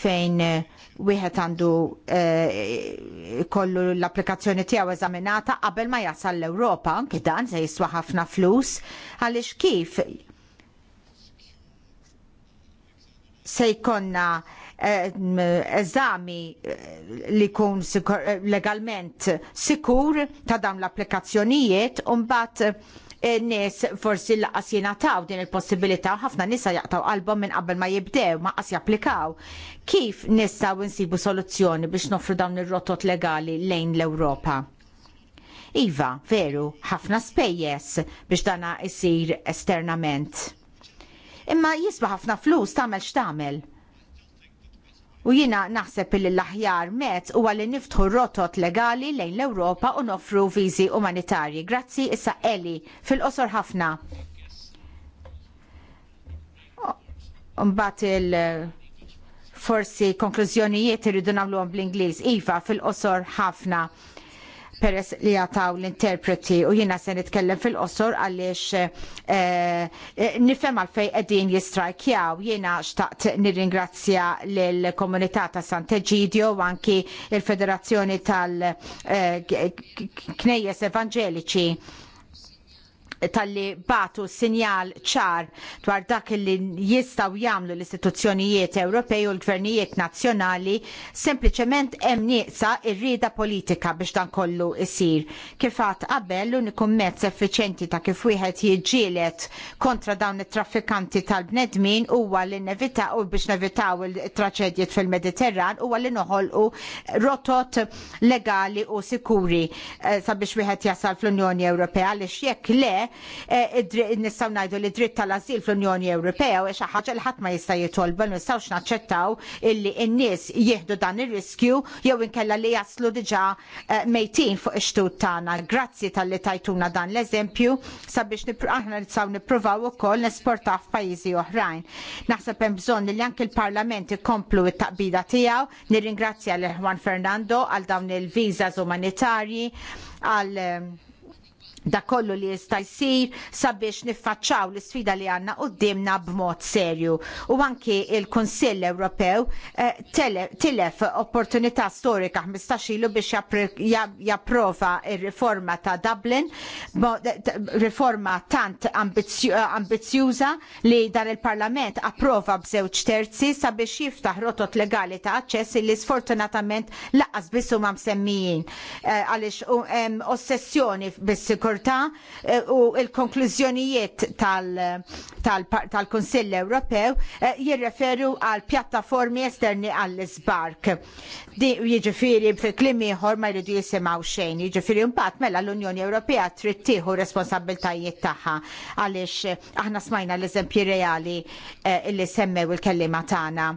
fejn eh, wieħed għandu eh, kollu l-applikazzjoni tiegħu eżaminata qabel ma jasal l-Ewropa, anke dan se jiswa ħafna flus, għaliex kif se jkollna eh, eżami eh, li jkun legalment sikur ta' dawn l-applikazzjonijiet u mbagħad nies forsi laqas jingħataw din il-possibilità u ħafna nisa jaqtaw qalba minn qabel ma jibdew ma qas japplikaw. Kif nistgħu nsibu soluzzjoni biex nofru dawn ir-rotot legali lejn l-Ewropa? Iva, veru, ħafna spejjeż biex dana jsir esternament. Imma jisba ħafna flus tagħmel x'tagħmel U jina naħseb li l-aħjar mezz huwa li niftħu rotot legali lejn l-Ewropa u nofru viżi umanitarji. Grazzi issa Eli fil-qosor ħafna. Mbagħad il- forsi konklużjonijiet irridu nagħmluhom bl-Ingliż. Iva fil-qosor ħafna peress li jataw l-interpreti u jina se nitkellem fil-qosor għaliex eh, eh, nifhem għalfej qegħdin jistrajkjaw. Jiena xtaqt nirringrazzja lill-komunità ta' Sant'Egidio u anki il-Federazzjoni tal-Knejjes eh, Evanġeliċi tal-li batu sinjal ċar dwar dak li jistaw jamlu l-istituzzjonijiet Ewropej u l-gvernijiet nazzjonali sempliċement hemm nieqsa r-rieda politika biex dan kollu isir. Kif Kifat qabel l-uniku mezz effiċenti ta' kif wieħed jiġġielet kontra dawn it-traffikanti tal-bnedmin huwa li nevita u biex nevitaw il-traċedjiet fil-Mediterran huwa li noħolqu rotot legali u sikuri eh, sabiex wieħed jasal fl-Unjoni Ewropea għaliex jekk le Eh, nistgħu ngħidu li dritt tal-azil fl-Unjoni Ewropea u xi ħaġa li ħadd ma jista' jitolba nistgħux naċċettaw illi n-nies jieħdu dan ir-riskju jew inkella li jaslu diġà eh, mejtin fuq ix tut tagħna. Grazzi tal-li tajtuna dan l-eżempju sabiex aħna nistgħu nippruvaw ukoll nesportaw f'pajjiżi oħrajn. Naħseb hemm bżonn li anke l-Parlament ikomplu t-taqbida tiegħu, nirringrazzja l Juan Fernando għal dawn il-viżas umanitarji għal ehm, da kollu li jista' jsir sabiex niffaċċaw l isfida li għandna qudiemna b'mod serju. U anki l kunsill Ewropew eh, tilef opportunità storika 15 ilu biex japprova ir-riforma ta' Dublin, riforma tant eh, ambizjuża li dan il-Parlament approva b'żewġ terzi sabiex jiftaħ rotot legali ta' aċċess li sfortunatament lanqas biss huma msemmijin eh, għaliex hemm ossessjoni bis-sikur xorta eh, u l-konklużjonijiet tal-Kunsill Ewropew eh, jirreferu għal pjattaformi esterni għall-isbark. Jiġifieri fil-klim ieħor ma jridu jisimgħu xejn, jiġifieri mbagħad mela l-Unjoni Ewropea trid tieħu responsabiltajiet tagħha għaliex aħna smajna l-eżempji reali eh, li semmew il kelliema tagħna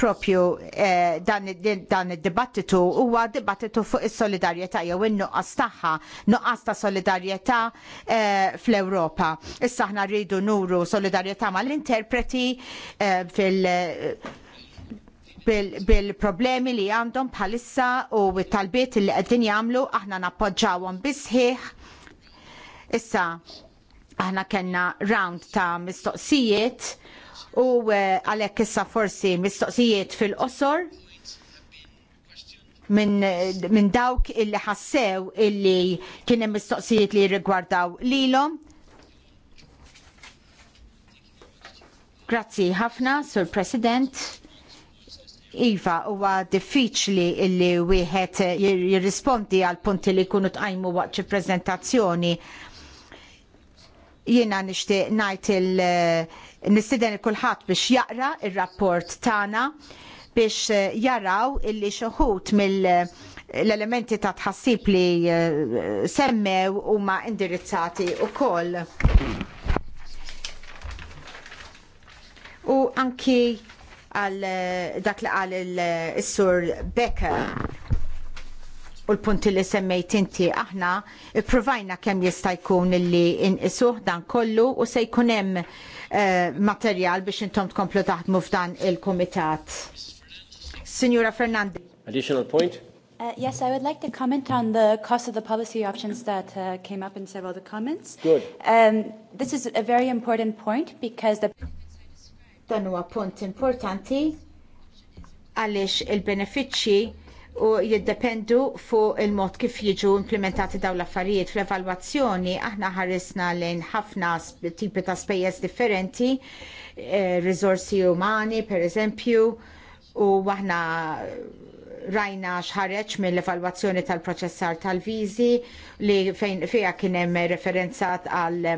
propju eh, dan id-dibattitu huwa dibattitu fuq is-solidarjetà jew in-nuqqas tagħha, nuqqas ta' solidarjetà eh, fl-Ewropa. Issa aħna rridu nuru solidarjetà mal-interpreti eh, fil- bil-problemi li għandhom bħalissa u tal talbiet li qegħdin jagħmlu aħna nappoġġawhom bisħiħ. Issa aħna kellna round ta' mistoqsijiet u eh, għalhekk issa forsi mistoqsijiet fil-qosor eh, minn dawk illi ħassew illi kien hemm mistoqsijiet li jirrigwardaw lilhom. Grazzi ħafna, Sur President. Iva, huwa diffiċli illi wieħed eh, jirrispondi għal punti li jkunu tqajmu waqt xi preżentazzjoni jiena nixtieq ngħid il eh, nistiden kulħadd biex jaqra r rapport tagħna biex eh, jaraw illi xoħut mill eh, l-elementi ta' tħassib li semmew huma indirizzati wkoll. U anki għal dak li qal is sur Becker u l-punti li semmejt inti aħna provajna kemm jista' jkun illi inqisuh dan kollu u se jkun hemm eh, materjal biex intom tkomplu taħdmu f'dan il-kumitat. Signora Fernandez. Additional point? Uh, yes, I would like to comment on the cost of the policy options that uh, came up in several of the comments. Good. Um, this is a very important point because the... Dan huwa punt importanti għaliex il-benefiċċji u jiddependu fuq il-mod kif jiġu implementati dawn l-affarijiet fl-evalwazzjoni aħna ħarisna lejn ħafna tipi ta' spejjeż differenti, eh, risorsi umani, per eżempju, u aħna rajna xħareċ mill-evalwazzjoni tal-proċessar tal-vizi li fejn fija kienem referenzat għal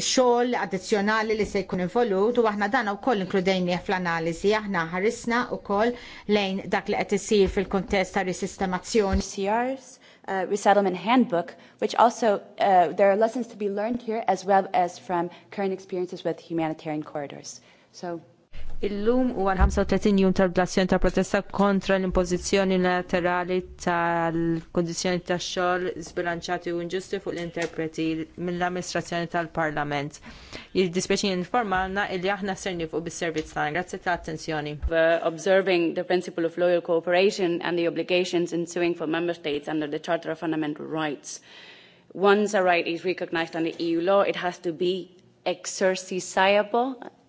xol addizjonali li se jkun involut u aħna dan u koll inkludejni fl-analizi aħna ħarisna u koll lejn dak li qed isir fil-kontest ta' risistemazzjoni. CRs, uh, resettlement handbook, which also uh, there are lessons to be learned here as well as from current experiences with humanitarian corridors. So Illum u għal 35 jum tal-blazzjoni ta' protesta kontra l impozizjoni laterali tal kondizjoni ta' xol sbilanċati u nġusti fuq l-interpreti mill-amministrazzjoni tal-Parlament. Jiddispjaċi informalna illi aħna ser nifqu bis-servizz ta' Grazzi ta' attenzjoni Observing the principle of loyal cooperation and the obligations ensuing for member states under the Charter of Fundamental Rights. Once a right is recognized under EU law, it has to be exercisable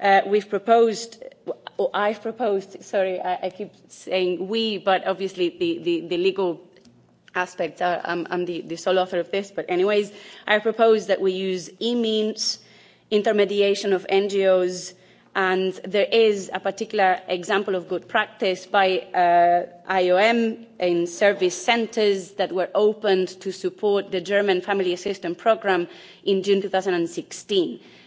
Uh, we've proposed, oh, I've proposed, sorry, I, I keep saying we, but obviously the, the, the legal aspects are, I'm, um, I'm the, the sole author of this, but anyways, I propose that we use e-means, intermediation of NGOs, and there is a particular example of good practice by uh, IOM in service centres that were opened to support the German family assistance programme in June 2016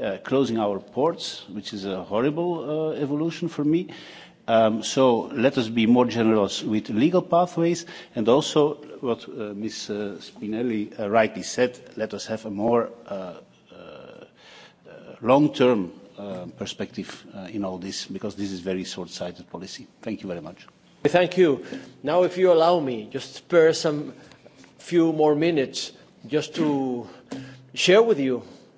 uh, closing our ports, which is a horrible uh, evolution for me. Um, so let us be more generous with legal pathways and also what uh, Ms. Uh, Spinelli uh, rightly said, let us have a more uh, uh, long-term uh, perspective uh, in all this because this is very short-sighted policy. Thank you very much. Thank you. Now if you allow me, just spare some few more minutes just to share with you